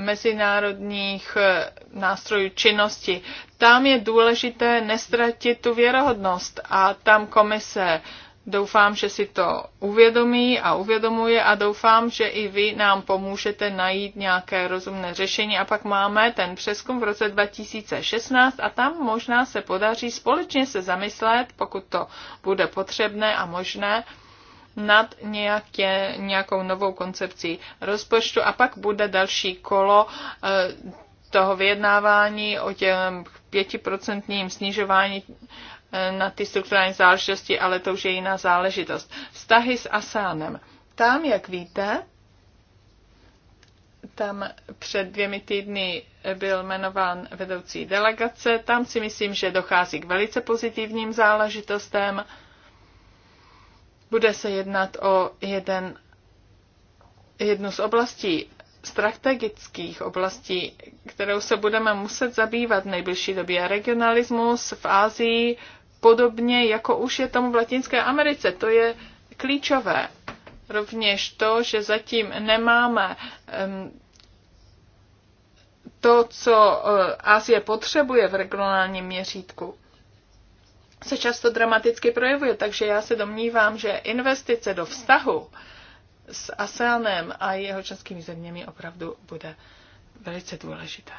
mezinárodních eh, nástrojů činnosti. Tam je důležité nestratit tu věrohodnost a tam komise doufám, že si to uvědomí a uvědomuje a doufám, že i vy nám pomůžete najít nějaké rozumné řešení a pak máme ten přeskum v roce 2016 a tam možná se podaří společně se zamyslet, pokud to bude potřebné a možné, nad nějaké, nějakou novou koncepcí rozpočtu a pak bude další kolo eh, toho vyjednávání o těm pětiprocentním snižování eh, na ty strukturální záležitosti, ale to už je jiná záležitost. Vztahy s Asánem. Tam, jak víte, tam před dvěmi týdny byl jmenován vedoucí delegace. Tam si myslím, že dochází k velice pozitivním záležitostem. Bude se jednat o jeden, jednu z oblastí, strategických oblastí, kterou se budeme muset zabývat v nejbližší době. Regionalismus v Ázii podobně jako už je tomu v Latinské Americe. To je klíčové. Rovněž to, že zatím nemáme um, to, co e, Asie potřebuje v regionálním měřítku se často dramaticky projevuje, takže já se domnívám, že investice do vztahu s ASEANem a jeho českými zeměmi opravdu bude velice důležité.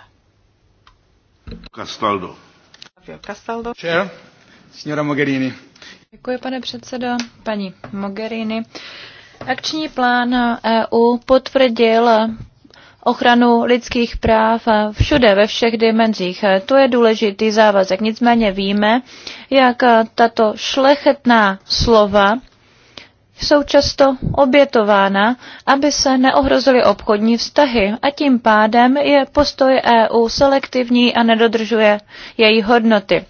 Castaldo. Castaldo. signora Mogherini.
Děkuji, pane předsedo. Paní Mogherini. Akční plán EU potvrdil ochranu lidských práv všude, ve všech dimenzích. To je důležitý závazek. Nicméně víme, jak tato šlechetná slova jsou často obětována, aby se neohrozily obchodní vztahy a tím pádem je postoj EU selektivní a nedodržuje její hodnoty.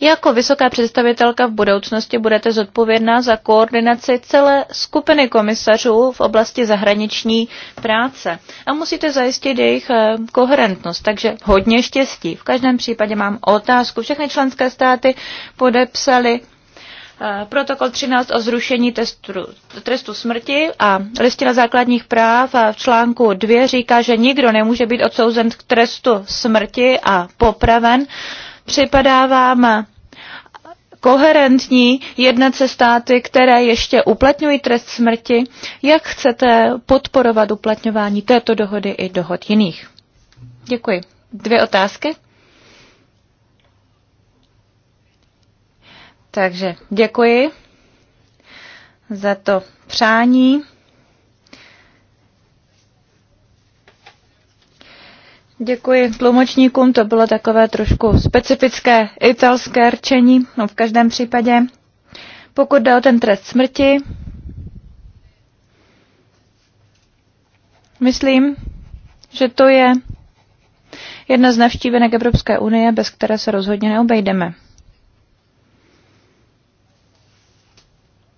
Jako vysoká představitelka v budoucnosti budete zodpovědná za koordinaci celé skupiny komisařů v oblasti zahraniční práce a musíte zajistit jejich eh, koherentnost, takže hodně štěstí. V každém případě mám otázku. Všechny členské státy podepsaly eh, protokol 13 o zrušení testu, trestu smrti a listina základních práv v článku 2 říká, že nikdo nemůže být odsouzen k trestu smrti a popraven připadá vám koherentní jednat se státy, které ještě uplatňují trest smrti? Jak chcete podporovat uplatňování této dohody i dohod jiných? Děkuji. Dvě otázky? Takže děkuji za to přání. Děkuji tlumočníkům, to bylo takové trošku specifické italské rčení, no v každém případě. Pokud jde o ten trest smrti, myslím, že to je jedna z navštívenek Evropské unie, bez které se rozhodně neobejdeme.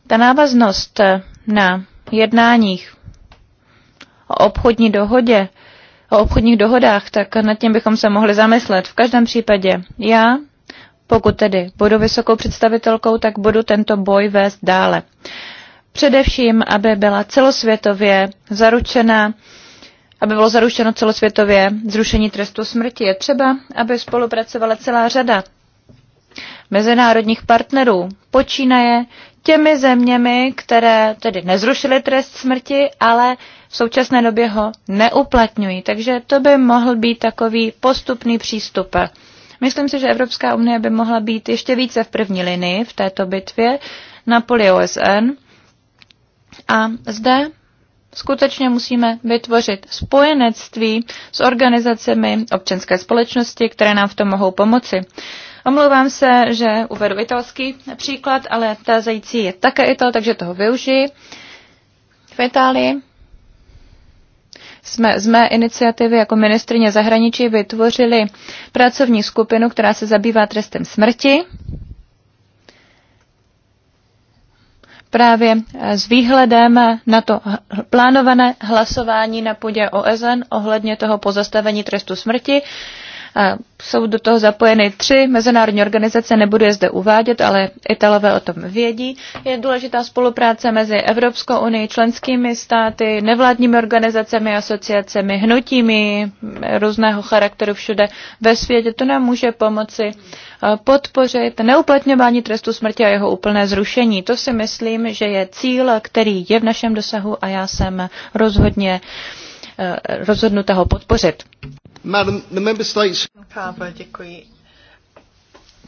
Ta návaznost na jednáních o obchodní dohodě o obchodních dohodách, tak nad tím bychom se mohli zamyslet. V každém případě já, pokud tedy budu vysokou představitelkou, tak budu tento boj vést dále. Především, aby byla celosvětově zaručena aby bylo zaručeno celosvětově zrušení trestu smrti, je třeba, aby spolupracovala celá řada mezinárodních partnerů, počínaje těmi zeměmi, které tedy nezrušily trest smrti, ale v současné době ho neuplatňují. Takže to by mohl být takový postupný přístup. Myslím si, že Evropská unie by mohla být ještě více v první linii v této bitvě na poli OSN. A zde skutečně musíme vytvořit spojenectví s organizacemi občanské společnosti, které nám v tom mohou pomoci. Omlouvám se, že uvedu italský příklad, ale zající je také Ital, takže toho využiji. V Itálii jsme z mé iniciativy jako ministrině zahraničí vytvořili pracovní skupinu, která se zabývá trestem smrti. Právě s výhledem na to plánované hlasování na půdě OSN ohledně toho pozastavení trestu smrti, jsou do toho zapojeny tři mezinárodní organizace, nebudu je zde uvádět, ale Italové o tom vědí. Je důležitá spolupráce mezi Evropskou unii, členskými státy, nevládními organizacemi, asociacemi, hnutími různého charakteru všude ve světě. To nám může pomoci eh, podpořit neuplatňování trestu smrti a jeho úplné zrušení. To si myslím, že je cíl, který je v našem dosahu a já jsem rozhodně eh, rozhodnuta ho podpořit. Madam,
the member states...
děkuji.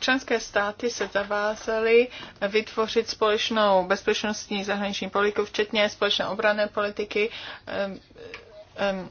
Členské státy se zavázaly vytvořit společnou bezpečnostní zahraniční politiku, včetně společné obrané politiky, um, um,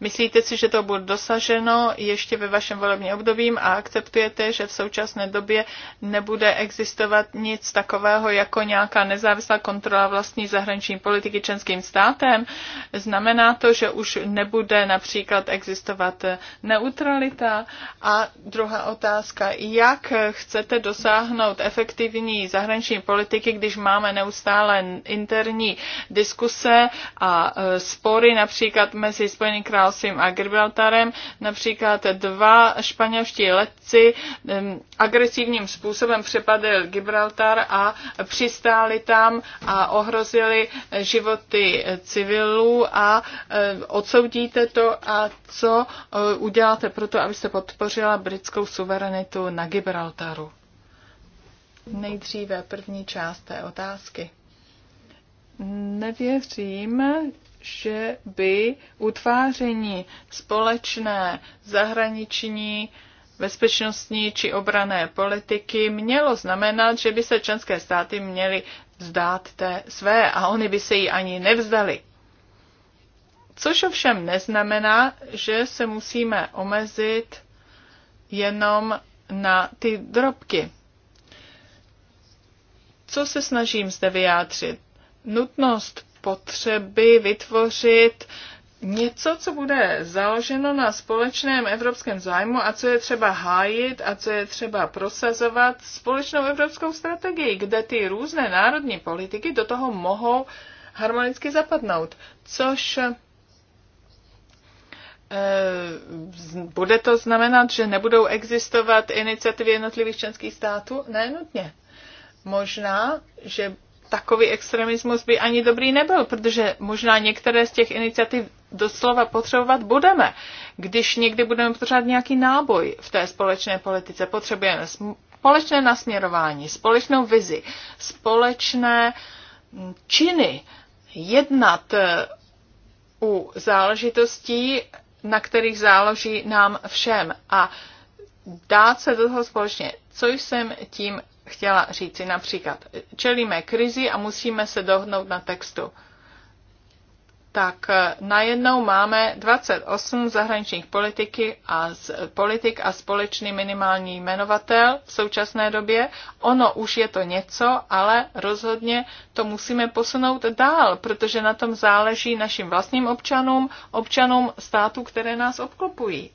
Myslíte si, že to bude dosaženo ještě ve vašem volebním obdobím a akceptujete, že v současné době nebude existovat nic takového jako nějaká nezávislá kontrola vlastní zahraniční politiky členským státem? Znamená to, že už nebude například existovat neutralita? A druhá otázka, jak chcete dosáhnout efektivní zahraniční politiky, když máme neustále interní diskuse a e, spory například mezi Spojeným královstvím Alsim a Gibraltarem. Například dva španělští letci agresivním způsobem přepadli Gibraltar a přistáli tam a ohrozili životy civilů a odsoudíte to a co e, uděláte pro to, abyste podpořila britskou suverenitu na Gibraltaru? Nejdříve první část té otázky. Nevěřím, že by utváření společné zahraniční bezpečnostní či obrané politiky mělo znamenat, že by se členské státy měly vzdát té své a oni by se ji ani nevzdali. Což ovšem neznamená, že se musíme omezit jenom na ty drobky. Co se snažím zde vyjádřit? Nutnost potřeby vytvořit něco, co bude založeno na společném evropském zájmu a co je třeba hájit a co je třeba prosazovat společnou evropskou strategii, kde ty různé národní politiky do toho mohou harmonicky zapadnout, což eh, bude to znamenat, že nebudou existovat iniciativy jednotlivých členských států? Ne nutně. Možná, že takový extremismus by ani dobrý nebyl, protože možná některé z těch iniciativ doslova potřebovat budeme. Když někdy budeme potřebovat nějaký náboj v té společné politice, potřebujeme společné nasměrování, společnou vizi, společné mm, činy, jednat eh, u záležitostí, na kterých záloží nám všem a dát se do toho společně. Co jsem tím chtěla říci. Například, čelíme krizi a musíme se dohnout na textu. Tak eh, najednou máme 28 zahraničních politiky a z, politik a společný minimální jmenovatel v současné době. Ono už je to něco, ale rozhodně to musíme posunout dál, protože na tom záleží našim vlastním občanům, občanům států, které nás obklopují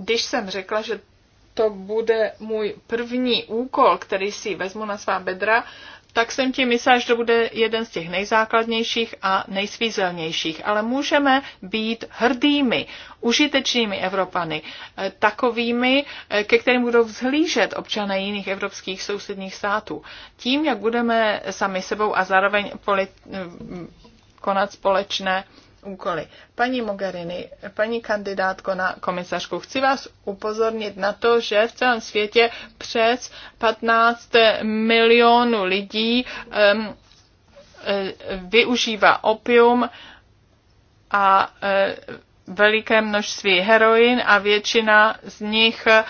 když jsem řekla, že to bude můj první úkol, který si vezmu na svá bedra, tak jsem ti myslela, že to bude jeden z těch nejzákladnějších a nejsvízelnějších. Ale můžeme být hrdými, užitečnými Evropany, eh, takovými, eh, ke kterým budou vzhlížet občané jiných evropských sousedních států. Tím, jak budeme sami sebou a zároveň polit, eh, konat společné úkoly. Paní Mogherini, paní kandidátko na komisařku, chci vás upozornit na to, že v celém světě přes 15 milionů lidí um, využívá opium a eh, veliké množství heroin a většina z nich eh,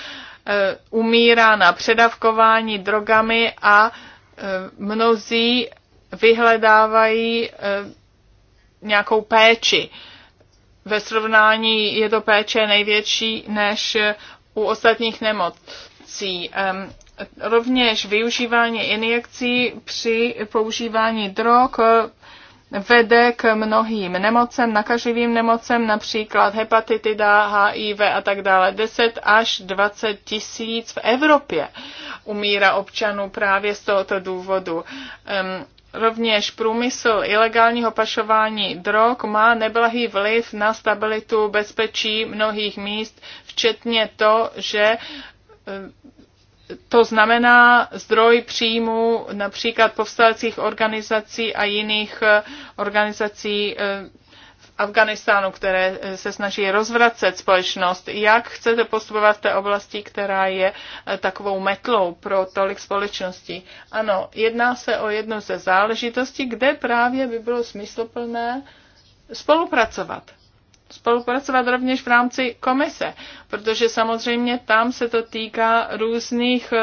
umírá na předavkování drogami a mnozí vyhledávají nějakou péči. Ve srovnání je to péče největší než u ostatních nemocí. Rovněž využívání injekcí při používání drog eh, vede k mnohým nemocem, nakažlivým nemocem, například hepatitida, HIV a tak dále. 10 až 20 tisíc v Evropě umírá občanů právě z tohoto důvodu. Um, rovněž průmysl ilegálního pašování drog má neblahý vliv na stabilitu bezpečí mnohých míst, včetně to, že eh, to znamená zdroj příjmu například povstalcích organizací a jiných eh, organizací eh, Afganistánu, které eh, se snaží rozvracet společnost. Jak chcete postupovat v té oblasti, která je eh, takovou metlou pro tolik společností? Ano, jedná se o jednu ze záležitostí, kde právě by bylo smysluplné spolupracovat. Spolupracovat rovněž v rámci komise, protože samozřejmě tam se to týká různých uh,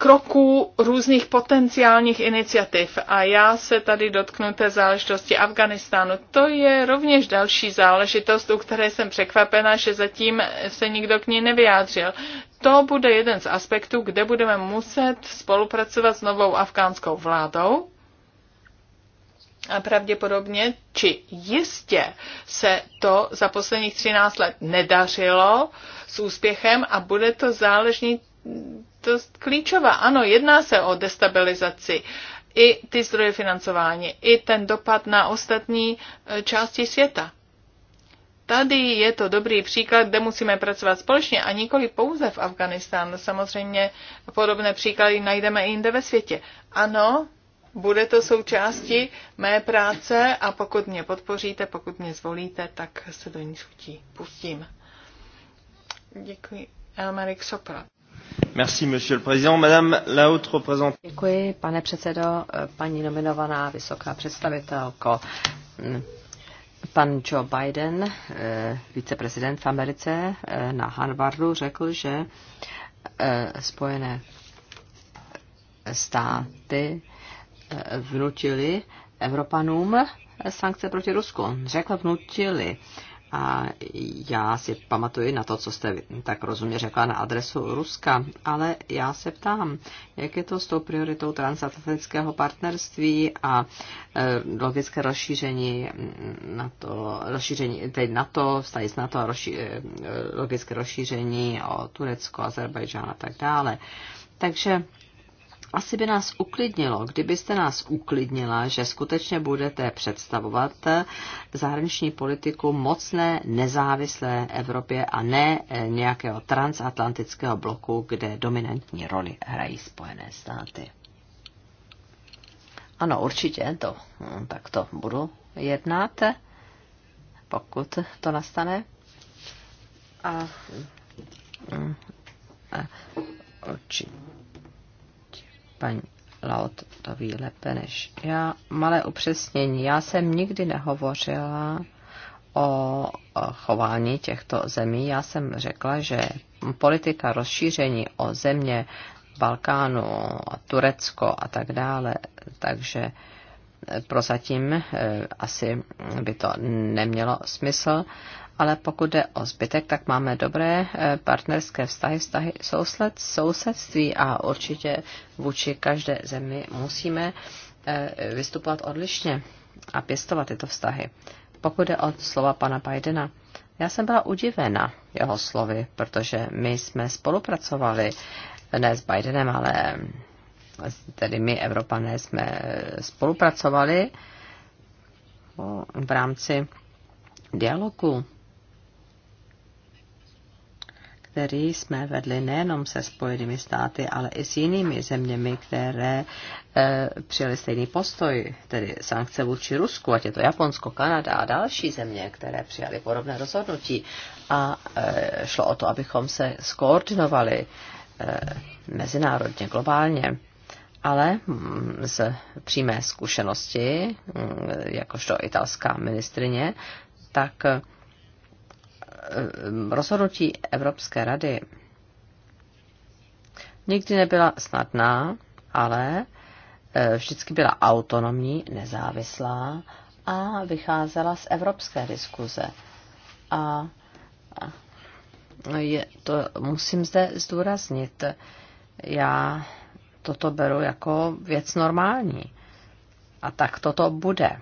kroků různých potenciálních iniciativ. A já se tady dotknu té záležitosti Afganistánu. To je rovněž další záležitost, u které jsem překvapena, že zatím se nikdo k ní nevyjádřil. To bude jeden z aspektů, kde budeme muset spolupracovat s novou afgánskou vládou. A pravděpodobně, či jistě se to za posledních 13 let nedařilo s úspěchem a bude to záležit to klíčová. Ano, jedná se o destabilizaci i ty zdroje financování, i ten dopad na ostatní e, části světa. Tady je to dobrý příklad, kde musíme pracovat společně a nikoli pouze v Afganistánu. Samozřejmě podobné příklady najdeme i jinde ve světě. Ano, bude to součástí mé práce a pokud mě podpoříte, pokud mě zvolíte, tak se do ní chutí pustím. Děkuji. Elmarik Sopra.
Děkuji, pane předsedo, paní nominovaná vysoká představitelko. Pan Joe Biden, eh, viceprezident v Americe, eh, na Harvardu řekl, že eh, Spojené státy vnutili Evropanům sankce proti Rusku. Řekl vnutili. A já si pamatuju na to, co jste tak rozumně řekla na adresu Ruska, ale já se ptám, jak je to s tou prioritou transatlantického partnerství a e, logické rozšíření na to, rozšíření, teď na to, vztahy na to e, logické rozšíření o Turecko, Azerbajdžán a tak dále. Takže asi by nás uklidnilo, kdybyste nás uklidnila, že skutečně budete představovat zahraniční politiku mocné, nezávislé Evropě a ne eh, nějakého transatlantického bloku, kde dominantní roli hrají Spojené státy. Ano, určitě, to, hm, tak to budu jednat, pokud to nastane. A, hm, a určitě Paní Laut to ví lépe než já. Malé upřesnění. Já jsem nikdy nehovořila o chování těchto zemí. Já jsem řekla, že politika rozšíření o země Balkánu Turecko a tak dále, takže eh, prozatím eh, asi by to nemělo smysl ale pokud jde o zbytek, tak máme dobré eh, partnerské vztahy, vztahy soused, sousedství a určitě vůči každé zemi musíme eh, vystupovat odlišně a pěstovat tyto vztahy. Pokud jde o slova pana Bidena, já jsem byla udivena jeho slovy, protože my jsme spolupracovali ne s Bidenem, ale tedy my, Evropané, jsme eh, spolupracovali v rámci dialogu který jsme vedli nejenom se Spojenými státy, ale i s jinými zeměmi, které e, eh, přijali stejný postoj, tedy sankce vůči Rusku, ať je to Japonsko, Kanada a další země, které přijali podobné rozhodnutí. A e, šlo o to, abychom se skoordinovali e, mezinárodně, globálně ale mm, z přímé zkušenosti, mm, jakožto italská ministrině, tak Eh, rozhodnutí Evropské rady nikdy nebyla snadná, ale eh, vždycky byla autonomní, nezávislá a vycházela z evropské diskuze. A je, to musím zde zdůraznit. Já toto beru jako věc normální. A tak toto bude.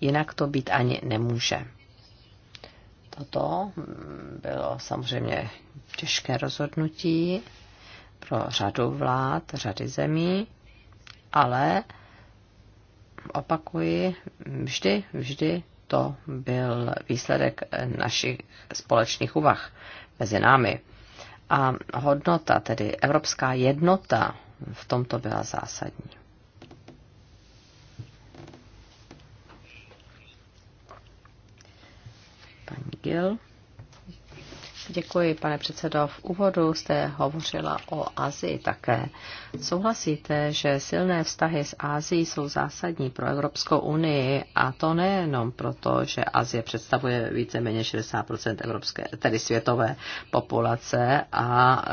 Jinak to být ani nemůže. Toto hm, bylo samozřejmě těžké rozhodnutí pro řadu vlád, řady zemí, ale opakuji, vždy, vždy to byl výsledek našich společných uvah mezi námi. A hodnota, tedy evropská jednota, v tomto byla zásadní. Paní Gil. Děkuji, pane předsedo. V úvodu jste hovořila o Azii také. Souhlasíte, že silné vztahy s Ázií jsou zásadní pro Evropskou unii a to nejenom proto, že Azie představuje víceméně 60 evropské, tedy světové populace a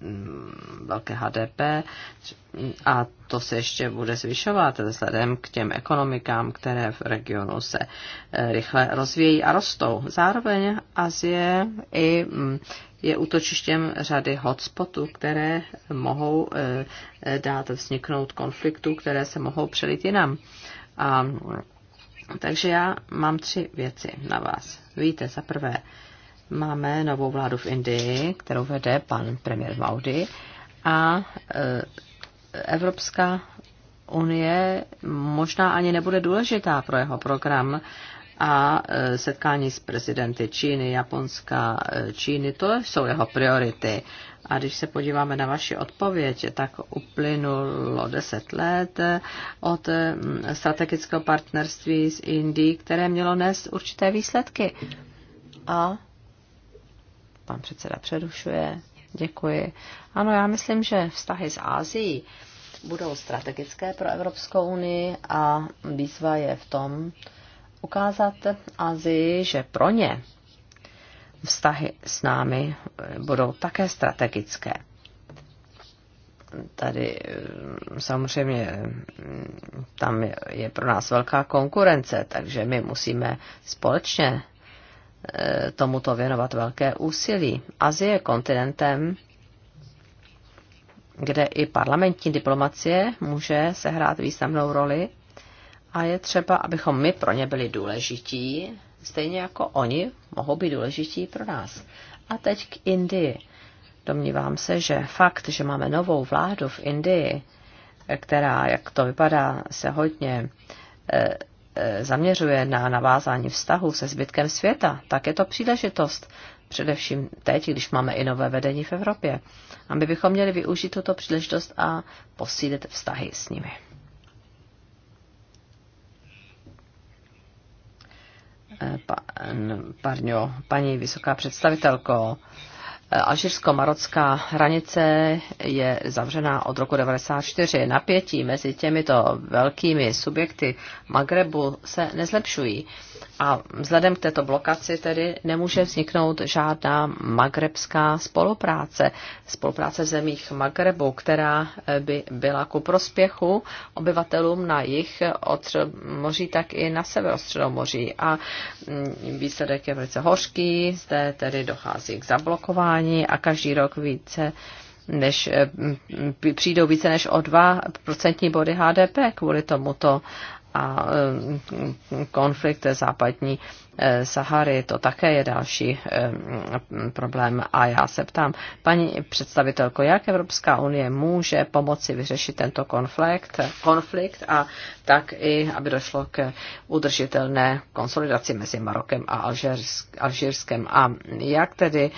um, velké HDP, a to se ještě bude zvyšovat vzhledem k těm ekonomikám, které v regionu se eh, rychle rozvíjí a rostou. Zároveň Azie i mm, je útočištěm řady hotspotů, které mohou eh, eh, dát vzniknout konfliktů, které se mohou přelit jinam. A, takže já mám tři věci na vás. Víte, za prvé, máme novou vládu v Indii, kterou vede pan premiér Maudy a Evropská unie možná ani nebude důležitá pro jeho program a e, setkání s prezidenty Číny, Japonska, e, Číny, to jsou jeho priority. A když se podíváme na vaši odpověď, tak uplynulo deset let od e, strategického partnerství s Indií, které mělo nést určité výsledky. A pan předseda přerušuje. Děkuji. Ano, já myslím, že vztahy s Ázií budou strategické pro Evropskou unii a výzva je v tom ukázat Ázii, že pro ně vztahy s námi budou také strategické. Tady eh, samozřejmě mm, tam je pro nás velká konkurence, takže my musíme společně Eh, tomuto věnovat velké úsilí. Azie je kontinentem, kde i parlamentní diplomacie může sehrát významnou roli a je třeba, abychom my pro ně byli důležití, stejně jako oni mohou být důležití pro nás. A teď k Indii. Domnívám se, že fakt, že máme novou vládu v Indii, která, jak to vypadá, se hodně eh, E, zaměřuje na navázání vztahu se zbytkem světa, tak je to příležitost, především teď, když máme i nové vedení v Evropě, aby bychom měli využít tuto příležitost a posílit vztahy s nimi. E, n, parňo, paní vysoká představitelko, Alžírsko-marocká hranice je zavřená od roku 1994. Napětí mezi těmito velkými subjekty Magrebu se nezlepšují. A vzhledem k této blokaci tedy nemůže vzniknout žádná magrebská spolupráce, spolupráce v zemích Magrebu, která by byla ku prospěchu obyvatelům na jich od moří, tak i na severostředomoří. A výsledek je velice hořký, zde tedy dochází k zablokování vzdělávání a každý rok více než eh, přijdou více než o 2% body HDP kvůli tomuto a eh, konflikt západní eh, Sahary, to také je další problém. A já se ptám, paní představitelko, jak Evropská unie může pomoci vyřešit tento konflikt, konflikt a tak i, aby došlo k udržitelné konsolidaci mezi Marokem a Alžírskem. A jak tedy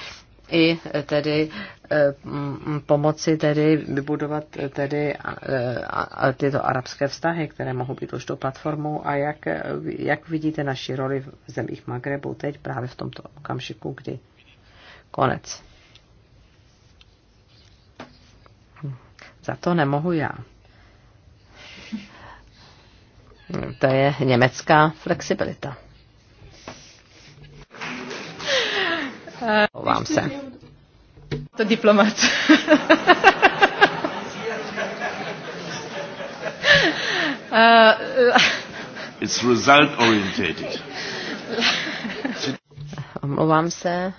i tedy eh, pomoci tedy vybudovat tedy eh, tyto arabské vztahy, které mohou být už tou platformou a jak, jak vidíte naši roli v zemích Magrebu teď právě v tomto okamžiku, kdy konec. Za to nemohu já. To je německá flexibilita.
Ovám se. To diplomat. [LAUGHS]
It's result orientated. Omlouvám se.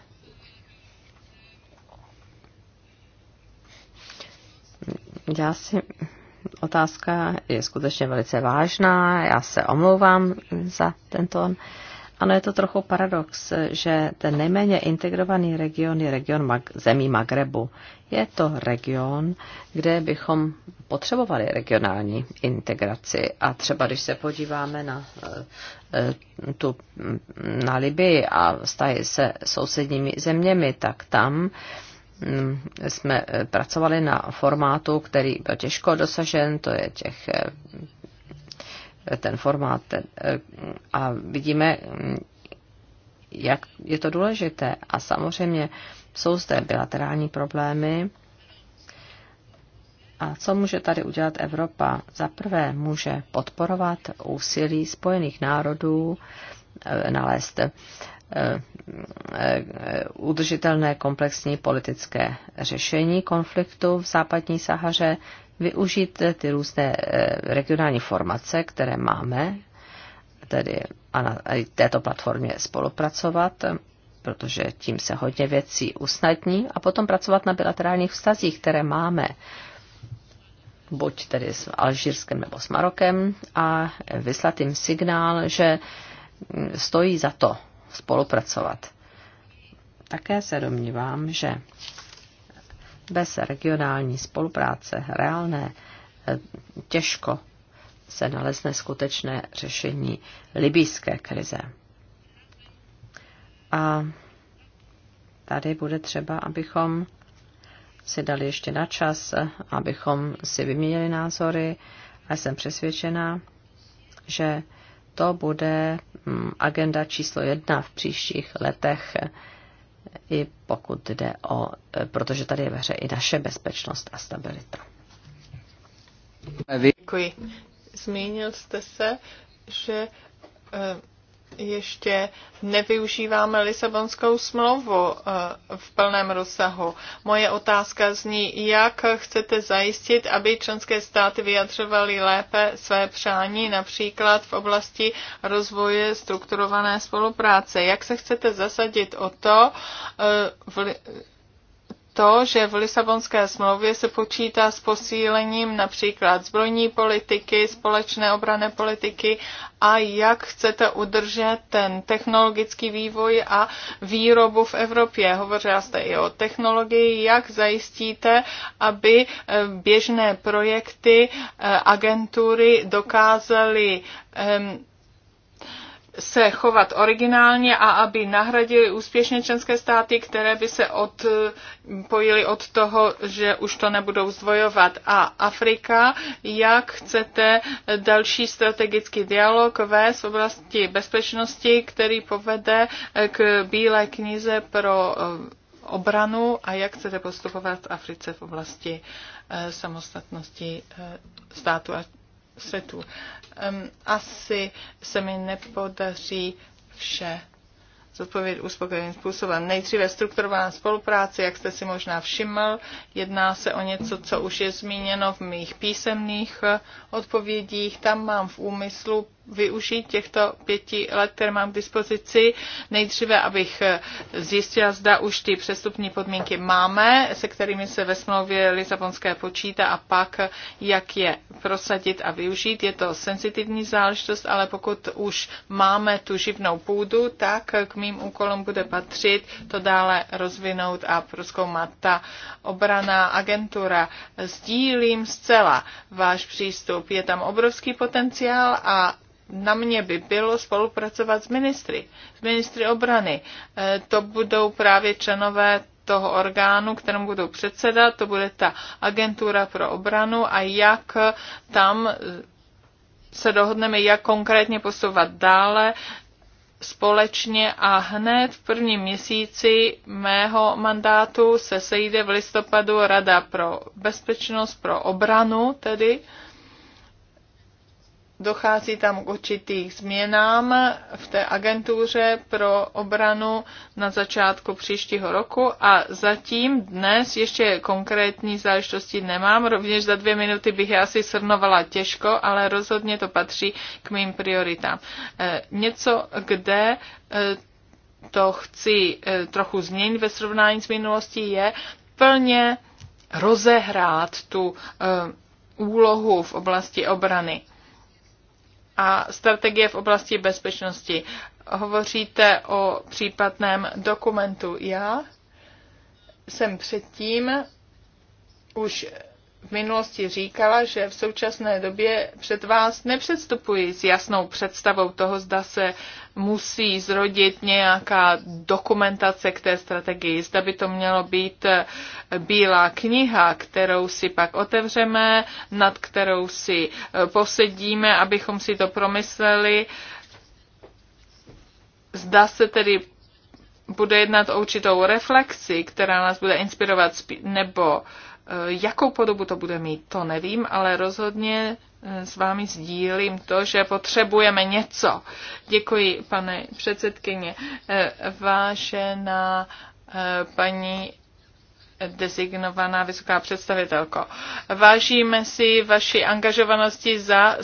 Já si... Otázka je skutečně velice vážná. Já se omlouvám za tento ano, je to trochu paradox, že ten nejméně integrovaný region je region Mag- zemí Magrebu. Je to region, kde bychom potřebovali regionální integraci. A třeba když se podíváme na, eh, eh, tu, mm, na Libii a vztahy se sousedními zeměmi, tak tam mm, jsme eh, pracovali na formátu, který byl těžko dosažen, to je těch ten formát. Ten, eh, a vidíme, jak je to důležité. A samozřejmě jsou zde bilaterální problémy. A co může tady udělat Evropa? Za prvé může podporovat úsilí Spojených národů eh, nalézt eh, udržitelné komplexní politické řešení konfliktu v západní Sahaře využít ty různé eh, regionální formace, které máme, tedy a na této platformě spolupracovat, protože tím se hodně věcí usnadní, a potom pracovat na bilaterálních vztazích, které máme, buď tedy s Alžírskem nebo s Marokem, a vyslat jim signál, že mm, stojí za to spolupracovat. Také se domnívám, že bez regionální spolupráce reálné eh, těžko se nalezne skutečné řešení libijské krize. A tady bude třeba, abychom si dali ještě na čas, eh, abychom si vyměnili názory a jsem přesvědčena, že to bude mm, agenda číslo jedna v příštích letech eh, i pokud jde o, protože tady je ve hře i naše bezpečnost a stabilita.
Děkuji. Zmínil jste se, že eh, ještě nevyužíváme Lisabonskou smlouvu eh, v plném rozsahu. Moje otázka zní, jak chcete zajistit, aby členské státy vyjadřovaly lépe své přání, například v oblasti rozvoje strukturované spolupráce. Jak se chcete zasadit o to eh, to, že v Lisabonské smlouvě se počítá s posílením například zbrojní politiky, společné obrané politiky a jak chcete udržet ten technologický vývoj a výrobu v Evropě. Hovořila jste i o technologii, jak zajistíte, aby eh, běžné projekty eh, agentury dokázaly se chovat originálně a aby nahradili úspěšně členské státy, které by se odpojily od toho, že už to nebudou zdvojovat. A Afrika, jak chcete další strategický dialog vést v oblasti bezpečnosti, který povede k Bílé knize pro eh, obranu a jak chcete postupovat v Africe v oblasti eh, samostatnosti eh, státu a Um, Asi se mi nepodaří vše zodpovědět uspokojivým způsobem. Nejdříve strukturovaná spolupráce, jak jste si možná všiml, jedná se o něco, co už je zmíněno v mých písemných eh, odpovědích. Tam mám v úmyslu využít těchto pěti let, které mám k dispozici. Nejdříve, abych zjistila, zda už ty přestupní podmínky máme, se kterými se ve smlouvě Lisabonské počítá a pak, jak je prosadit a využít. Je to senzitivní záležitost, ale pokud už máme tu živnou půdu, tak k mým úkolům bude patřit to dále rozvinout a proskoumat. Ta obraná agentura sdílím zcela váš přístup. Je tam obrovský potenciál a na mě by bylo spolupracovat s ministry, s ministry obrany. E, to budou právě členové toho orgánu, kterému budou předsedat, to bude ta agentura pro obranu a jak tam e, se dohodneme, jak konkrétně posouvat dále společně a hned v prvním měsíci mého mandátu se sejde v listopadu Rada pro bezpečnost, pro obranu tedy, dochází tam k určitých změnám v té agentuře pro obranu na začátku příštího roku a zatím dnes ještě konkrétní záležitosti nemám. Rovněž za dvě minuty bych je asi srnovala těžko, ale rozhodně to patří k mým prioritám. E, něco, kde e, to chci e, trochu změnit ve srovnání s minulostí, je plně rozehrát tu úlohu v oblasti obrany a strategie v oblasti bezpečnosti. Hovoříte o případném dokumentu. Já jsem předtím už v minulosti říkala, že v současné době před vás nepředstupuji s jasnou představou toho, zda se musí zrodit nějaká dokumentace k té strategii. Zda by to mělo být eh, bílá kniha, kterou si pak otevřeme, nad kterou si eh, posedíme, abychom si to promysleli. Zda se tedy bude jednat o určitou reflexi, která nás bude inspirovat, nebo uh, Jakou podobu to bude mít, to nevím, ale rozhodně eh, s vámi sdílím to, že potřebujeme něco. Děkuji, pane předsedkyně. Eh, vážená eh, paní designovaná vysoká představitelko. Vážíme si vaši angažovanosti za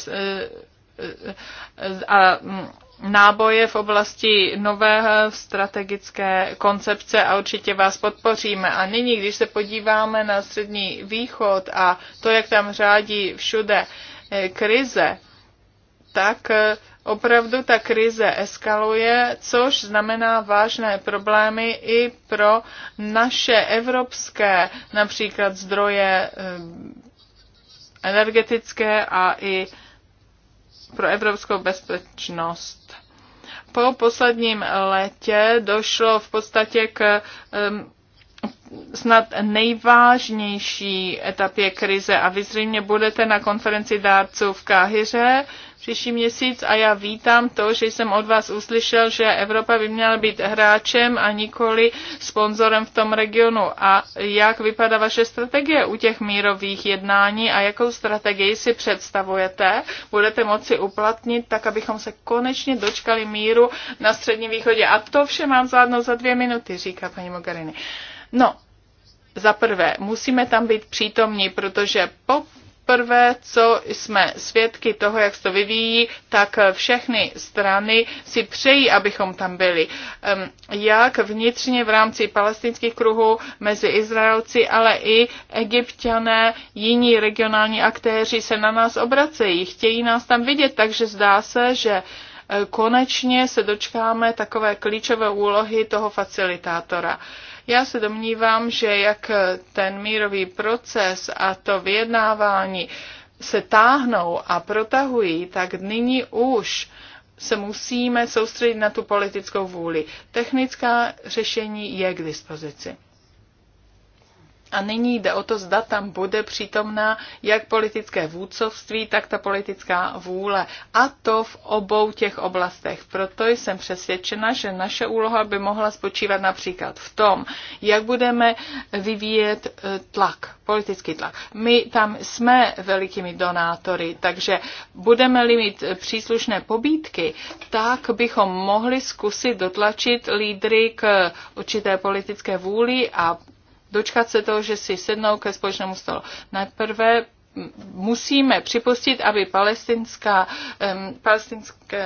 a mm, náboje v oblasti nové strategické koncepce a určitě vás podpoříme. A nyní, když se podíváme na Střední východ a to, jak tam řádí všude eh, krize, tak eh, opravdu ta krize eskaluje, což znamená vážné problémy i pro naše evropské například zdroje eh, energetické a i pro evropskou bezpečnost. Po posledním letě došlo v podstatě k um, snad nejvážnější etapě krize a vy zřejmě budete na konferenci dárců v Káhyře příští měsíc a já vítám to, že jsem od vás uslyšel, že Evropa by měla být hráčem a nikoli sponzorem v tom regionu. A jak vypadá vaše strategie u těch mírových jednání a jakou strategii si představujete? Budete moci uplatnit tak, abychom se konečně dočkali míru na Středním východě. A to vše mám zvládnout za dvě minuty, říká paní Mogherini. Uh, No, za prvé, musíme tam být přítomní, protože po prvé, co jsme svědky toho, jak se to vyvíjí, tak všechny strany si přejí, abychom tam byli. Jak vnitřně v rámci palestinských kruhů mezi Izraelci, ale i egyptiané, jiní regionální aktéři se na nás obracejí, chtějí nás tam vidět, takže zdá se, že e, konečně se dočkáme takové klíčové úlohy toho facilitátora. Já se domnívám, že jak ten mírový proces a to vyjednávání se táhnou a protahují, tak nyní už se musíme soustředit na tu politickou vůli. Technická řešení je k dispozici. A nyní jde o to, zda tam bude přítomná jak politické vůdcovství, tak ta politická vůle. A to v obou těch oblastech. Proto jsem přesvědčena, že naše úloha by mohla spočívat například v tom, jak budeme vyvíjet e, tlak, politický tlak. My tam jsme velikými donátory, takže budeme-li mít příslušné pobídky, tak bychom mohli zkusit dotlačit lídry k určité politické vůli a dočkat se toho, že si sednou ke společnému stolu. Nejprve musíme připustit, aby palestinská, um, palestinská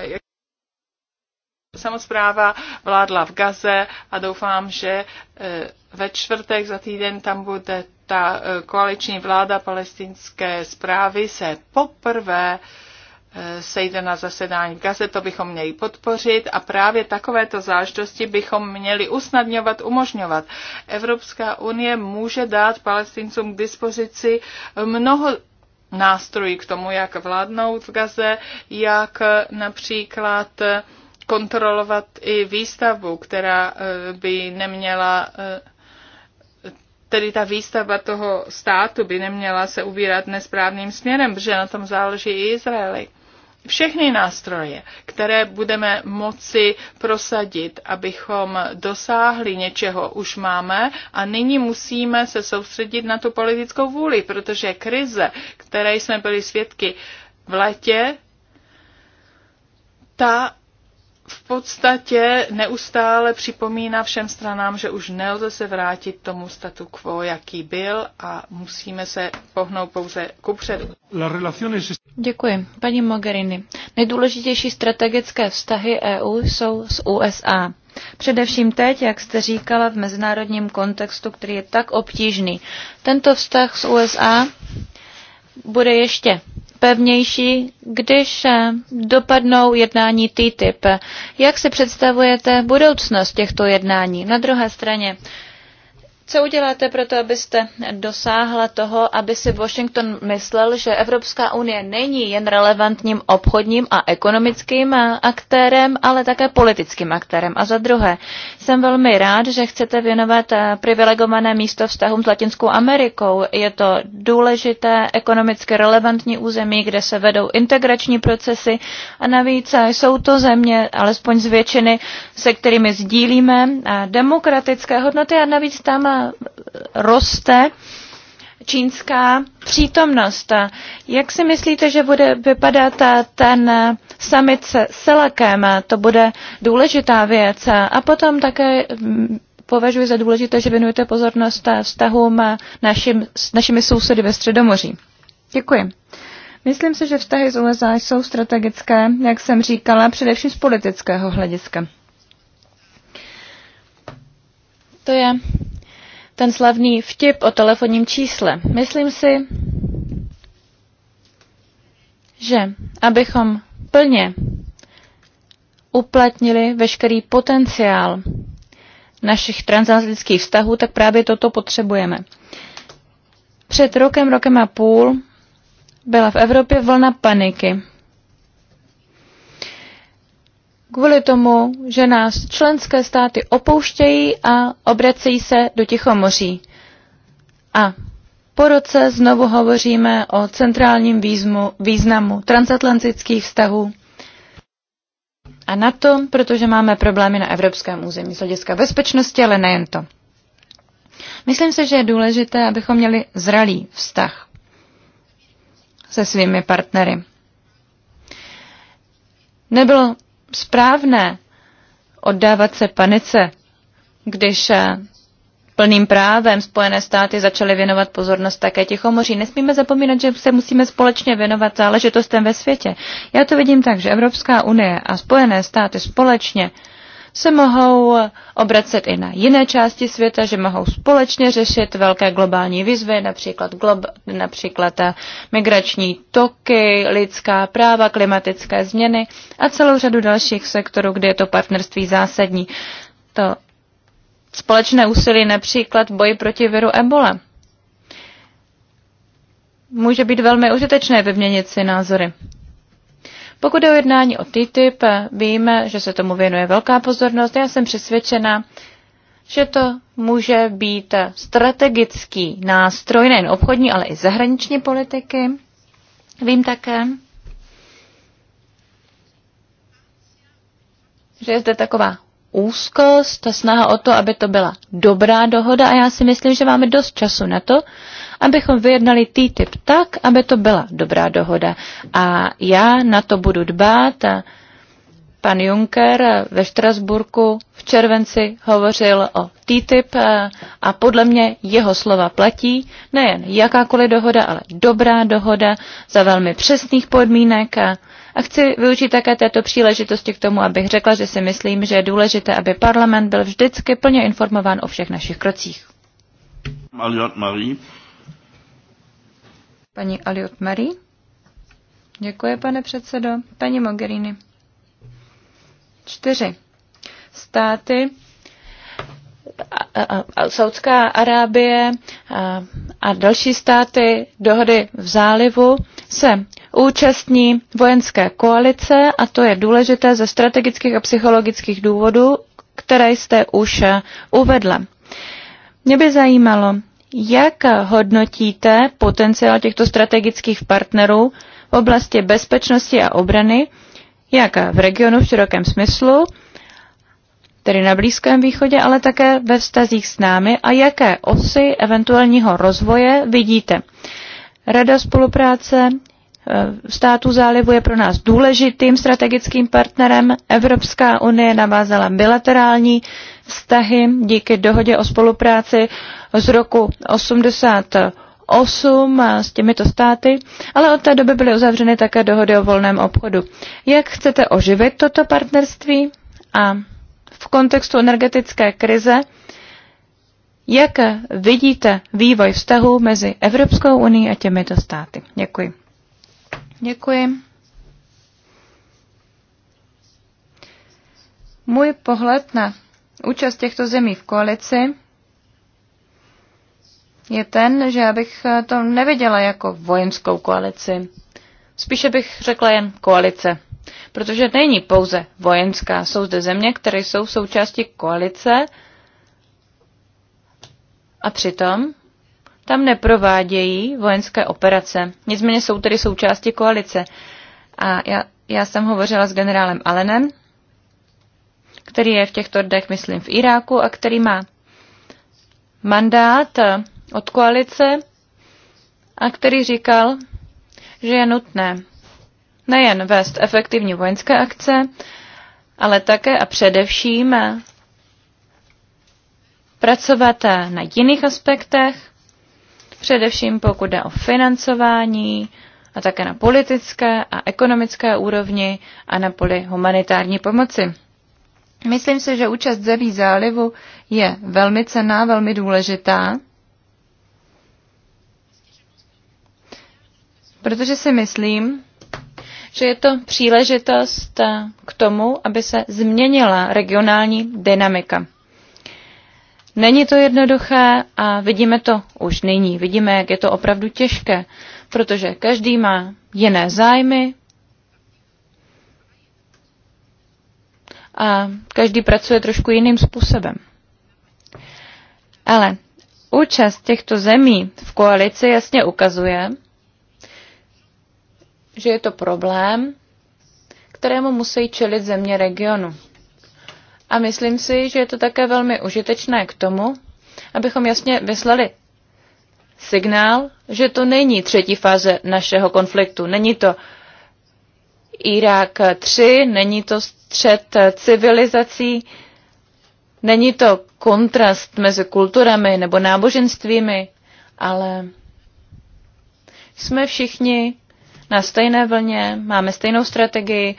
samozpráva vládla v Gaze a doufám, že e, ve čtvrtek za týden tam bude ta e, koaliční vláda palestinské zprávy se poprvé uh, sejde na zasedání v Gaze, to bychom měli podpořit a právě takovéto záždosti bychom měli usnadňovat, umožňovat. Evropská unie může dát palestincům k dispozici mnoho nástrojů k tomu, jak vládnout v Gaze, jak například kontrolovat i výstavbu, která eh, by neměla eh, tedy ta výstava toho státu by neměla se ubírat nesprávným směrem, protože na tom záleží i Izraeli všechny nástroje, které budeme moci prosadit, abychom dosáhli něčeho, už máme a nyní musíme se soustředit na tu politickou vůli, protože krize, které jsme byli svědky v letě, ta v podstatě neustále připomíná všem stranám, že už nelze se vrátit tomu statu quo, jaký byl a musíme se pohnout pouze kupředu.
Děkuji. Paní Mogherini, nejdůležitější strategické vztahy EU jsou s USA. Především teď, jak jste říkala, v mezinárodním kontextu, který je tak obtížný. Tento vztah s USA bude ještě pevnější, když eh, dopadnou jednání TTIP. Jak si představujete budoucnost těchto jednání? Na druhé straně, co uděláte pro to, abyste dosáhla toho, aby si Washington myslel, že Evropská unie není jen relevantním obchodním a ekonomickým aktérem, ale také politickým aktérem? A za druhé, jsem velmi rád, že chcete věnovat privilegované místo vztahům s Latinskou Amerikou. Je to důležité ekonomicky relevantní území, kde se vedou integrační procesy a navíc jsou to země, alespoň z většiny, se kterými sdílíme demokratické hodnoty a navíc tam roste čínská přítomnost. Jak si myslíte, že bude vypadat ten summit se Selakem? To bude důležitá věc. A potom také mm, považuji za důležité, že věnujete pozornost vztahům našim, s našimi sousedy ve Středomoří. Děkuji. Myslím si, že vztahy z USA jsou strategické, jak jsem říkala, především z politického hlediska. To je ten slavný vtip o telefonním čísle. Myslím si, že abychom plně uplatnili veškerý potenciál našich transatlantických vztahů, tak právě toto potřebujeme. Před rokem, rokem a půl byla v Evropě vlna paniky kvůli tomu, že nás členské státy opouštějí a obracejí se do Tichomoří. A po roce znovu hovoříme o centrálním výzmu, významu transatlantických vztahů a na to, protože máme problémy na evropském území z hlediska bezpečnosti, ale nejen to. Myslím se, že je důležité, abychom měli zralý vztah se svými partnery. Nebylo správné oddávat se panice, když eh, plným právem Spojené státy začaly věnovat pozornost také Tichomoří. Nesmíme zapomínat, že se musíme společně věnovat záležitostem ve světě. Já to vidím tak, že Evropská unie a Spojené státy společně se mohou obracet i na jiné části světa, že mohou společně řešit velké globální výzvy, například, glob, například eh, migrační toky, lidská práva, klimatické změny a celou řadu dalších sektorů, kde je to partnerství zásadní. To společné úsilí například boji proti viru Ebola. Může být velmi užitečné vyměnit si názory. Pokud je o jednání o TTIP, víme, že se tomu věnuje velká pozornost. Já jsem přesvědčena, že to může být strategický nástroj nejen obchodní, ale i zahraniční politiky. Vím také, že je zde taková úzkost, ta snaha o to, aby to byla dobrá dohoda a já si myslím, že máme dost času na to, abychom vyjednali TTIP tak, aby to byla dobrá dohoda. A já na to budu dbát. A pan Juncker ve Štrasburku v červenci hovořil o TTIP a podle mě jeho slova platí nejen jakákoliv dohoda, ale dobrá dohoda za velmi přesných podmínek. A a chci využít také této příležitosti k tomu, abych řekla, že si myslím, že je důležité, aby parlament byl vždycky plně informován o všech našich krocích. Marie. Paní Aliot Marie. Děkuji, pane předsedo. Paní Mogherini. Čtyři. Státy Saudská Arábie a, a další státy dohody v zálivu se účastní vojenské koalice a to je důležité ze strategických a psychologických důvodů, které jste už eh, uvedla. Mě by zajímalo, jak hodnotíte potenciál těchto strategických partnerů v oblasti bezpečnosti a obrany, jak v regionu v širokém smyslu, tedy na Blízkém východě, ale také ve vztazích s námi a jaké osy eventuálního rozvoje vidíte. Rada spolupráce eh, států zálivu je pro nás důležitým strategickým partnerem. Evropská unie navázala bilaterální vztahy díky dohodě o spolupráci z roku 88 eh, s těmito státy, ale od té doby byly uzavřeny také dohody o volném obchodu. Jak chcete oživit toto partnerství a v kontextu energetické krize, jak vidíte vývoj vztahu mezi Evropskou unii a těmito státy? Děkuji. Děkuji. Můj pohled na účast těchto zemí v koalici je ten, že já bych eh, to neviděla jako vojenskou koalici. Spíše bych řekla jen koalice, protože není pouze vojenská. Jsou zde země, které jsou součástí koalice a přitom tam neprovádějí vojenské operace. Nicméně jsou tedy součástí koalice. A já, já jsem hovořila s generálem Allenem, který je v těchto dnech, myslím, v Iráku a který má mandát eh, od koalice a který říkal, že je nutné nejen vést efektivní vojenské akce, ale také a především eh, pracovat eh, na jiných aspektech, především pokud jde o financování a také na politické a ekonomické úrovni a na poli humanitární pomoci. Myslím si, že účast zemí zálivu je velmi cená, velmi důležitá, protože si myslím, že je to příležitost eh, k tomu, aby se změnila regionální dynamika. Není to jednoduché a vidíme to už nyní. Vidíme, jak je to opravdu těžké, protože každý má jiné zájmy, a každý pracuje trošku jiným způsobem. Ale účast těchto zemí v koalici jasně ukazuje, že je to problém, kterému musí čelit země regionu. A myslím si, že je to také velmi užitečné k tomu, abychom jasně vyslali signál, že to není třetí fáze našeho konfliktu. Není to Irák 3, není to střed civilizací. Není to kontrast mezi kulturami nebo náboženstvími, ale jsme všichni na stejné vlně, máme stejnou strategii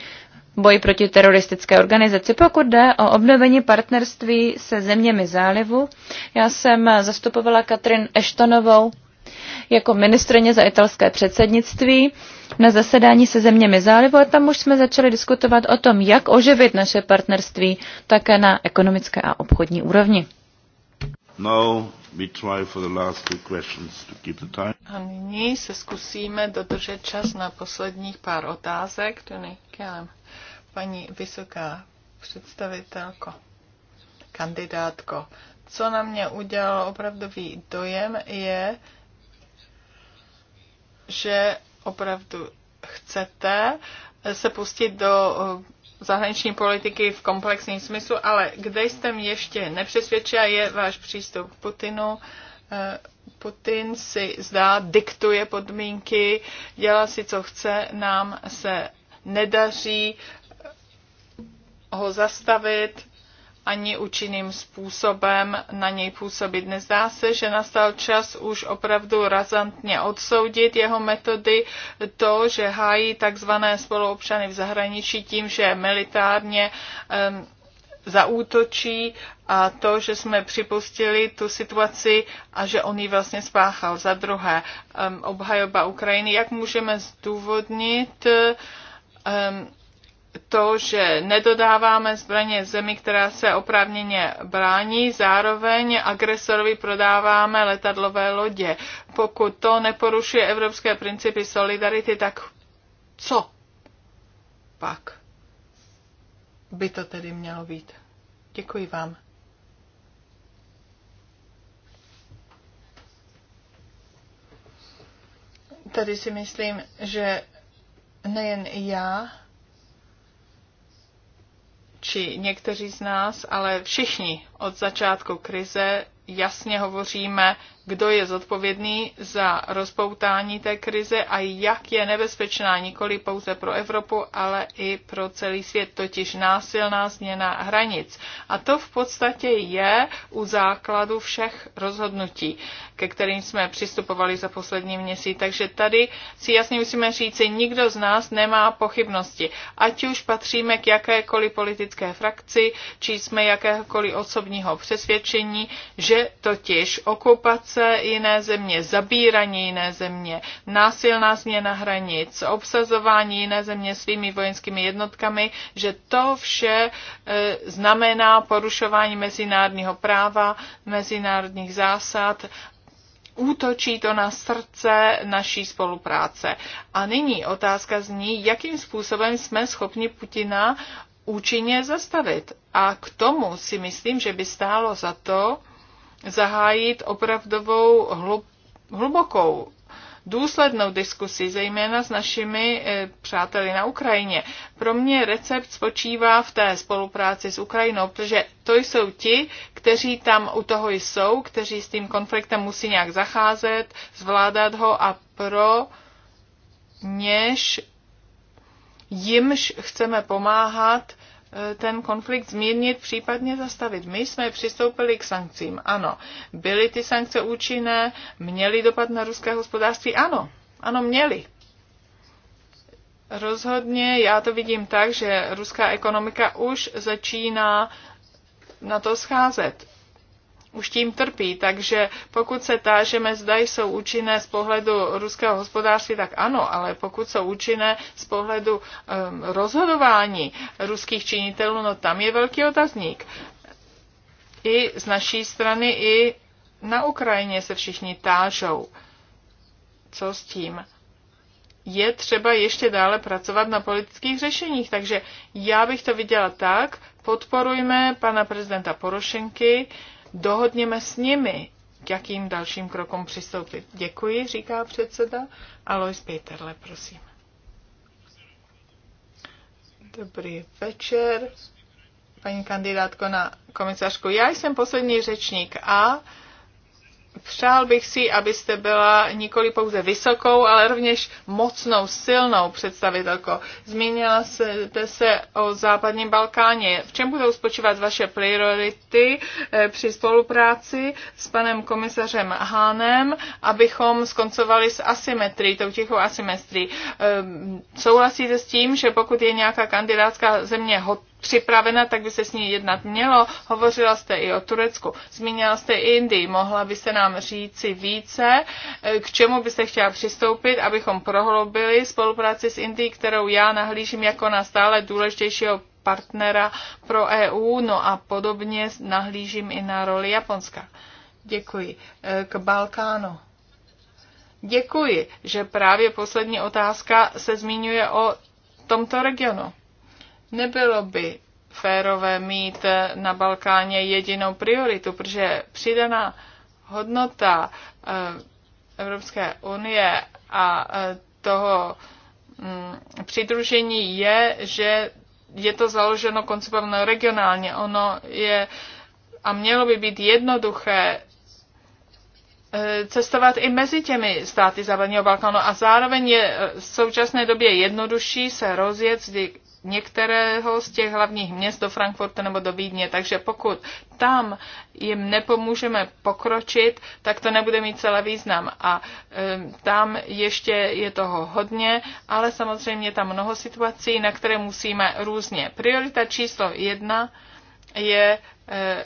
boji proti teroristické organizaci. Pokud jde o obnovení partnerství se zeměmi zálivu, já jsem zastupovala Katrin Eštonovou jako ministrině za italské předsednictví na zasedání se zeměmi zálivu a tam už jsme začali diskutovat o tom, jak oživit naše partnerství také na ekonomické a obchodní úrovni.
Now we try for the last two questions to keep the time. A nyní se zkusíme dodržet čas na posledních pár otázek. Tony Kelem, paní vysoká představitelko, kandidátko. Co na mě udělalo opravdový dojem je, že opravdu chcete se pustit do eh, zahraniční politiky v komplexním smyslu, ale kde jste mě ještě nepřesvědčila, je váš přístup k Putinu. Eh, Putin si zdá, diktuje podmínky, dělá si, co chce, nám se nedaří ho zastavit, ani účinným způsobem na něj působit. Nezdá se, že nastal čas už opravdu razantně odsoudit jeho metody, to, že hájí takzvané spoluobčany v zahraničí tím, že militárně um, zaútočí a to, že jsme připustili tu situaci a že on ji vlastně spáchal. Za druhé, um, obhajoba Ukrajiny, jak můžeme zdůvodnit um, to, že nedodáváme zbraně zemi, která se oprávněně brání, zároveň agresorovi prodáváme letadlové lodě. Pokud to neporušuje evropské principy solidarity, tak co pak by to tedy mělo být? Děkuji vám. Tady si myslím, že nejen já, či někteří z nás, ale všichni od začátku krize jasně hovoříme kdo je zodpovědný za rozpoutání té krize a jak je nebezpečná nikoli pouze pro Evropu, ale i pro celý svět, totiž násilná změna hranic. A to v podstatě je u základu všech rozhodnutí, ke kterým jsme přistupovali za poslední měsíc. Takže tady si jasně musíme říci, nikdo z nás nemá pochybnosti. Ať už patříme k jakékoliv politické frakci, či jsme jakéhokoliv osobního přesvědčení, že totiž okupace okupace jiné země, zabíraní jiné země, násilná změna hranic, obsazování jiné země svými vojenskými jednotkami, že to vše e, znamená porušování mezinárodního práva, mezinárodních zásad útočí to na srdce naší spolupráce. A nyní otázka zní, jakým způsobem jsme schopni Putina účinně zastavit. A k tomu si myslím, že by stálo za to, zahájit opravdovou hlubokou důslednou diskusi, zejména s našimi eh, přáteli na Ukrajině. Pro mě recept spočívá v té spolupráci s Ukrajinou, protože to jsou ti, kteří tam u toho jsou, kteří s tím konfliktem musí nějak zacházet, zvládat ho a pro něž jimž chceme pomáhat ten konflikt zmírnit, případně zastavit. My jsme přistoupili k sankcím, ano. Byly ty sankce účinné, měly dopad na ruské hospodářství, ano. Ano, měly. Rozhodně já to vidím tak, že ruská ekonomika už začíná na to scházet už tím trpí. Takže pokud se tážeme, zda jsou účinné z pohledu ruského hospodářství, tak ano, ale pokud jsou účinné z pohledu um, rozhodování ruských činitelů, no tam je velký otazník. I z naší strany, i na Ukrajině se všichni tážou. Co s tím? Je třeba ještě dále pracovat na politických řešeních, takže já bych to viděla tak, podporujme pana prezidenta Porošenky, dohodněme s nimi, k jakým dalším krokům přistoupit. Děkuji, říká předseda. Alois Peterle, prosím. Dobrý večer, paní kandidátko na komisařku. Já jsem poslední řečník a Přál bych si, abyste byla nikoli pouze vysokou, ale rovněž mocnou, silnou představitelkou. Zmínila jste se o západním Balkáně. V čem budou spočívat vaše priority eh, při spolupráci s panem komisařem Hánem, abychom skoncovali s asymetrií, tou tichou asymetrií? Eh, souhlasíte s tím, že pokud je nějaká kandidátská země hot připravena, tak by se s ní jednat mělo. Hovořila jste i o Turecku, zmínila jste i Indii. Mohla by se nám říci více, eh, k čemu byste chtěla přistoupit, abychom prohloubili spolupráci s Indií, kterou já nahlížím jako na stále důležitějšího partnera pro EU, no a podobně nahlížím i na roli Japonska. Děkuji. Eh, k Balkánu. Děkuji, že právě poslední otázka se zmiňuje o tomto regionu. Nebylo by férové mít na Balkáně jedinou prioritu, protože přidaná hodnota eh, Evropské unie a eh, toho mm, přidružení je, že je to založeno koncipováno regionálně. Ono je a mělo by být jednoduché eh, cestovat i mezi těmi státy západního Balkánu a zároveň je v současné době jednodušší se rozjet některého z těch hlavních měst do Frankfurtu nebo do Vídně. Takže pokud tam jim nepomůžeme pokročit, tak to nebude mít celý význam. A e, tam ještě je toho hodně, ale samozřejmě tam mnoho situací, na které musíme různě. Priorita číslo jedna je e,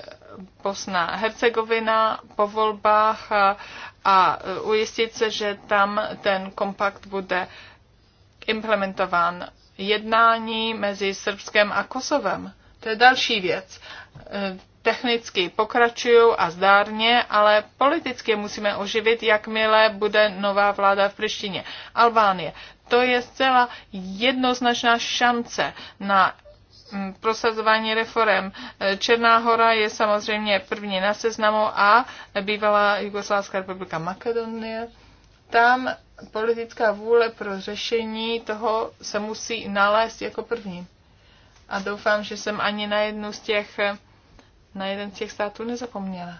Bosna Hercegovina po volbách a, a ujistit se, že tam ten kompakt bude implementován jednání mezi Srbskem a Kosovem. To je další věc. E, technicky pokračují a zdárně, ale politicky musíme oživit, jakmile bude nová vláda v Prištině. Albánie. To je zcela jednoznačná šance na mm, prosazování reform. E, Černá hora je samozřejmě první na seznamu a bývalá Jugoslávská republika Makedonie. Tam politická vůle pro řešení toho se musí nalézt jako první. A doufám, že jsem ani na jednu z těch, na jeden z těch států nezapomněla.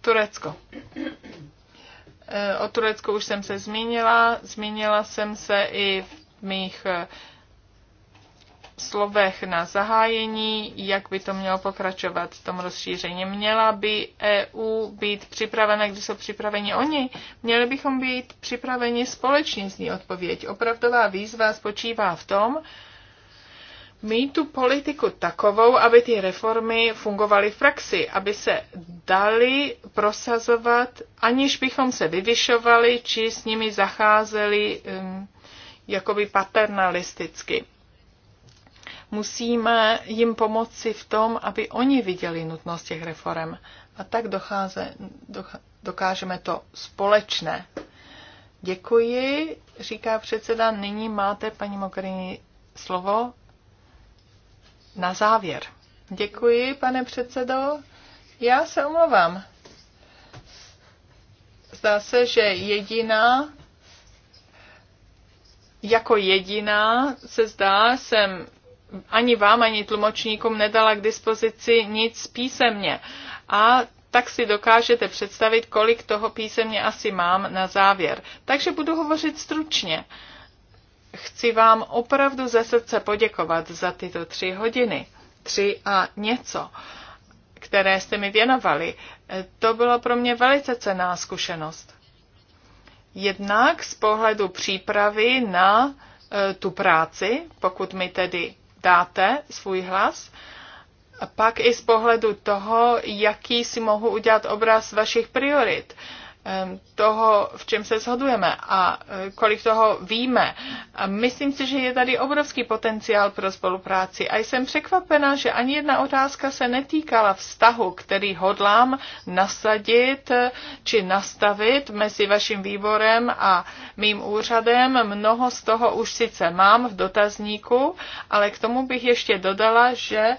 Turecko. Eh, o Turecku už jsem se zmínila, zmínila jsem se i v mých eh, slovech na zahájení, jak by to mělo pokračovat v tom rozšíření. Měla by EU být připravena, když jsou připraveni oni? Měli bychom být připraveni společně z ní odpověď. Opravdová výzva spočívá v tom, mít tu politiku takovou, aby ty reformy fungovaly v praxi, aby se dali prosazovat, aniž bychom se vyvyšovali či s nimi zacházeli um, jakoby paternalisticky. Musíme jim pomoci v tom, aby oni viděli nutnost těch reform. A tak docháze, dokážeme to společné. Děkuji, říká předseda. Nyní máte, paní Mokrini slovo na závěr. Děkuji, pane předsedo. Já se omlouvám. Zdá se, že jediná, jako jediná se zdá, jsem ani vám, ani tlumočníkům nedala k dispozici nic písemně. A tak si dokážete představit, kolik toho písemně asi mám na závěr. Takže budu hovořit stručně. Chci vám opravdu ze srdce poděkovat za tyto tři hodiny, tři a něco, které jste mi věnovali. To bylo pro mě velice cená zkušenost. Jednak z pohledu přípravy na eh, tu práci, pokud mi tedy dáte svůj hlas. A pak i z pohledu toho, jaký si mohu udělat obraz vašich priorit. Uh, toho, v čem se shodujeme a e, kolik toho víme. A myslím si, že je tady obrovský potenciál pro spolupráci a jsem překvapena, že ani jedna otázka se netýkala vztahu, který hodlám nasadit e, či nastavit mezi vaším výborem a mým úřadem. Mnoho z toho už sice mám v dotazníku, ale k tomu bych ještě dodala, že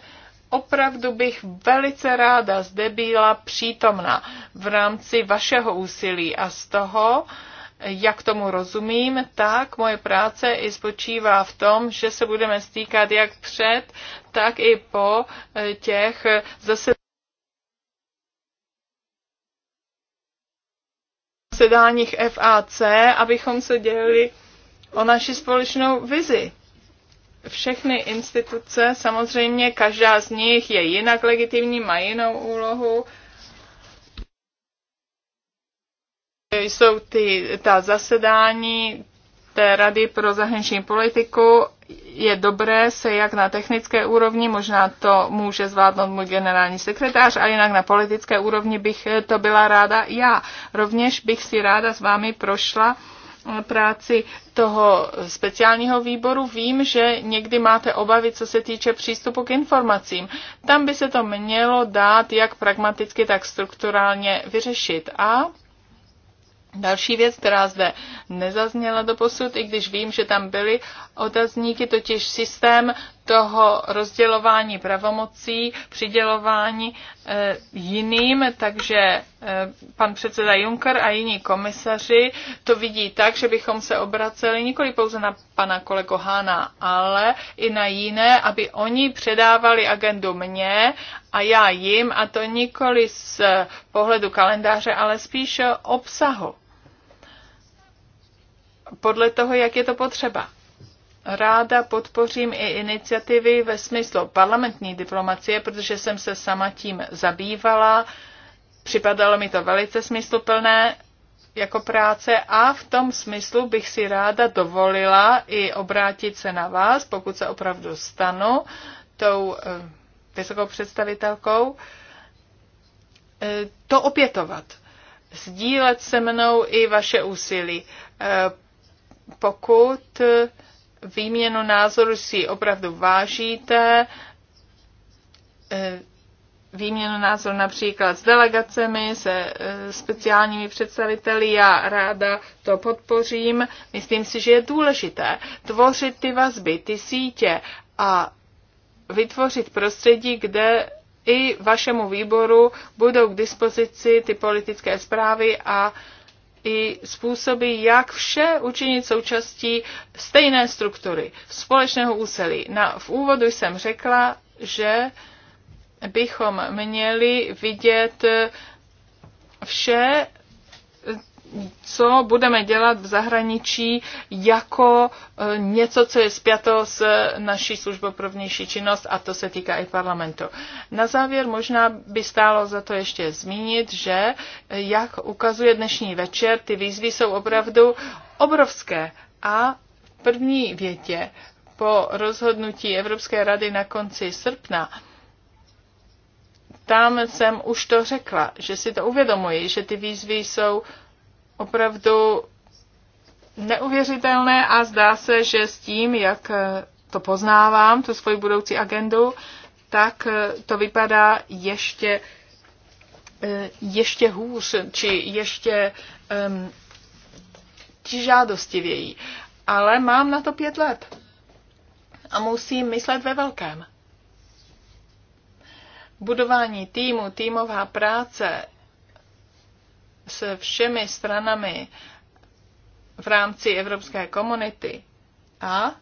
opravdu bych velice ráda zde byla přítomna v rámci vašeho úsilí a z toho, jak tomu rozumím, tak moje práce i spočívá v tom, že se budeme stýkat jak před, tak i po eh, těch zase sedáních FAC, abychom se dělili o naši společnou vizi všechny instituce, samozřejmě každá z nich je jinak legitimní, má jinou úlohu. Jsou ty, ta zasedání té Rady pro zahraniční politiku. Je dobré se jak na technické úrovni, možná to může zvládnout můj generální sekretář, a jinak na politické úrovni bych to byla ráda já. Rovněž bych si ráda s vámi prošla práci toho speciálního výboru. Vím, že někdy máte obavy, co se týče přístupu k informacím. Tam by se to mělo dát jak pragmaticky, tak strukturálně vyřešit. A Další věc, která zde nezazněla do posud, i když vím, že tam byly otazníky, totiž systém toho rozdělování pravomocí, přidělování e, jiným, takže e, pan předseda Juncker a jiní komisaři to vidí tak, že bychom se obraceli nikoli pouze na pana kolego Hána, ale i na jiné, aby oni předávali agendu mně a já jim, a to nikoli z pohledu kalendáře, ale spíš obsahu podle toho, jak je to potřeba. Ráda podpořím i iniciativy ve smyslu parlamentní diplomacie, protože jsem se sama tím zabývala. Připadalo mi to velice smysluplné jako práce a v tom smyslu bych si ráda dovolila i obrátit se na vás, pokud se opravdu stanu tou eh, vysokou představitelkou, eh, to opětovat. Sdílet se mnou i vaše úsilí eh, pokud výměnu názoru si opravdu vážíte, eh, výměnu názoru například s delegacemi, se eh, speciálními představiteli, já ráda to podpořím. Myslím si, že je důležité tvořit ty vazby, ty sítě a vytvořit prostředí, kde i vašemu výboru budou k dispozici ty politické zprávy a uh, i způsoby, jak vše učinit součástí stejné struktury, společného úsilí. Na, v úvodu jsem řekla, že bychom měli vidět vše co budeme dělat v zahraničí jako e, něco, co je spjato s naší službou pro vnější činnost a to se týká i parlamentu. Na závěr možná by stálo za to ještě zmínit, že e, jak ukazuje dnešní večer, ty výzvy jsou opravdu obrovské a v první větě po rozhodnutí Evropské rady na konci srpna tam jsem už to řekla, že si to uvědomuji, že ty výzvy jsou opravdu neuvěřitelné a zdá se, že s tím, jak to poznávám, tu svoji budoucí agendu, tak to vypadá ještě, eh, ještě hůř, či ještě um, žádostivěji. Ale mám na to pět let a musím myslet ve velkém. Budování týmu, týmová práce, s všemi stranami v rámci evropské komunity a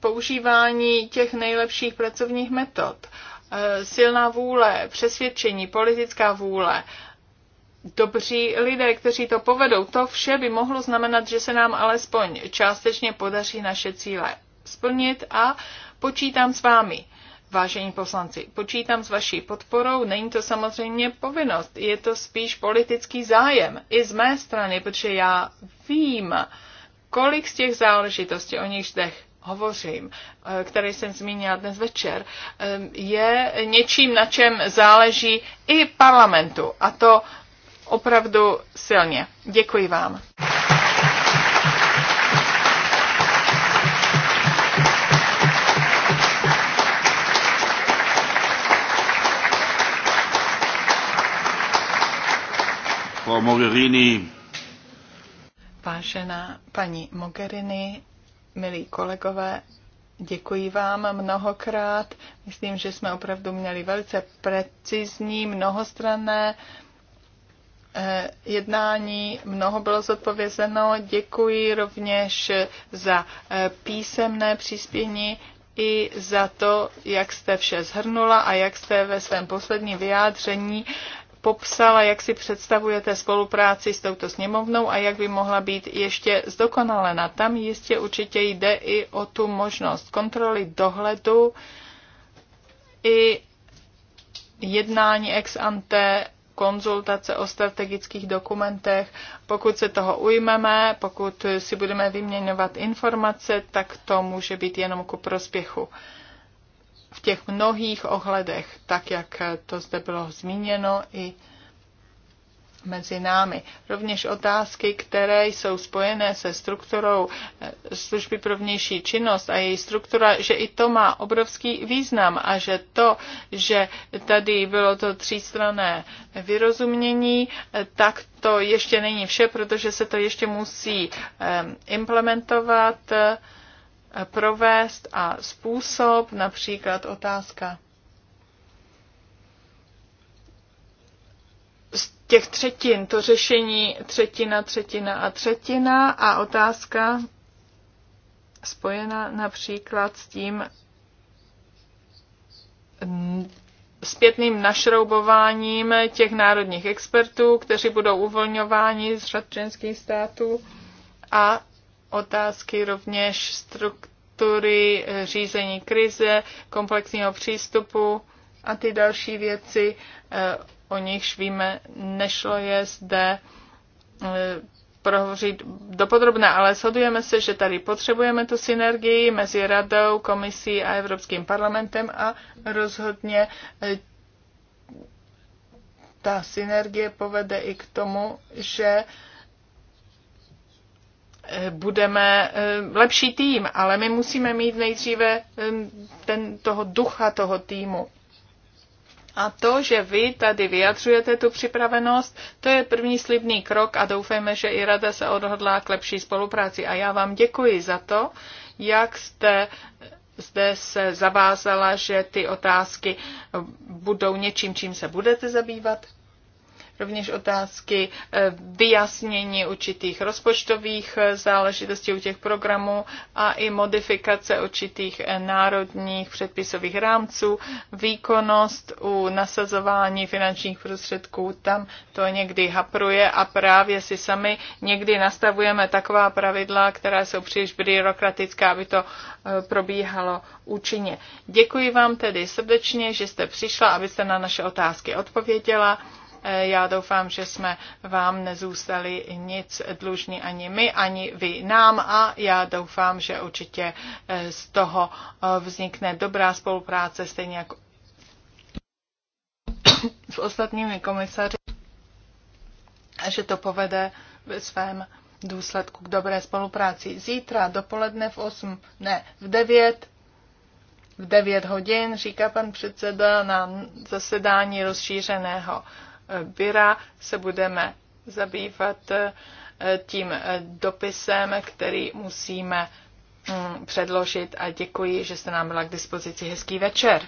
používání těch nejlepších pracovních metod, e, silná vůle, přesvědčení, politická vůle, dobří lidé, kteří to povedou, to vše by mohlo znamenat, že se nám alespoň částečně podaří naše cíle splnit a počítám s vámi vážení poslanci. Počítám s vaší podporou, není to samozřejmě povinnost, je to spíš politický zájem i z mé strany, protože já vím, kolik z těch záležitostí, o nichž zde hovořím, eh, který jsem zmínila dnes večer, eh, je něčím, na čem záleží i parlamentu. A to opravdu silně. Děkuji vám.
Mogherini.
Vážená paní Mogherini, milí kolegové, děkuji vám mnohokrát. Myslím, že jsme opravdu měli velice precizní, mnohostranné eh, jednání, mnoho bylo zodpovězeno. Děkuji rovněž za eh, písemné příspění i za to, jak jste vše zhrnula a jak jste ve svém posledním vyjádření popsala, jak si představujete spolupráci s touto sněmovnou a jak by mohla být ještě zdokonalena. Tam jistě určitě jde i o tu možnost kontroly dohledu i jednání ex ante konzultace o strategických dokumentech. Pokud se toho ujmeme, pokud si budeme vyměňovat informace, tak to může být jenom ku prospěchu těch mnohých ohledech, tak jak to zde bylo zmíněno i mezi námi. Rovněž otázky, které jsou spojené se strukturou eh, služby pro vnější činnost a její struktura, že i to má obrovský význam a že to, že tady bylo to třístrané vyrozumění, eh, tak to ještě není vše, protože se to ještě musí eh, implementovat provést a způsob, například otázka z těch třetin, to řešení třetina, třetina a třetina a otázka spojena například s tím zpětným našroubováním těch národních expertů, kteří budou uvolňováni z řad členských států a otázky rovněž struktury eh, řízení krize, komplexního přístupu a ty další věci, eh, o nichž víme, nešlo je zde eh, prohořit dopodrobné, ale shodujeme se, že tady potřebujeme tu synergii mezi Radou, Komisí a Evropským parlamentem a rozhodně ta synergie povede i k tomu, že Eh, budeme eh, lepší tým, ale my musíme mít nejdříve ten, toho ducha toho týmu. A to, že vy tady vyjadřujete tu připravenost, to je první slibný krok a doufejme, že i Rada se odhodlá k lepší spolupráci. A já vám děkuji za to, jak jste zde se zavázala, že ty otázky budou něčím, čím se budete zabývat rovněž otázky eh, vyjasnění určitých rozpočtových eh, záležitostí u těch programů a i modifikace určitých eh, národních předpisových rámců, výkonnost u nasazování finančních prostředků, tam to někdy hapruje a právě si sami někdy nastavujeme taková pravidla, která jsou příliš byrokratická, aby to probíhalo účinně. Děkuji vám tedy srdečně, že jste přišla, abyste na naše otázky odpověděla. Eh, já doufám, že jsme vám nezůstali nic dlužní ani my, ani vy nám a já doufám, že určitě eh, z toho eh, vznikne dobrá spolupráce, stejně jako s ostatními komisaři a že to povede ve svém důsledku k dobré spolupráci. Zítra dopoledne v 8, ne, v 9, v 9 hodin, říká pan předseda na zasedání rozšířeného Byra se budeme zabývat eh, tím eh, dopisem, který musíme mm, předložit a děkuji, že jste nám byla k dispozici. Hezký večer.